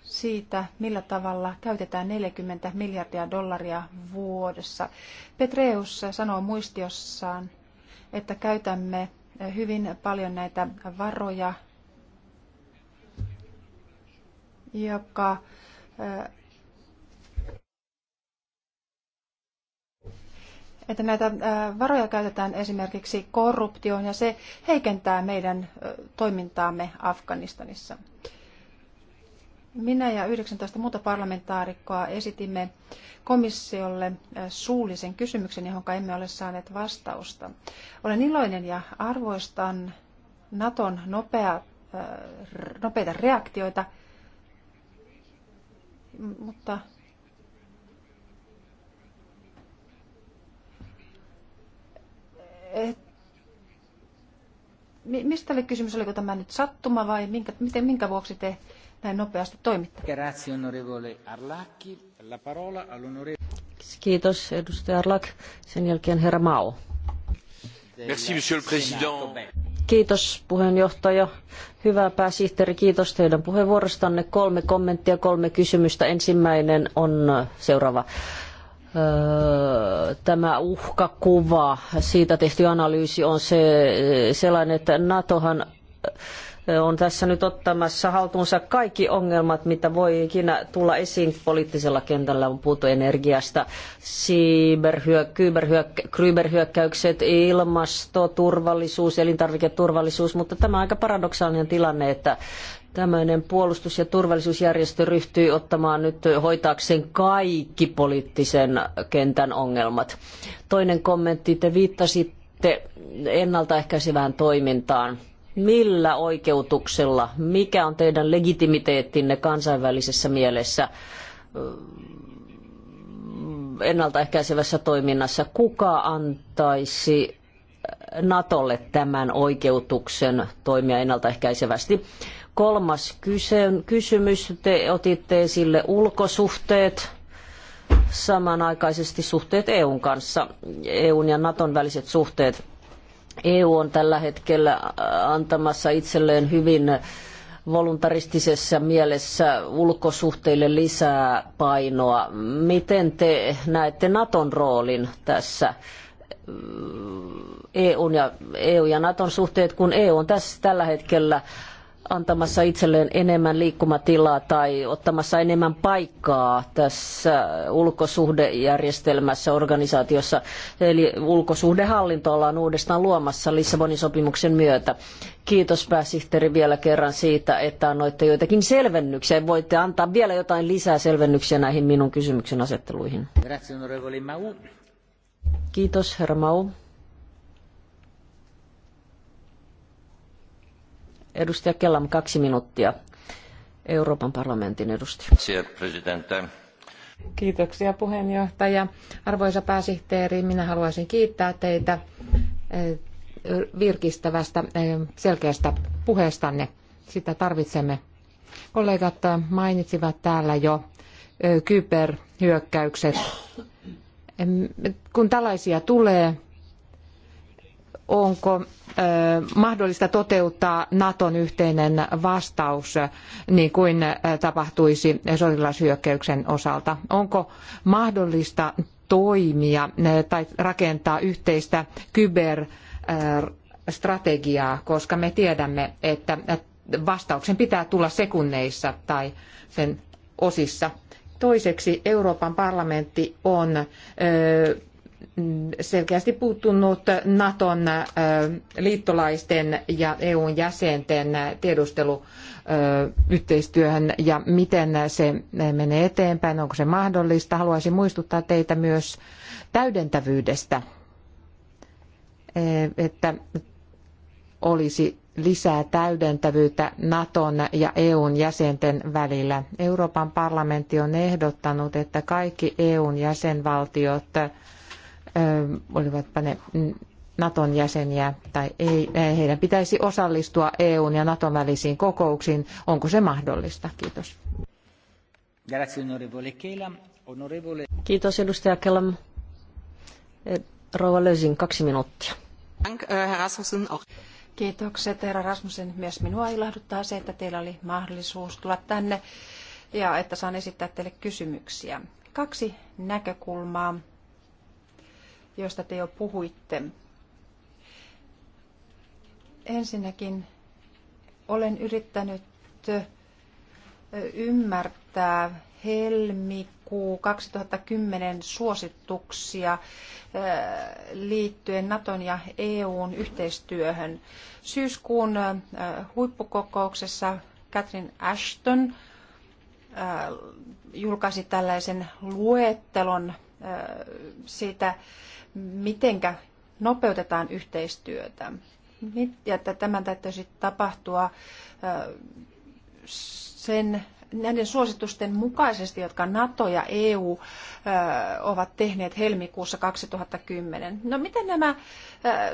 [SPEAKER 2] siitä, millä tavalla käytetään 40 miljardia dollaria vuodessa. Petreus sanoo muistiossaan, että käytämme hyvin paljon näitä varoja joka että näitä varoja käytetään esimerkiksi korruptioon ja se heikentää meidän toimintaamme Afganistanissa. Minä ja 19 muuta parlamentaarikkoa esitimme komissiolle suullisen kysymyksen, johon emme ole saaneet vastausta. Olen iloinen ja arvoistan Naton nopea, nopeita reaktioita mutta et, mistä oli kysymys? Oliko tämä nyt sattuma vai minkä, miten, minkä
[SPEAKER 3] vuoksi te näin nopeasti toimitte? Grazie, onorevole Arlacchi. La parola
[SPEAKER 4] Kiitos, edustaja Arlak. Sen jälkeen herra Mao.
[SPEAKER 3] Merci, monsieur le président.
[SPEAKER 4] Kiitos puheenjohtaja. Hyvä pääsihteeri, kiitos teidän puheenvuorostanne. Kolme kommenttia, kolme kysymystä. Ensimmäinen on seuraava öö, tämä uhkakuva, siitä tehty analyysi on se, sellainen, että NATOhan on tässä nyt ottamassa haltuunsa kaikki ongelmat, mitä voi ikinä tulla esiin poliittisella kentällä, on puhuttu energiasta, kyberhyökkäykset, ilmasto, turvallisuus, elintarviketurvallisuus, mutta tämä on aika paradoksaalinen tilanne, että tämmöinen puolustus- ja turvallisuusjärjestö ryhtyy ottamaan nyt hoitaakseen kaikki poliittisen kentän ongelmat. Toinen kommentti, te viittasitte ennaltaehkäisevään toimintaan Millä oikeutuksella? Mikä on teidän legitimiteettinne kansainvälisessä mielessä? ennaltaehkäisevässä toiminnassa. Kuka antaisi Natolle tämän oikeutuksen toimia ennaltaehkäisevästi? Kolmas kysymys. Te otitte esille ulkosuhteet, samanaikaisesti suhteet EUn kanssa, EUn ja Naton väliset suhteet EU on tällä hetkellä äh, antamassa itselleen hyvin voluntaristisessa mielessä ulkosuhteille lisää painoa. Miten te näette Naton roolin tässä? Äh, EUn ja, EU ja Naton suhteet, kun EU on tässä tällä hetkellä antamassa itselleen enemmän liikkumatilaa tai ottamassa enemmän paikkaa tässä ulkosuhdejärjestelmässä, organisaatiossa. Eli ulkosuhdehallinto ollaan uudestaan luomassa Lissabonin sopimuksen myötä. Kiitos pääsihteeri vielä kerran siitä, että annoitte joitakin selvennyksiä. Voitte antaa vielä jotain lisää selvennyksiä näihin minun kysymyksen asetteluihin. Kiitos, herra Mau. Edustaja Kellam, kaksi minuuttia. Euroopan parlamentin edustaja. Kiitoksia
[SPEAKER 6] puheenjohtaja. Arvoisa pääsihteeri, minä haluaisin kiittää teitä eh, virkistävästä, eh, selkeästä puheestanne. Sitä tarvitsemme. Kollegat mainitsivat täällä jo eh, kyberhyökkäykset. Kun tällaisia tulee, onko mahdollista toteuttaa Naton yhteinen vastaus, niin kuin tapahtuisi sotilashyökkäyksen osalta? Onko mahdollista toimia tai rakentaa yhteistä kyberstrategiaa, koska me tiedämme, että vastauksen pitää tulla sekunneissa tai sen osissa. Toiseksi Euroopan parlamentti on selkeästi puuttunut Naton liittolaisten ja EUn jäsenten tiedusteluyhteistyöhön ja miten se menee eteenpäin, onko se mahdollista. Haluaisin muistuttaa teitä myös täydentävyydestä, että olisi lisää täydentävyyttä Naton ja EUn jäsenten välillä. Euroopan parlamentti on ehdottanut, että kaikki EUn jäsenvaltiot olivatpa ne Naton jäseniä tai ei, heidän pitäisi osallistua EUn ja Naton välisiin kokouksiin. Onko
[SPEAKER 4] se mahdollista? Kiitos. Kiitos edustaja Kelam. E, rouva Löysin, kaksi minuuttia.
[SPEAKER 2] Kiitokset herra Rasmussen. Myös minua ilahduttaa se, että teillä oli mahdollisuus tulla tänne ja että saan esittää teille kysymyksiä. Kaksi näkökulmaa josta te jo puhuitte. Ensinnäkin olen yrittänyt ymmärtää helmikuu 2010 suosituksia liittyen Naton ja EUn yhteistyöhön. Syyskuun huippukokouksessa Catherine Ashton julkaisi tällaisen luettelon siitä mitenkä nopeutetaan yhteistyötä. Ja että tämän täytyisi tapahtua sen, näiden suositusten mukaisesti, jotka NATO ja EU ovat tehneet helmikuussa 2010. No miten nämä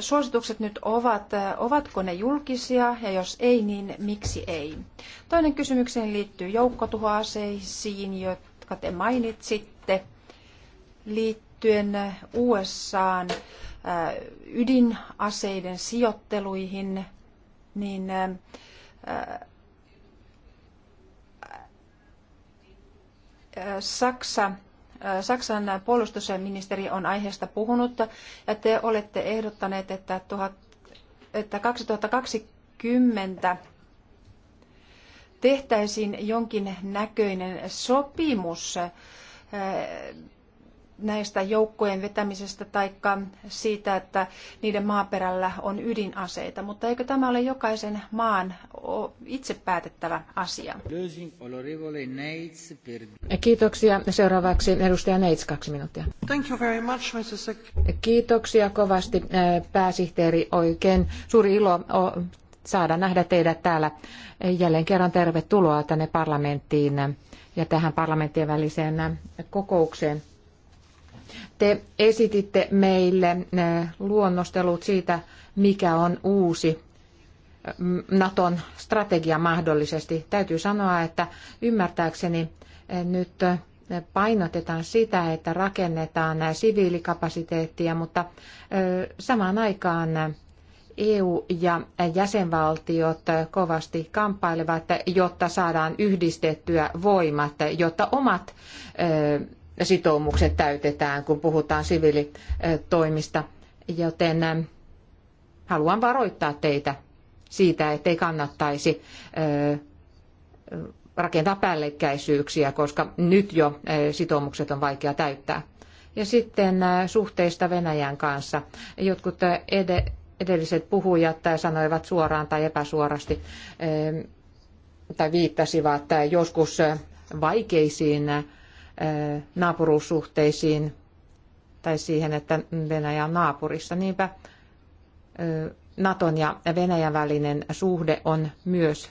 [SPEAKER 2] suositukset nyt ovat? Ovatko ne julkisia ja jos ei, niin miksi ei? Toinen kysymykseen liittyy joukkotuhoaseisiin, jotka te mainitsitte. Liittyy liittyen USAan äh, ydinaseiden sijoitteluihin, niin äh, äh, Saksa, Saksan puolustusministeri on aiheesta puhunut ja te olette ehdottaneet, että, tuhat, että 2020 tehtäisiin jonkin näköinen sopimus näistä joukkojen vetämisestä tai siitä, että niiden maaperällä on ydinaseita. Mutta eikö tämä ole jokaisen maan itse päätettävä
[SPEAKER 3] asia?
[SPEAKER 6] Kiitoksia. Seuraavaksi edustaja Neits, kaksi minuuttia.
[SPEAKER 3] Thank you very much, Mrs.
[SPEAKER 6] Kiitoksia kovasti pääsihteeri oikein. Suuri ilo saada nähdä teidät täällä. Jälleen kerran tervetuloa tänne parlamenttiin ja tähän parlamenttien väliseen kokoukseen. Te esititte meille äh, luonnostelut siitä, mikä on uusi äh, Naton strategia mahdollisesti. Täytyy sanoa, että ymmärtääkseni äh, nyt painotetaan sitä, että rakennetaan siviilikapasiteettia, mutta samaan aikaan EU ja jäsenvaltiot kovasti kamppailevat, jotta saadaan yhdistettyä voimat, jotta omat sitoumukset täytetään, kun puhutaan siviilitoimista. Joten ähm, haluan varoittaa teitä siitä, ettei kannattaisi äh, rakentaa päällekkäisyyksiä, koska nyt jo äh, sitoumukset on vaikea täyttää. Ja sitten äh, suhteista Venäjän kanssa. Jotkut edelliset puhujat sanoivat suoraan tai epäsuorasti tai viittasivat joskus vaikeisiin naapuruussuhteisiin tai siihen, että Venäjä on naapurissa. Niinpä Naton ja Venäjän välinen suhde on myös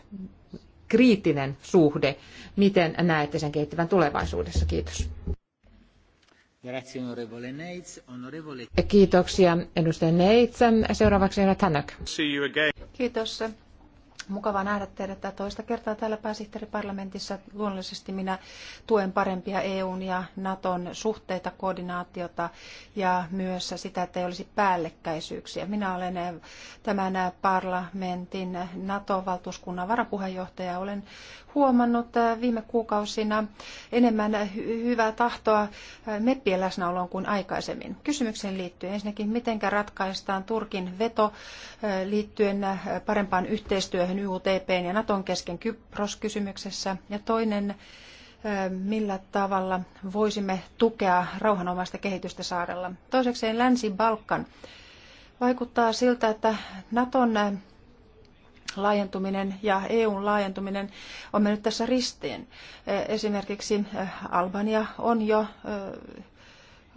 [SPEAKER 6] kriittinen suhde. Miten näette sen kehittyvän tulevaisuudessa? Kiitos. Kiitoksia edustaja Neitz. Seuraavaksi herra
[SPEAKER 2] Kiitos. Mukava nähdä teidät toista kertaa täällä pääsihteeriparlamentissa. Luonnollisesti minä tuen parempia EUn ja Naton suhteita, koordinaatiota ja myös sitä, että ei olisi päällekkäisyyksiä. Minä olen eh, tämän parlamentin NATO-valtuuskunnan varapuheenjohtaja. Olen huomannut eh, viime kuukausina enemmän hyvää tahtoa eh, meppien läsnäoloon kuin aikaisemmin. Kysymykseen liittyen ensinnäkin, miten ratkaistaan Turkin veto liittyen parempaan yhteistyöhön suhteiden YUTPn ja Naton kesken Kypros-kysymyksessä? Ja toinen, millä tavalla voisimme tukea rauhanomaista kehitystä saarella? Toisekseen Länsi-Balkan. Vaikuttaa siltä, että Naton laajentuminen ja EUn laajentuminen on mennyt tässä ristiin. Esimerkiksi Albania on jo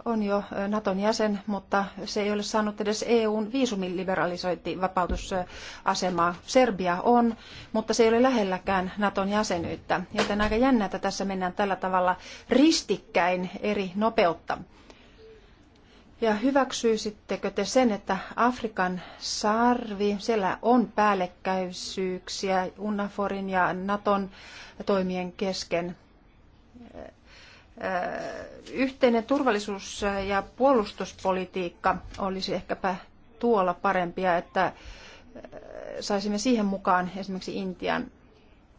[SPEAKER 2] on jo Naton jäsen, mutta se ei ole saanut edes EUn viisumiliberalisointivapautusasemaa. Serbia on, mutta se ei ole lähelläkään Naton jäsenyyttä. Joten aika jännä, että tässä mennään tällä tavalla ristikkäin eri nopeutta. Ja hyväksyisittekö te sen, että Afrikan sarvi, siellä on päällekkäisyyksiä UNAFORin ja Naton toimien kesken? yhteinen turvallisuus- ja puolustuspolitiikka olisi ehkäpä tuolla parempia, että saisimme siihen mukaan esimerkiksi Intian.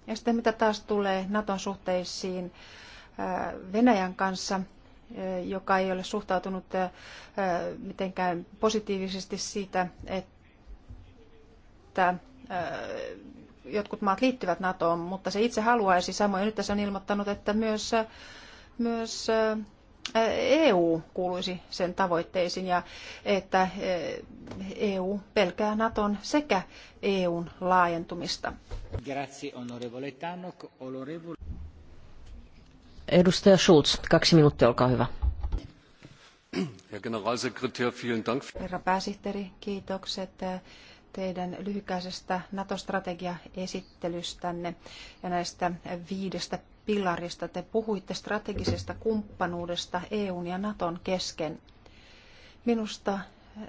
[SPEAKER 2] Ja sitten mitä taas tulee Naton suhteisiin Venäjän kanssa, joka ei ole suhtautunut mitenkään positiivisesti siitä, että jotkut maat liittyvät NATOon, mutta se itse haluaisi samoin. Nyt tässä on ilmoittanut, että myös myös EU kuuluisi sen tavoitteisiin ja että EU pelkää Naton sekä EUn laajentumista.
[SPEAKER 4] Edustaja Schulz, kaksi minuuttia, olkaa hyvä.
[SPEAKER 2] Herra pääsihteeri, kiitokset teidän lyhykäisestä NATO-strategiaesittelystänne ja näistä viidestä pilarista. Te puhuitte strategisesta kumppanuudesta EUn ja Naton kesken. Minusta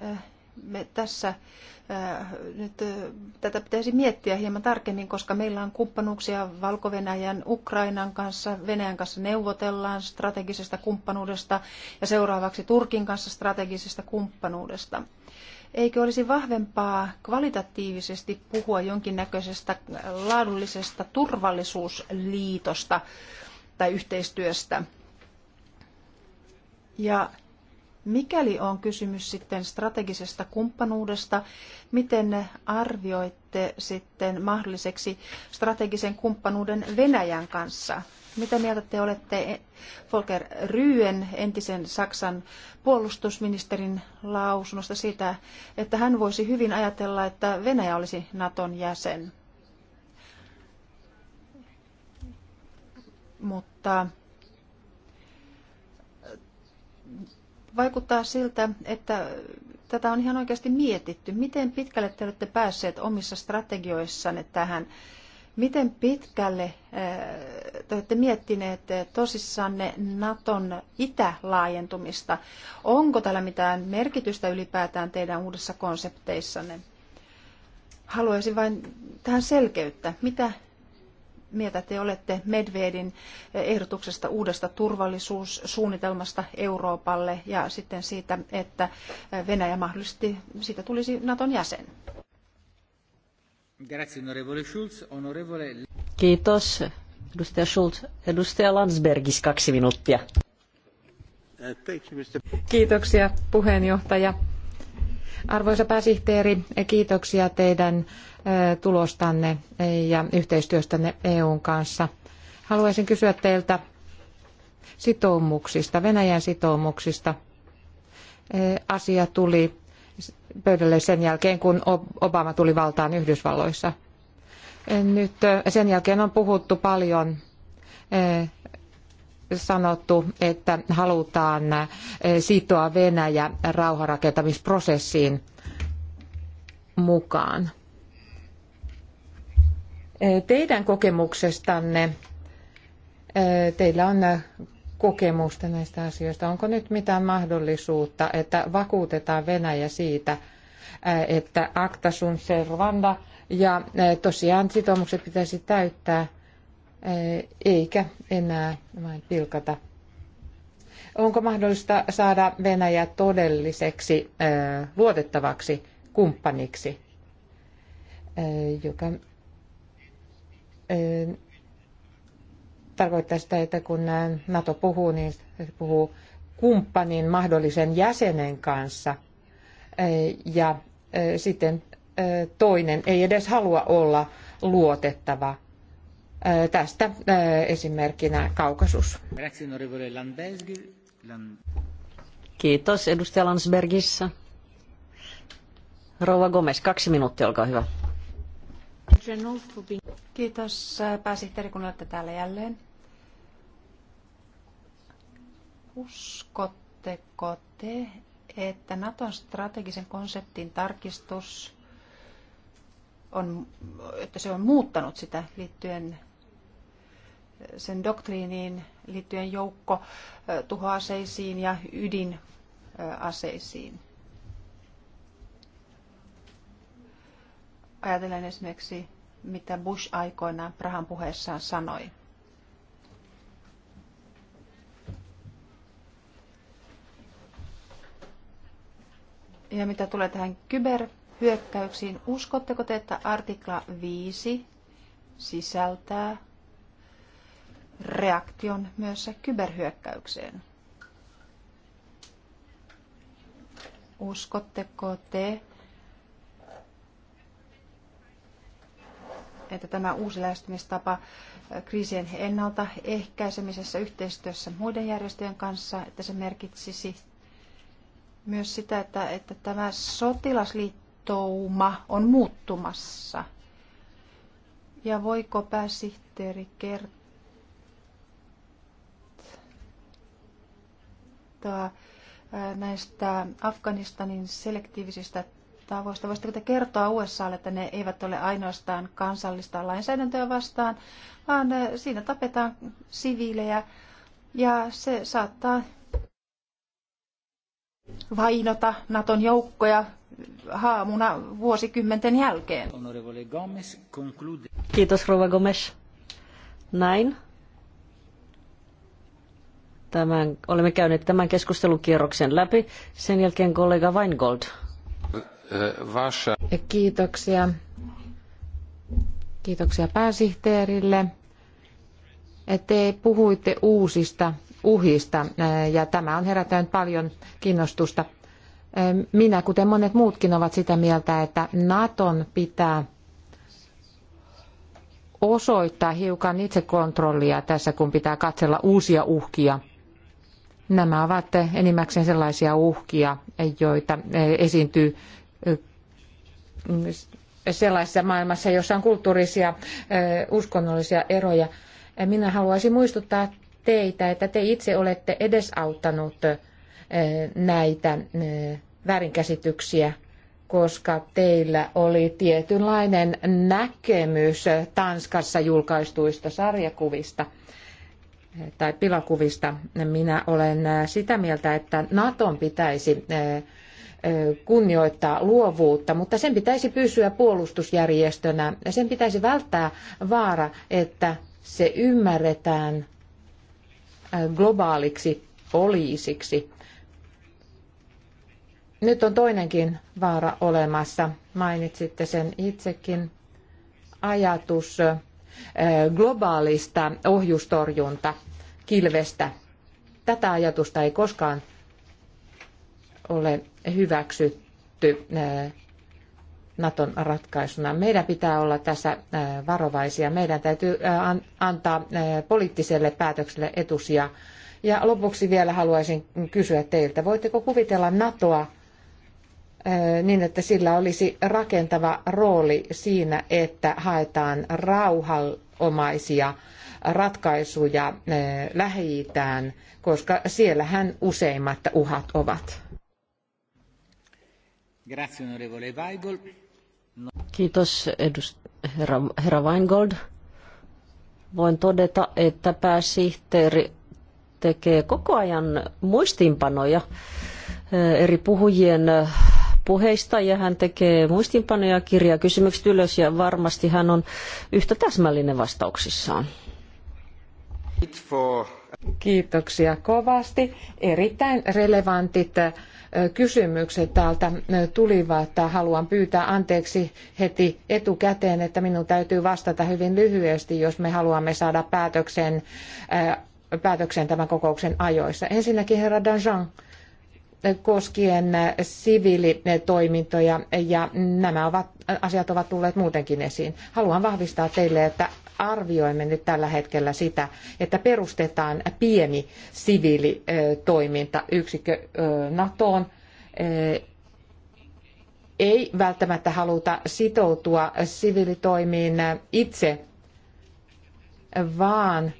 [SPEAKER 2] äh, me tässä äh, nyt äh, tätä pitäisi miettiä hieman tarkemmin, koska meillä on kumppanuuksia Valko-Venäjän, Ukrainan kanssa, Venäjän kanssa neuvotellaan strategisesta kumppanuudesta ja seuraavaksi Turkin kanssa strategisesta kumppanuudesta. Eikö olisi vahvempaa kvalitatiivisesti puhua jonkinnäköisestä laadullisesta turvallisuusliitosta tai yhteistyöstä? Ja mikäli on kysymys sitten strategisesta kumppanuudesta, miten arvioitte sitten mahdolliseksi strategisen kumppanuuden Venäjän kanssa? Mitä mieltä te olette eh, Volker Ryen, entisen Saksan puolustusministerin lausunnosta siitä, että hän voisi hyvin ajatella, että Venäjä olisi Naton jäsen? Mutta eh, vaikuttaa siltä, että tätä on ihan oikeasti mietitty. Miten pitkälle te olette päässeet omissa strategioissanne tähän? Miten pitkälle eh, te olette miettineet eh, tosissanne Naton itälaajentumista? Onko tällä mitään merkitystä ylipäätään teidän uudessa konsepteissanne? Haluaisin vain tähän selkeyttä. Mitä mieltä te olette Medvedin eh, ehdotuksesta uudesta turvallisuussuunnitelmasta Euroopalle ja sitten siitä, että Venäjä mahdollisesti siitä tulisi Naton jäsen? Kiitos.
[SPEAKER 4] Edustaja Schulz. Edustaja Landsbergis, kaksi minuuttia.
[SPEAKER 1] Uh,
[SPEAKER 4] kiitoksia puheenjohtaja. Arvoisa pääsihteeri,
[SPEAKER 6] kiitoksia teidän uh, tulostanne ja yhteistyöstänne EUn kanssa. Haluaisin kysyä teiltä sitoumuksista, Venäjän sitoumuksista. Uh, asia tuli pöydälle sen jälkeen, kun Obama tuli valtaan Yhdysvalloissa. Eh, nyt eh, sen jälkeen on puhuttu paljon eh, sanottu, että halutaan sitoa Venäjä rauhanrakentamisprosessiin mukaan. Teidän kokemuksestanne, teillä on kokemusta näistä asioista. Onko nyt mitään mahdollisuutta, että vakuutetaan Venäjä siitä, että akta sun servanda ja tosiaan sitoumukset pitäisi täyttää eikä enää vain pilkata. Onko mahdollista saada Venäjä todelliseksi luotettavaksi kumppaniksi, joka tarkoittaa sitä, että kun NATO puhuu, niin se puhuu kumppanin mahdollisen jäsenen kanssa. Ja sitten toinen ei edes halua olla luotettava. Tästä
[SPEAKER 4] esimerkkinä Kaukasus. Kiitos edustaja Landsbergissä. Rouva Gomez, kaksi minuuttia, olkaa hyvä.
[SPEAKER 2] Kiitos pääsihteeri, kun olette täällä jälleen. Uskotteko te, että Naton strategisen konseptin tarkistus on, että se on muuttanut sitä liittyen sen doktriiniin liittyen joukko tuhoaseisiin ja ydinaseisiin. Ajatellen esimerkiksi, mitä Bush aikoinaan Prahan puheessaan sanoi. Ja mitä tulee tähän kyberhyökkäyksiin, uskotteko te, että artikla 5 sisältää reaktion myös kyberhyökkäykseen? Uskotteko te, että tämä uusi lähestymistapa kriisien ennaltaehkäisemisessä yhteistyössä muiden järjestöjen kanssa, että se merkitsisi myös sitä, että, että tämä sotilasliittouma on muuttumassa. Ja voiko pääsihteeri kertoa äh, näistä Afganistanin selektiivisistä tavoista? Voisitteko te kertoa USAlle, että ne eivät ole ainoastaan kansallista lainsäädäntöä vastaan, vaan äh, siinä tapetaan siviilejä ja se saattaa vainota Naton joukkoja haamuna vuosikymmenten
[SPEAKER 3] jälkeen. Kiitos Rova Gomes.
[SPEAKER 4] Näin. Tämän, olemme käyneet tämän keskustelukierroksen läpi. Sen jälkeen kollega Weingold. Kiitoksia. Kiitoksia pääsihteerille.
[SPEAKER 6] Te puhuitte uusista uhista ja tämä on herättänyt paljon kiinnostusta. Minä, kuten monet muutkin, ovat sitä mieltä, että Naton pitää osoittaa hiukan itsekontrollia tässä, kun pitää katsella uusia uhkia. Nämä ovat enimmäkseen sellaisia uhkia, joita esiintyy sellaisessa maailmassa, jossa on kulttuurisia, uskonnollisia eroja. Minä haluaisin muistuttaa teitä, että te itse olette edesauttanut eh, näitä eh, väärinkäsityksiä, koska teillä oli tietynlainen näkemys Tanskassa julkaistuista sarjakuvista eh, tai pilakuvista. Minä olen sitä mieltä, että Naton pitäisi kunnioittaa luovuutta, mutta sen pitäisi pysyä puolustusjärjestönä. Sen pitäisi välttää vaara, että se ymmärretään globaaliksi poliisiksi. Nyt on toinenkin vaara olemassa. Mainitsitte sen itsekin. Ajatus globaalista ohjustorjunta kilvestä. Tätä ajatusta ei koskaan ole hyväksytty Naton ratkaisuna. Meidän pitää olla tässä äh, varovaisia. Meidän täytyy äh, antaa äh, poliittiselle päätökselle etusija. Ja lopuksi vielä haluaisin kysyä teiltä, voitteko kuvitella NATOa niin, että sillä olisi rakentava rooli siinä, että haetaan rauhanomaisia ratkaisuja lähi koska siellähän useimmat
[SPEAKER 4] uhat ovat.
[SPEAKER 3] Grazie, onorevole Weigel.
[SPEAKER 4] Kiitos edust- herra, herra Weingold. Voin todeta, että pääsihteeri tekee koko ajan muistiinpanoja eh, eri puhujien eh, puheista ja hän tekee muistinpanoja kirjaa kysymykset ylös ja varmasti hän on yhtä täsmällinen vastauksissaan. Kiitoksia kovasti. Erittäin
[SPEAKER 6] relevantit eh, kysymykset täältä tulivat. Haluan pyytää anteeksi heti etukäteen, että minun täytyy vastata hyvin lyhyesti, jos me haluamme saada päätöksen, päätöksen tämän kokouksen ajoissa. Ensinnäkin herra Danjean koskien siviilitoimintoja ja nämä ovat, asiat ovat tulleet muutenkin esiin. Haluan vahvistaa teille, että arvioimme nyt tällä hetkellä sitä, että perustetaan pieni siviilitoimintayksikkö NATOon. Ei välttämättä haluta sitoutua siviilitoimiin itse, vaan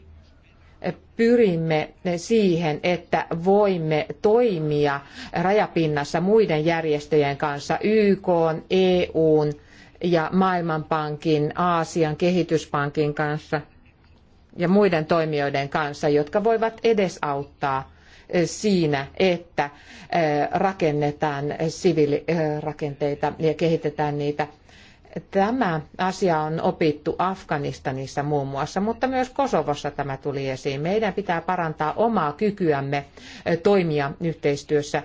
[SPEAKER 6] pyrimme siihen, että voimme toimia rajapinnassa muiden järjestöjen kanssa, YK, EUn, ja Maailmanpankin, Aasian kehityspankin kanssa ja muiden toimijoiden kanssa, jotka voivat edesauttaa eh, siinä, että eh, rakennetaan siviilirakenteita ja kehitetään niitä. Tämä asia on opittu Afganistanissa muun muassa, mutta myös Kosovossa tämä tuli esiin. Meidän pitää parantaa omaa kykyämme eh, toimia yhteistyössä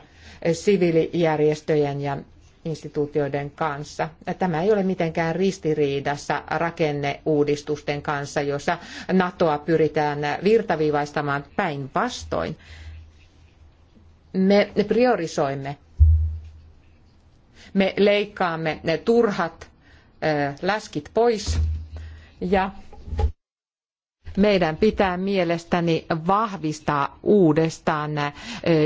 [SPEAKER 6] siviilijärjestöjen ja instituutioiden kanssa. Tämä ei ole mitenkään ristiriidassa rakenneuudistusten kanssa, jossa NATOa pyritään virtaviivaistamaan päinvastoin. Me priorisoimme. Me leikkaamme ne turhat läskit pois ja meidän pitää mielestäni vahvistaa uudestaan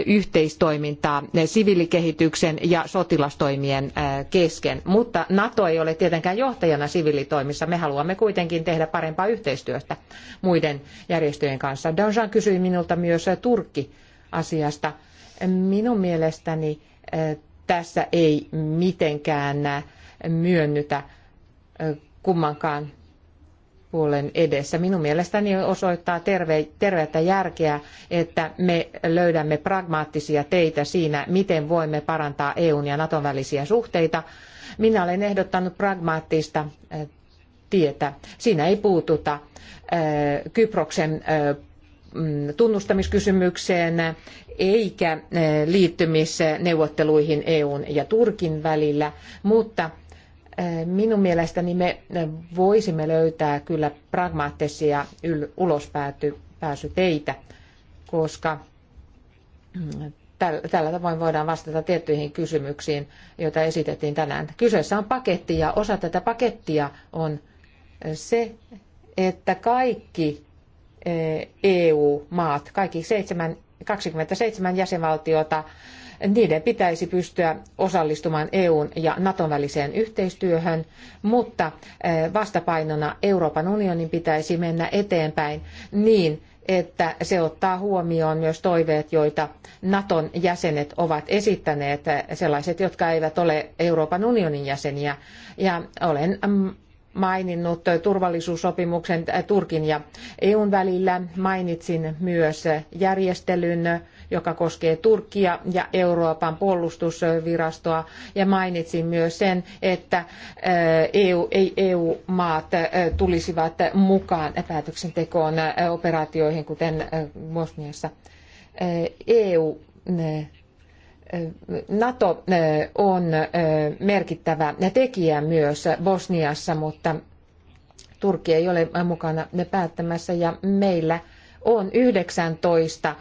[SPEAKER 6] yhteistoimintaa siviilikehityksen ja sotilastoimien kesken. Mutta NATO ei ole tietenkään johtajana siviilitoimissa. Me haluamme kuitenkin tehdä parempaa yhteistyötä muiden järjestöjen kanssa. Danjan kysyi minulta myös Turkki-asiasta. Minun mielestäni tässä ei mitenkään myönnytä kummankaan huolen edessä. Minun mielestäni osoittaa terve, tervettä järkeä, että me löydämme pragmaattisia teitä siinä, miten voimme parantaa EUn ja Naton välisiä suhteita. Minä olen ehdottanut pragmaattista äh, tietä. Siinä ei puututa äh, Kyproksen äh, mm, tunnustamiskysymykseen eikä liittymisneuvotteluihin EUn ja Turkin välillä, mutta Minun mielestäni me voisimme löytää kyllä pragmaattisia ulospääsyteitä, koska tällä tavoin voidaan vastata tiettyihin kysymyksiin, joita esitettiin tänään. Kyseessä on paketti ja osa tätä pakettia on se, että kaikki EU-maat, eh, e kaikki 27 jäsenvaltiota niiden pitäisi pystyä osallistumaan EUn ja Naton väliseen yhteistyöhön, mutta eh, vastapainona Euroopan unionin pitäisi mennä eteenpäin niin, että se ottaa huomioon myös toiveet, joita Naton jäsenet ovat esittäneet, eh, sellaiset, jotka eivät ole Euroopan unionin jäseniä. Ja olen mm, maininnut turvallisuussopimuksen eh, Turkin ja EUn välillä. Mainitsin myös järjestelyn joka koskee Turkkia ja Euroopan puolustusvirastoa. Ja mainitsin myös sen, että eh, EU, ei EU-maat eh, tulisivat mukaan päätöksentekoon eh, operaatioihin, kuten Bosniassa. EU NATO on merkittävä tekijä myös Bosniassa, mutta Turkki ei ole mukana päättämässä ja meillä on 19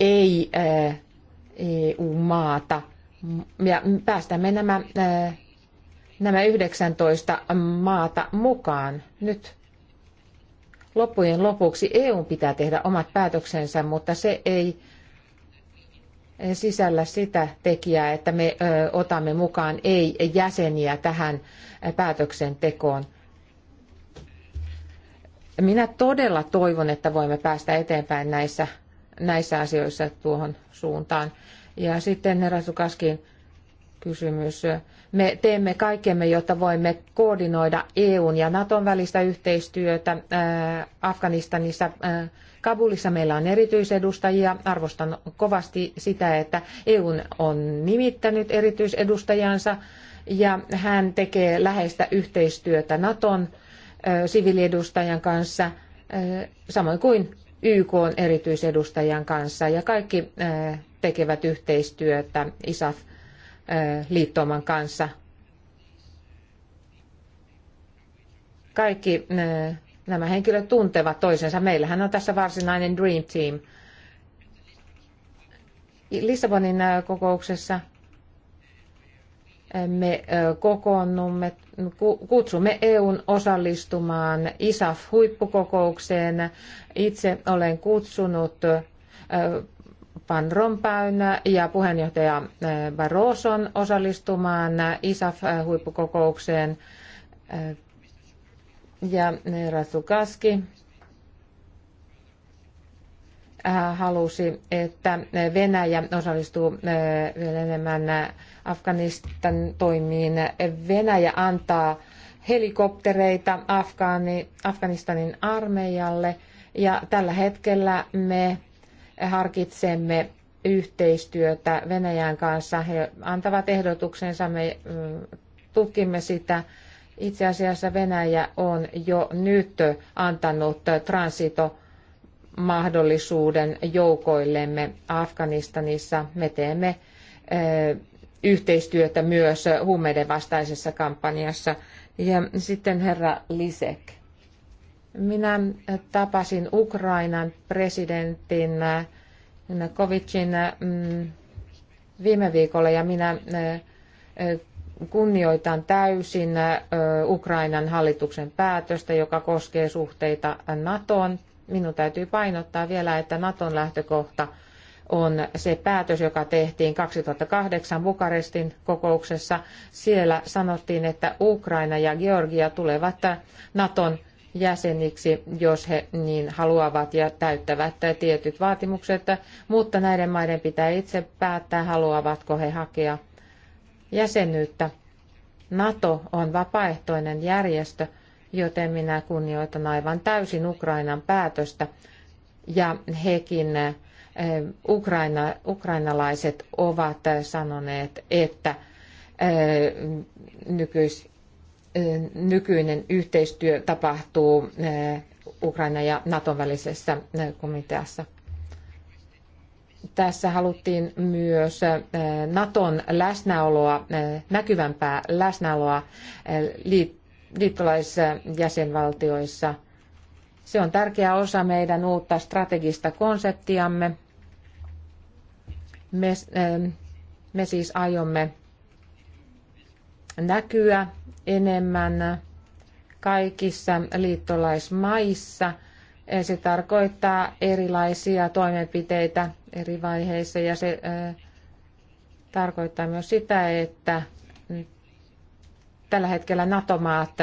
[SPEAKER 6] ei äh, EU-maata. Ja päästämme nämä, äh, nämä 19 maata mukaan nyt. Loppujen lopuksi EU pitää tehdä omat päätöksensä, mutta se ei äh, sisällä sitä tekijää, että me otamme mukaan ei-jäseniä tähän päätöksentekoon. Minä todella toivon, että voimme päästä eteenpäin näissä näissä asioissa tuohon suuntaan. Ja sitten herra Sukaskin kysymys. Me teemme kaikkemme, jotta voimme koordinoida EUn ja Naton välistä yhteistyötä äh, Afganistanissa. Äh, Kabulissa meillä on erityisedustajia. Arvostan kovasti sitä, että EU on nimittänyt erityisedustajansa ja hän tekee läheistä yhteistyötä Naton äh, siviiliedustajan kanssa, samoin kuin YK erityisedustajan kanssa ja kaikki äh, tekevät yhteistyötä ISAF-liittouman äh, kanssa. Kaikki äh, nämä henkilöt tuntevat toisensa. Meillähän on tässä varsinainen Dream Team. Lissabonin kokouksessa me kokoonnumme, kutsumme EUn osallistumaan ISAF-huippukokoukseen itse olen kutsunut Van Rompuyn ja puheenjohtaja Barroson osallistumaan ISAF-huippukokoukseen ja Kaski halusi, että Venäjä osallistuu vielä enemmän Afganistan toimiin. Venäjä antaa helikoptereita Afgaani, Afganistanin armeijalle – ja tällä hetkellä me harkitsemme yhteistyötä Venäjän kanssa. He antavat ehdotuksensa, me tutkimme sitä. Itse asiassa Venäjä on jo nyt antanut transito mahdollisuuden joukoillemme Afganistanissa. Me teemme yhteistyötä myös huumeiden vastaisessa kampanjassa. Ja sitten herra Lisek. Minä tapasin Ukrainan presidentin äh, Kovicin äh, mm, viime viikolla ja minä äh, kunnioitan täysin Ukrainan hallituksen päätöstä, joka koskee suhteita NATOon. Minun täytyy painottaa vielä, että NATOn lähtökohta on se päätös, joka tehtiin 2008 Bukarestin kokouksessa. Siellä sanottiin, että Ukraina ja Georgia tulevat Naton jäseniksi, jos he niin haluavat ja täyttävät tietyt vaatimukset, mutta näiden maiden pitää itse päättää, haluavatko he hakea jäsenyyttä. NATO on vapaaehtoinen järjestö, joten minä kunnioitan aivan täysin Ukrainan päätöstä ja hekin eh, Ukraina, ukrainalaiset ovat sanoneet, että eh, nykyis, nykyinen yhteistyö tapahtuu Ukraina ja Naton välisessä komiteassa. Tässä haluttiin myös Naton läsnäoloa, näkyvämpää läsnäoloa liittolaisjäsenvaltioissa. Se on tärkeä osa meidän uutta strategista konseptiamme. Me, me siis aiomme näkyä enemmän kaikissa liittolaismaissa. Se tarkoittaa erilaisia toimenpiteitä eri vaiheissa ja se tarkoittaa myös sitä, että tällä hetkellä NATO-maat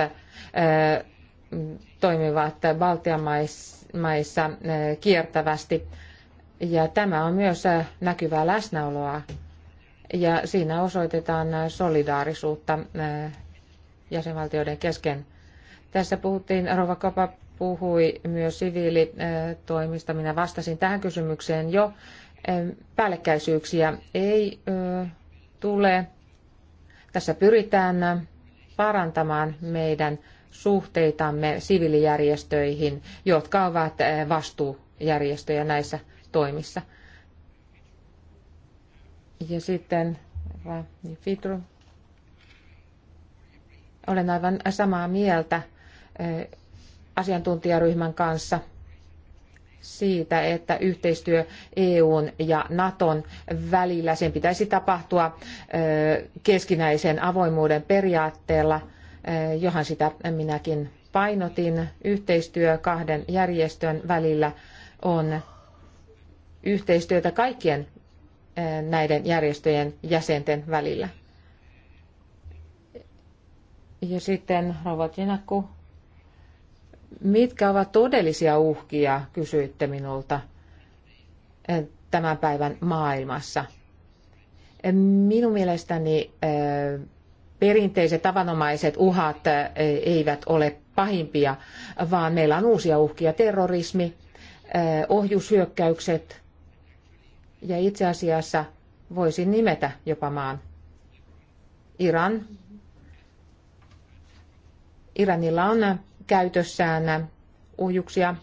[SPEAKER 6] toimivat Baltian maissa kiertävästi. Ja tämä on myös näkyvää läsnäoloa ja siinä osoitetaan solidaarisuutta jäsenvaltioiden kesken. Tässä puhuttiin, Rova Kopa puhui myös siviilitoimista. Minä vastasin tähän kysymykseen jo. Päällekkäisyyksiä ei tule. Tässä pyritään parantamaan meidän suhteitamme siviilijärjestöihin, jotka ovat vastuujärjestöjä näissä toimissa. Ja sitten Fidro olen aivan samaa mieltä asiantuntijaryhmän kanssa siitä, että yhteistyö EUn ja Naton välillä sen pitäisi tapahtua keskinäisen avoimuuden periaatteella, Johon sitä minäkin painotin. Yhteistyö kahden järjestön välillä on yhteistyötä kaikkien näiden järjestöjen jäsenten välillä. Ja sitten Rova Tinakku, mitkä ovat todellisia uhkia, kysyitte minulta eh, tämän päivän maailmassa. Eh, minun mielestäni eh, perinteiset tavanomaiset uhat eivät ole pahimpia, vaan meillä on uusia uhkia. Terrorismi, ohjushyökkäykset ja itse asiassa voisin nimetä jopa maan. Iran, Iranilla on käytössään ohjuksia,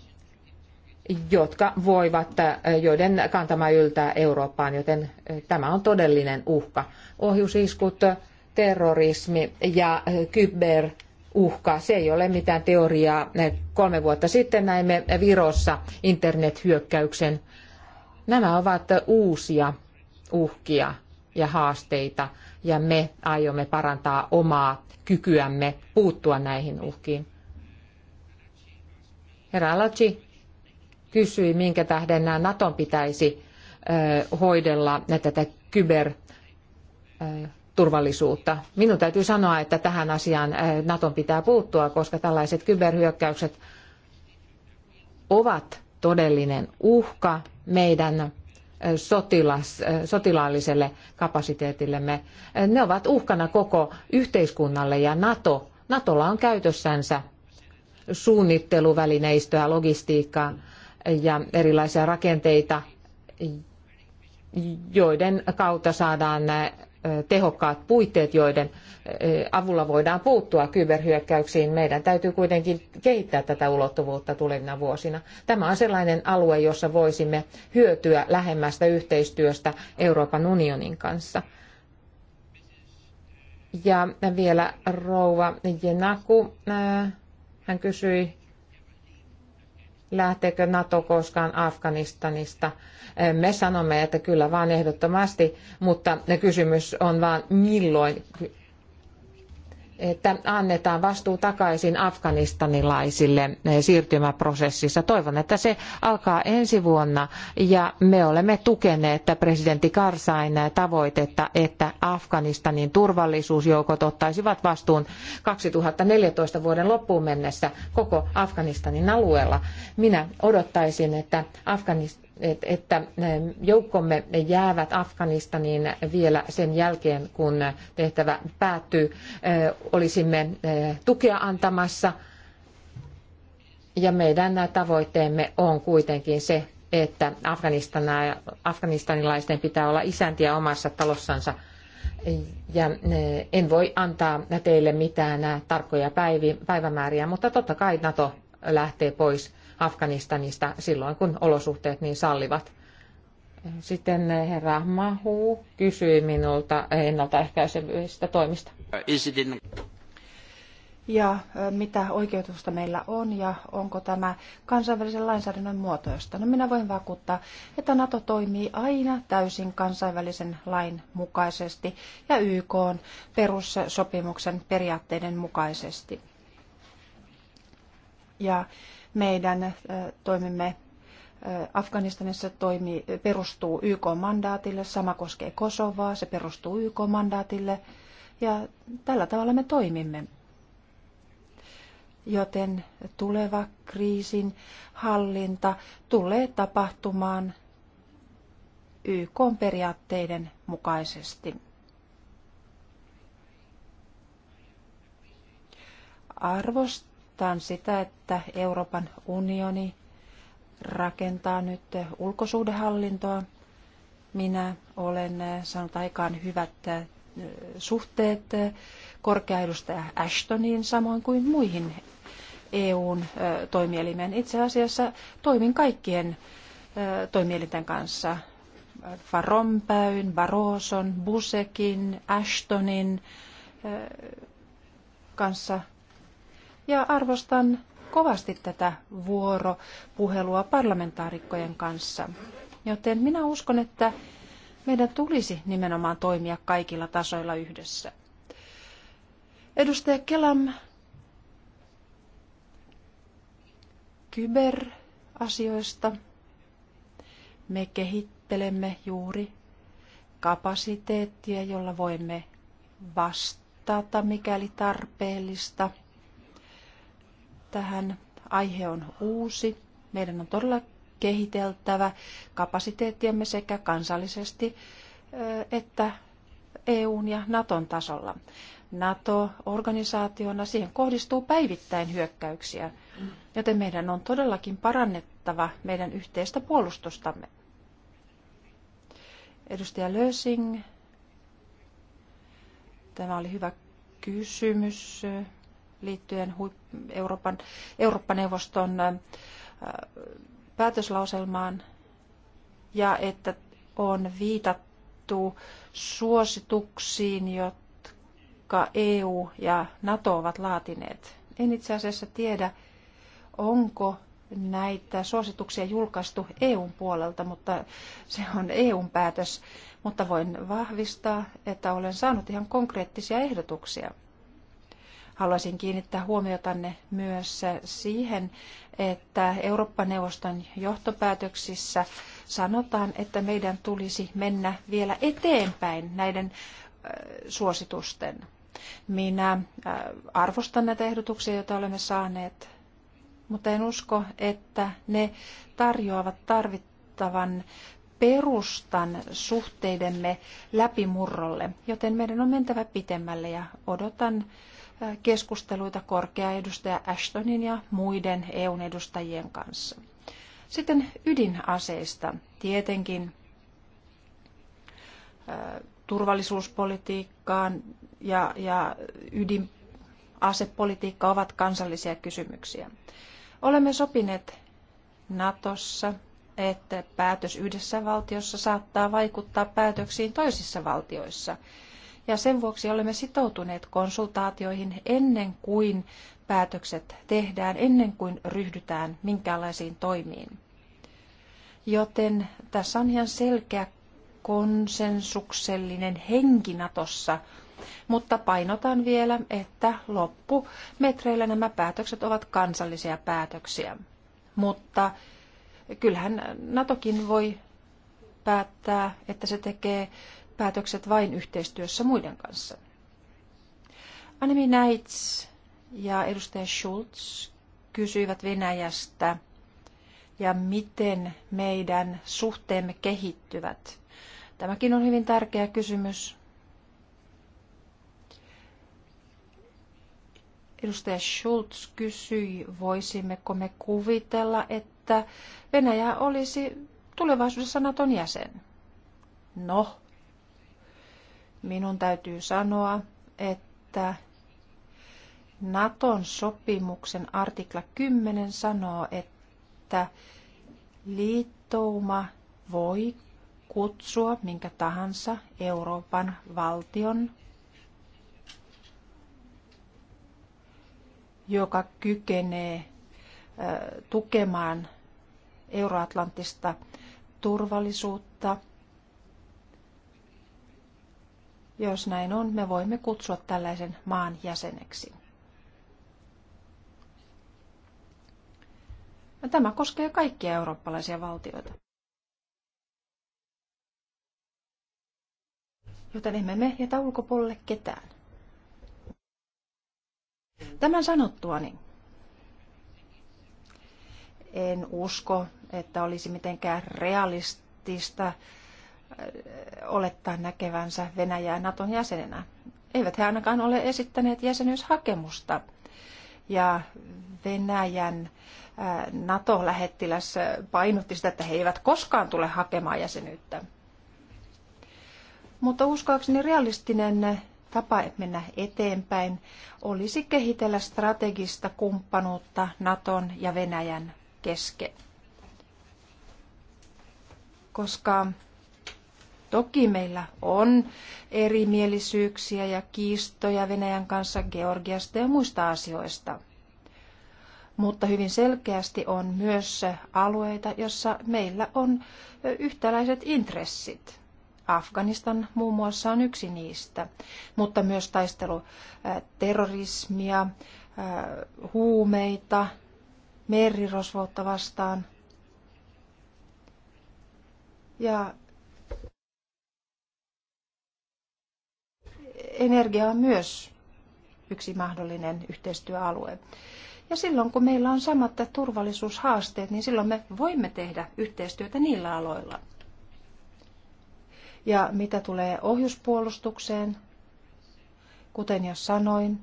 [SPEAKER 6] jotka voivat, äh, joiden kantama yltää Eurooppaan, joten äh, tämä on todellinen uhka. Ohjusiskut, terrorismi ja äh, kyber uhka. Se ei ole mitään teoriaa. Kolme vuotta sitten näimme Virossa internethyökkäyksen. Nämä ovat uusia uhkia ja haasteita ja me aiomme parantaa omaa kykyämme puuttua näihin uhkiin. Herra Alaci kysyi, minkä tähden nämä Naton pitäisi hoidella tätä kyberturvallisuutta. Minun täytyy sanoa, että tähän asiaan Naton pitää puuttua, koska tällaiset kyberhyökkäykset ovat todellinen uhka meidän sotilas, sotilaalliselle kapasiteetillemme. Ne ovat uhkana koko yhteiskunnalle ja NATO. NATOlla on käytössänsä suunnitteluvälineistöä, logistiikkaa ja erilaisia rakenteita, joiden kautta saadaan tehokkaat puitteet, joiden eh, avulla voidaan puuttua kyberhyökkäyksiin. Meidän täytyy kuitenkin kehittää tätä ulottuvuutta tulevina vuosina. Tämä on sellainen alue, jossa voisimme hyötyä lähemmästä yhteistyöstä Euroopan unionin kanssa. Ja vielä rouva Jenaku, eh, hän kysyi lähteekö NATO koskaan Afganistanista. Eh, me sanomme, että kyllä vaan ehdottomasti, mutta kysymys on vaan milloin että annetaan vastuu takaisin afganistanilaisille eh, siirtymäprosessissa. Toivon, että se alkaa ensi vuonna ja me olemme tukeneet presidentti Karsain tavoitetta, että Afganistanin turvallisuusjoukot ottaisivat vastuun 2014 vuoden loppuun mennessä koko Afganistanin alueella. Minä odottaisin, että Afganistan että joukkomme jäävät Afganistaniin vielä sen jälkeen, kun tehtävä päättyy. Olisimme tukea antamassa ja meidän tavoitteemme on kuitenkin se, että afganistanilaisten pitää olla isäntiä omassa talossansa. Ja en voi antaa teille mitään tarkkoja päivämääriä, mutta totta kai NATO lähtee pois Afganistanista silloin, kun olosuhteet niin sallivat. Sitten herra Mahu kysyi minulta ennaltaehkäisevyistä toimista.
[SPEAKER 2] Ja mitä oikeutusta meillä on ja onko tämä kansainvälisen lainsäädännön muotoista? No minä voin vakuuttaa, että NATO toimii aina täysin kansainvälisen lain mukaisesti ja YK on perussopimuksen periaatteiden mukaisesti. Ja meidän toimimme Afganistanissa toimi, perustuu YK-mandaatille, sama koskee Kosovaa, se perustuu YK-mandaatille ja tällä tavalla me toimimme. Joten tuleva kriisin hallinta tulee tapahtumaan YK-periaatteiden mukaisesti. Arvost korostan sitä, että Euroopan unioni rakentaa nyt ulkosuhdehallintoa. Minä olen eh, saanut aikaan hyvät eh, suhteet eh, korkeaedustaja Ashtoniin samoin kuin muihin EUn toimielimeen. Itse asiassa toimin kaikkien toimielinten kanssa. Van Rompuyn, Barroson, Busekin, Ashtonin kanssa ja arvostan kovasti tätä vuoropuhelua parlamentaarikkojen kanssa. Joten minä uskon, että meidän tulisi nimenomaan toimia kaikilla tasoilla yhdessä. Edustaja Kelam, kyberasioista. Me kehittelemme juuri kapasiteettia, jolla voimme vastata, mikäli tarpeellista – tähän. Aihe on uusi. Meidän on todella kehiteltävä kapasiteettiamme sekä kansallisesti että EUn ja Naton tasolla. NATO-organisaationa siihen kohdistuu päivittäin hyökkäyksiä, joten meidän on todellakin parannettava meidän yhteistä puolustustamme. Edustaja Lösing, tämä oli hyvä kysymys liittyen Euroopan, Eurooppa-neuvoston äh, päätöslauselmaan ja että on viitattu suosituksiin, jotka EU ja NATO ovat laatineet. En itse asiassa tiedä, onko näitä suosituksia julkaistu EUn puolelta, mutta se on EUn päätös. Mutta voin vahvistaa, että olen saanut ihan konkreettisia ehdotuksia. Haluaisin kiinnittää huomiotanne myös siihen, että Eurooppa-neuvoston johtopäätöksissä sanotaan, että meidän tulisi mennä vielä eteenpäin näiden suositusten. Minä arvostan näitä ehdotuksia, joita olemme saaneet, mutta en usko, että ne tarjoavat tarvittavan perustan suhteidemme läpimurrolle, joten meidän on mentävä pitemmälle ja odotan keskusteluita korkea edustaja Ashtonin ja muiden EUn edustajien kanssa. Sitten ydinaseista. Tietenkin turvallisuuspolitiikkaan ja, ja ydinasepolitiikka ovat kansallisia kysymyksiä. Olemme sopineet Natossa, että päätös yhdessä valtiossa saattaa vaikuttaa päätöksiin toisissa valtioissa – ja sen vuoksi olemme sitoutuneet konsultaatioihin ennen kuin päätökset tehdään, ennen kuin ryhdytään minkäänlaisiin toimiin. Joten tässä on ihan selkeä konsensuksellinen henki Natossa, mutta painotan vielä, että loppumetreillä nämä päätökset ovat kansallisia päätöksiä. Mutta kyllähän Natokin voi päättää, että se tekee päätökset vain yhteistyössä muiden kanssa. Anemi Näits ja edustaja Schulz kysyivät Venäjästä ja miten meidän suhteemme kehittyvät. Tämäkin on hyvin tärkeä kysymys. Edustaja Schulz kysyi, voisimmeko me kuvitella, että Venäjä olisi tulevaisuudessa Naton jäsen. No, minun täytyy sanoa, että Naton sopimuksen artikla 10 sanoo, että liittouma voi kutsua minkä tahansa Euroopan valtion, joka kykenee tukemaan euroatlanttista turvallisuutta – Jos näin on, me voimme kutsua tällaisen maan jäseneksi. Tämä koskee kaikkia eurooppalaisia valtioita. Joten emme me jätä ulkopuolelle ketään. Tämän sanottuani en usko, että olisi mitenkään realistista Äh, olettaa näkevänsä Venäjää Naton jäsenenä. Eivät he ainakaan ole esittäneet jäsenyyshakemusta. Ja Venäjän äh, NATO-lähettiläs painotti sitä, että he eivät koskaan tule hakemaan jäsenyyttä. Mutta uskoakseni realistinen tapa mennä eteenpäin olisi kehitellä strategista kumppanuutta Naton ja Venäjän kesken. Koska Toki meillä on erimielisyyksiä ja kiistoja Venäjän kanssa Georgiasta ja muista asioista. Mutta hyvin selkeästi on myös alueita, jossa meillä on yhtäläiset intressit. Afganistan muun muassa on yksi niistä, mutta myös taistelu terrorismia, huumeita, merirosvoutta vastaan. Ja energia on myös yksi mahdollinen yhteistyöalue. Ja silloin kun meillä on samat turvallisuushaasteet, niin silloin me voimme tehdä yhteistyötä niillä aloilla. Ja mitä tulee ohjuspuolustukseen, kuten jo sanoin,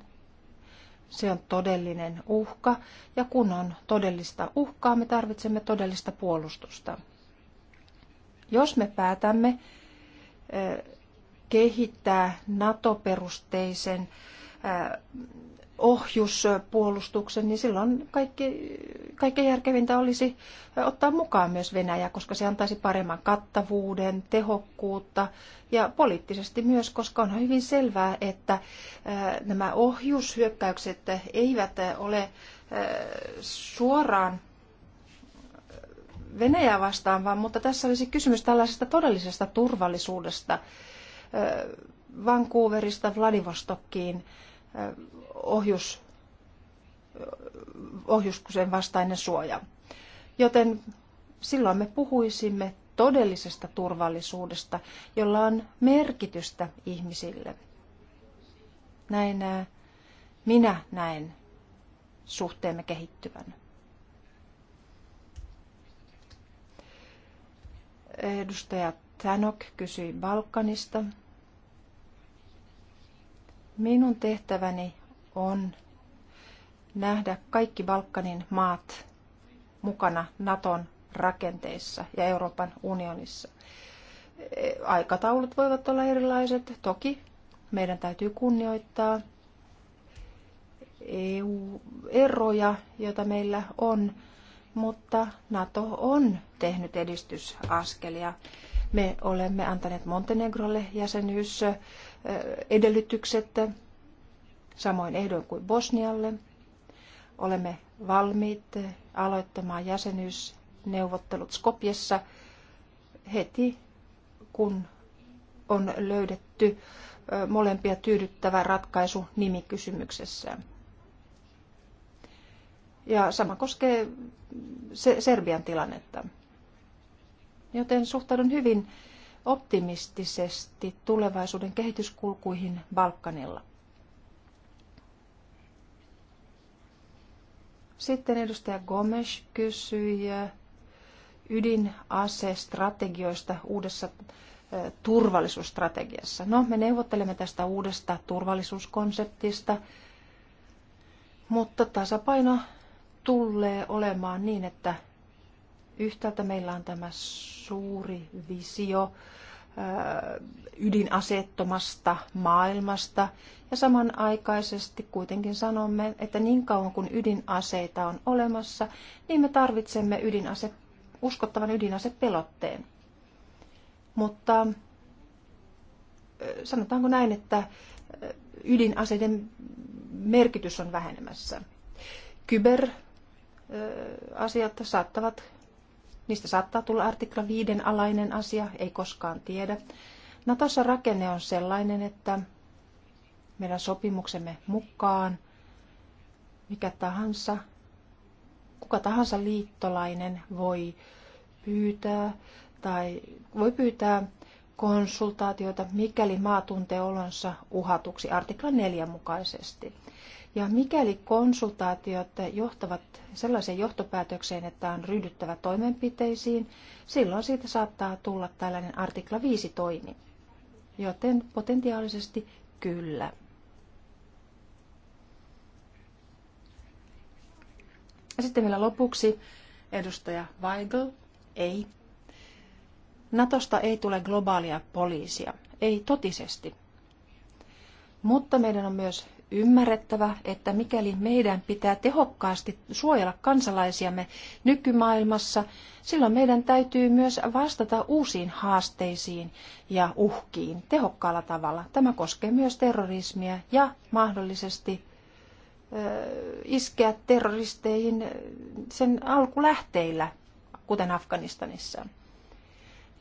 [SPEAKER 2] se on todellinen uhka. Ja kun on todellista uhkaa, me tarvitsemme todellista puolustusta. Jos me päätämme kehittää NATO-perusteisen ohjuspuolustuksen, niin silloin kaikki, kaikkein järkevintä olisi ottaa mukaan myös Venäjä, koska se antaisi paremman kattavuuden, tehokkuutta ja poliittisesti myös, koska on hyvin selvää, että nämä ohjushyökkäykset eivät ole suoraan Venäjää vastaan, vaan mutta tässä olisi kysymys tällaisesta todellisesta turvallisuudesta – Vancouverista Vladivostokkiin ohjus, ohjuskusen vastainen suoja. Joten silloin me puhuisimme todellisesta turvallisuudesta, jolla on merkitystä ihmisille. Näin minä näen suhteemme kehittyvän. Edustajat Tanok kysyi Balkanista. Minun tehtäväni on nähdä kaikki Balkanin maat mukana Naton rakenteissa ja Euroopan unionissa. Aikataulut voivat olla erilaiset. Toki meidän täytyy kunnioittaa EU-eroja, joita meillä on, mutta NATO on tehnyt edistysaskelia me olemme antaneet Montenegrolle jäsenyysedellytykset samoin ehdoin kuin Bosnialle. Olemme valmiit aloittamaan jäsenyysneuvottelut Skopjessa heti, kun on löydetty molempia tyydyttävä ratkaisu nimikysymyksessä. Ja sama koskee Serbian tilannetta joten suhtaudun hyvin optimistisesti tulevaisuuden kehityskulkuihin Balkanilla. Sitten edustaja Gomes kysyi eh, ydinasestrategioista uudessa eh, turvallisuusstrategiassa. No, me neuvottelemme tästä uudesta turvallisuuskonseptista, mutta tasapaino tulee olemaan niin, että Yhtäältä meillä on tämä suuri visio ydinaseettomasta maailmasta ja samanaikaisesti kuitenkin sanomme, että niin kauan kuin ydinaseita on olemassa, niin me tarvitsemme ydinase, uskottavan ydinasepelotteen. Mutta sanotaanko näin, että ydinaseiden merkitys on vähenemässä. Kyberasiat saattavat Niistä saattaa tulla artikla 5 alainen asia, ei koskaan tiedä. Natossa rakenne on sellainen, että meidän sopimuksemme mukaan mikä tahansa, kuka tahansa liittolainen voi pyytää tai voi pyytää konsultaatioita, mikäli maa tuntee olonsa uhatuksi artikla 4 mukaisesti. Ja mikäli konsultaatiot johtavat sellaiseen johtopäätökseen, että on ryhdyttävä toimenpiteisiin, silloin siitä saattaa tulla tällainen artikla 5 toimi. Joten potentiaalisesti kyllä. Sitten vielä lopuksi edustaja Weigel. Ei. Natosta ei tule globaalia poliisia. Ei totisesti. Mutta meidän on myös ymmärrettävä, että mikäli meidän pitää tehokkaasti suojella kansalaisiamme nykymaailmassa, silloin meidän täytyy myös vastata uusiin haasteisiin ja uhkiin tehokkaalla tavalla. Tämä koskee myös terrorismia ja mahdollisesti iskeä terroristeihin sen alkulähteillä, kuten Afganistanissa.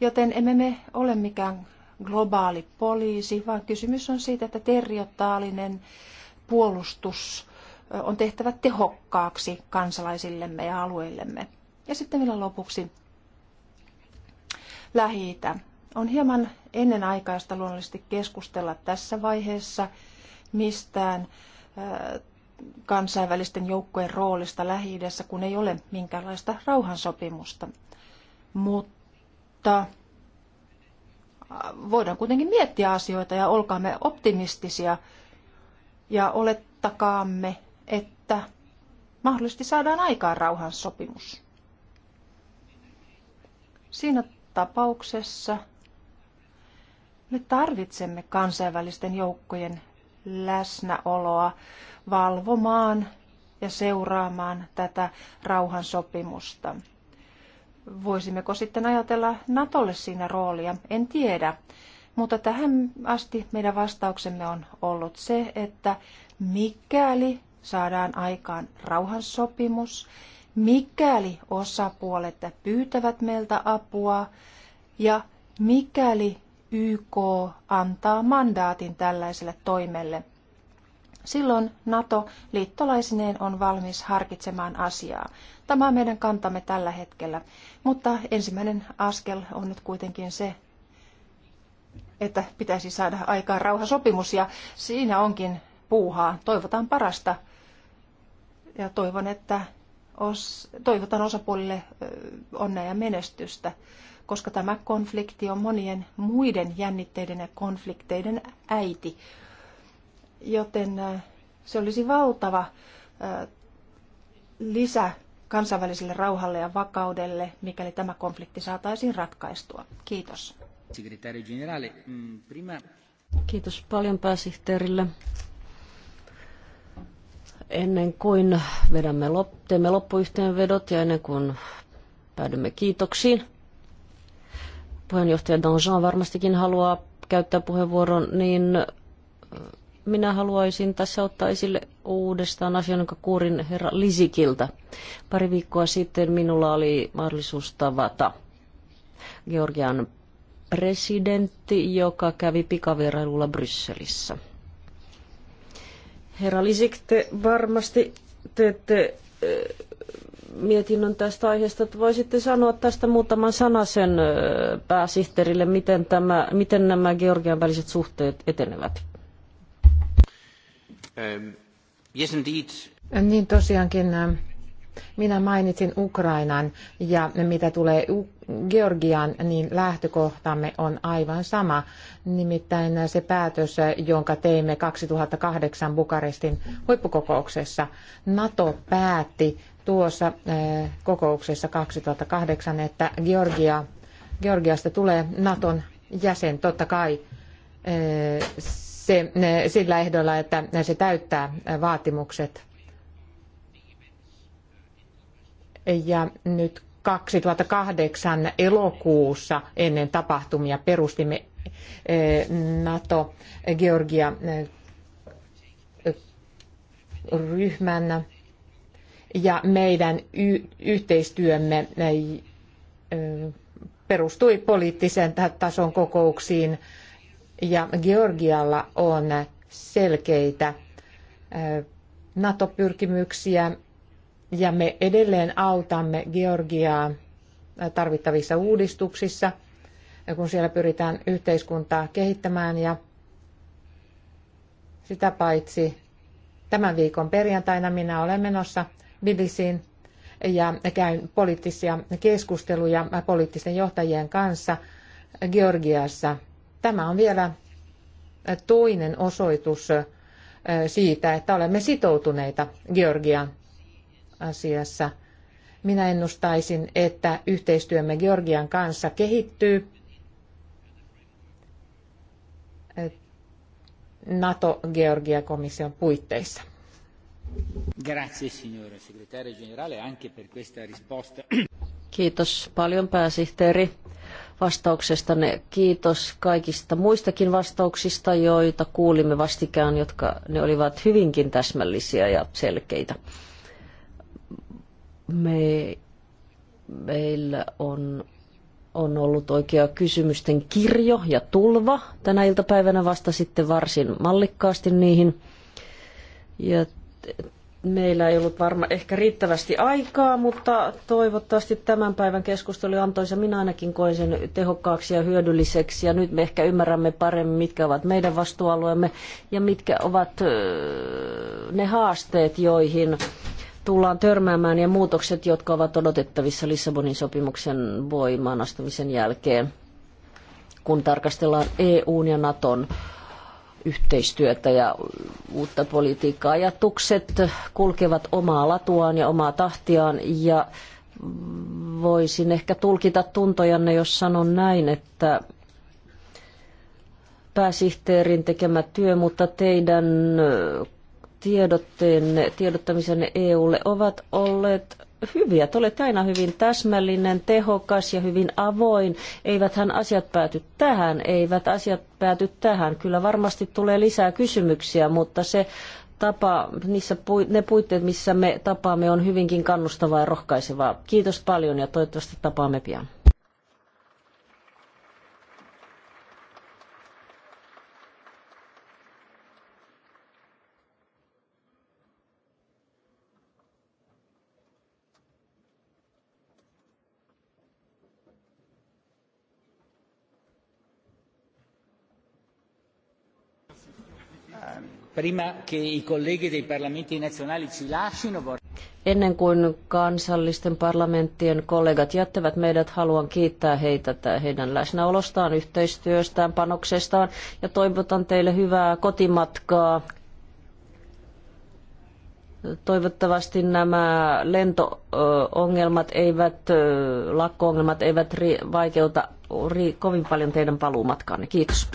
[SPEAKER 2] Joten emme me ole mikään globaali poliisi, vaan kysymys on siitä, että territoriaalinen puolustus on tehtävä tehokkaaksi kansalaisillemme ja alueillemme. Ja sitten vielä lopuksi lähi -Itä. On hieman ennenaikaista luonnollisesti keskustella tässä vaiheessa mistään kansainvälisten joukkojen roolista lähi kun ei ole minkäänlaista rauhansopimusta. Mutta voidaan kuitenkin miettiä asioita ja olkaamme optimistisia – ja olettakaamme, että mahdollisesti saadaan aikaan rauhansopimus. Siinä tapauksessa me tarvitsemme kansainvälisten joukkojen läsnäoloa valvomaan ja seuraamaan tätä rauhansopimusta. Voisimmeko sitten ajatella Natolle siinä roolia? En tiedä. Mutta tähän asti meidän vastauksemme on ollut se, että mikäli saadaan aikaan rauhansopimus, mikäli osapuolet pyytävät meiltä apua ja mikäli YK antaa mandaatin tällaiselle toimelle, silloin NATO liittolaisineen on valmis harkitsemaan asiaa. Tämä on meidän kantamme tällä hetkellä, mutta ensimmäinen askel on nyt kuitenkin se, että pitäisi saada aikaan rauhasopimus ja siinä onkin puuhaa. Toivotaan parasta ja toivon, että os, toivotan osapuolille onnea ja menestystä, koska tämä konflikti on monien muiden jännitteiden ja konflikteiden äiti. Joten se olisi valtava lisä kansainväliselle rauhalle ja vakaudelle, mikäli tämä konflikti saataisiin ratkaistua. Kiitos.
[SPEAKER 3] Mm,
[SPEAKER 4] Kiitos paljon pääsihteerille. Ennen kuin vedämme teemme loppuyhteenvedot ja ennen kuin päädymme kiitoksiin, puheenjohtaja Danjean varmastikin haluaa käyttää puheenvuoron, niin äh, minä haluaisin tässä ottaa esille uudestaan asian, jonka kuurin herra Lisikiltä. Pari viikkoa sitten minulla oli mahdollisuus tavata Georgian presidentti, joka kävi pikavierailulla Brysselissä. Herra Lisik, te varmasti teette mietinnön tästä aiheesta, että voisitte sanoa tästä muutaman sanasen pääsihteerille, miten, tämä, miten nämä Georgian väliset suhteet etenevät.
[SPEAKER 3] Um, yes indeed.
[SPEAKER 6] Niin tosiaankin minä mainitsin Ukrainan ja mitä tulee Georgiaan, niin lähtökohtamme on aivan sama. Nimittäin se päätös, jonka teimme 2008 Bukarestin huippukokouksessa, NATO päätti tuossa eh, kokouksessa 2008, että Georgia, Georgiasta tulee Naton jäsen, totta kai eh, se, eh, sillä ehdolla, että se täyttää vaatimukset ja nyt 2008 elokuussa ennen tapahtumia perustimme eh, NATO Georgia eh, ryhmän ja meidän yhteistyömme eh, perustui poliittisen tason kokouksiin ja Georgialla on selkeitä NATO-pyrkimyksiä ja me edelleen autamme Georgiaa tarvittavissa uudistuksissa, kun siellä pyritään yhteiskuntaa kehittämään ja sitä paitsi tämän viikon perjantaina minä olen menossa Bilisiin ja käyn poliittisia keskusteluja poliittisten johtajien kanssa Georgiassa. Tämä on vielä toinen osoitus siitä, että olemme sitoutuneita Georgian asiassa. Minä ennustaisin, että yhteistyömme Georgian kanssa kehittyy. NATO-Georgia-komission puitteissa.
[SPEAKER 4] Kiitos paljon pääsihteeri vastauksestanne. Kiitos kaikista muistakin vastauksista, joita kuulimme vastikään, jotka ne olivat hyvinkin täsmällisiä ja selkeitä. Me, meillä on, on ollut oikea kysymysten kirjo ja tulva. Tänä iltapäivänä vasta sitten varsin mallikkaasti niihin. Ja meillä ei ollut varma ehkä riittävästi aikaa, mutta toivottavasti tämän päivän keskustelu se. Minä ainakin koin sen tehokkaaksi ja hyödylliseksi ja nyt me ehkä ymmärrämme paremmin, mitkä ovat meidän vastuualueemme ja mitkä ovat ne haasteet, joihin tullaan törmäämään ja muutokset, jotka ovat odotettavissa Lissabonin sopimuksen voimaan astumisen jälkeen, kun tarkastellaan EUn ja Naton yhteistyötä ja uutta politiikkaa. Ajatukset kulkevat omaa latuaan ja omaa tahtiaan ja voisin ehkä tulkita tuntojanne, jos sanon näin, että pääsihteerin tekemä työ, mutta teidän tiedotteenne, tiedottamisenne EUlle ovat olleet hyviä. Te olette aina hyvin täsmällinen, tehokas ja hyvin avoin. Eiväthän asiat pääty tähän, eivät asiat pääty tähän. Kyllä varmasti tulee lisää kysymyksiä, mutta se tapa, niissä ne puitteet, missä me tapaamme, on hyvinkin kannustavaa ja rohkaisevaa. Kiitos paljon ja toivottavasti tapaamme pian. Ennen kuin kansallisten parlamenttien kollegat jättävät meidät, haluan kiittää heitä heidän läsnäolostaan, yhteistyöstään, panoksestaan ja toivotan teille hyvää kotimatkaa. Toivottavasti nämä lentoongelmat eivät, lakko-ongelmat eivät vaikeuta kovin paljon teidän paluumatkaanne. Kiitos.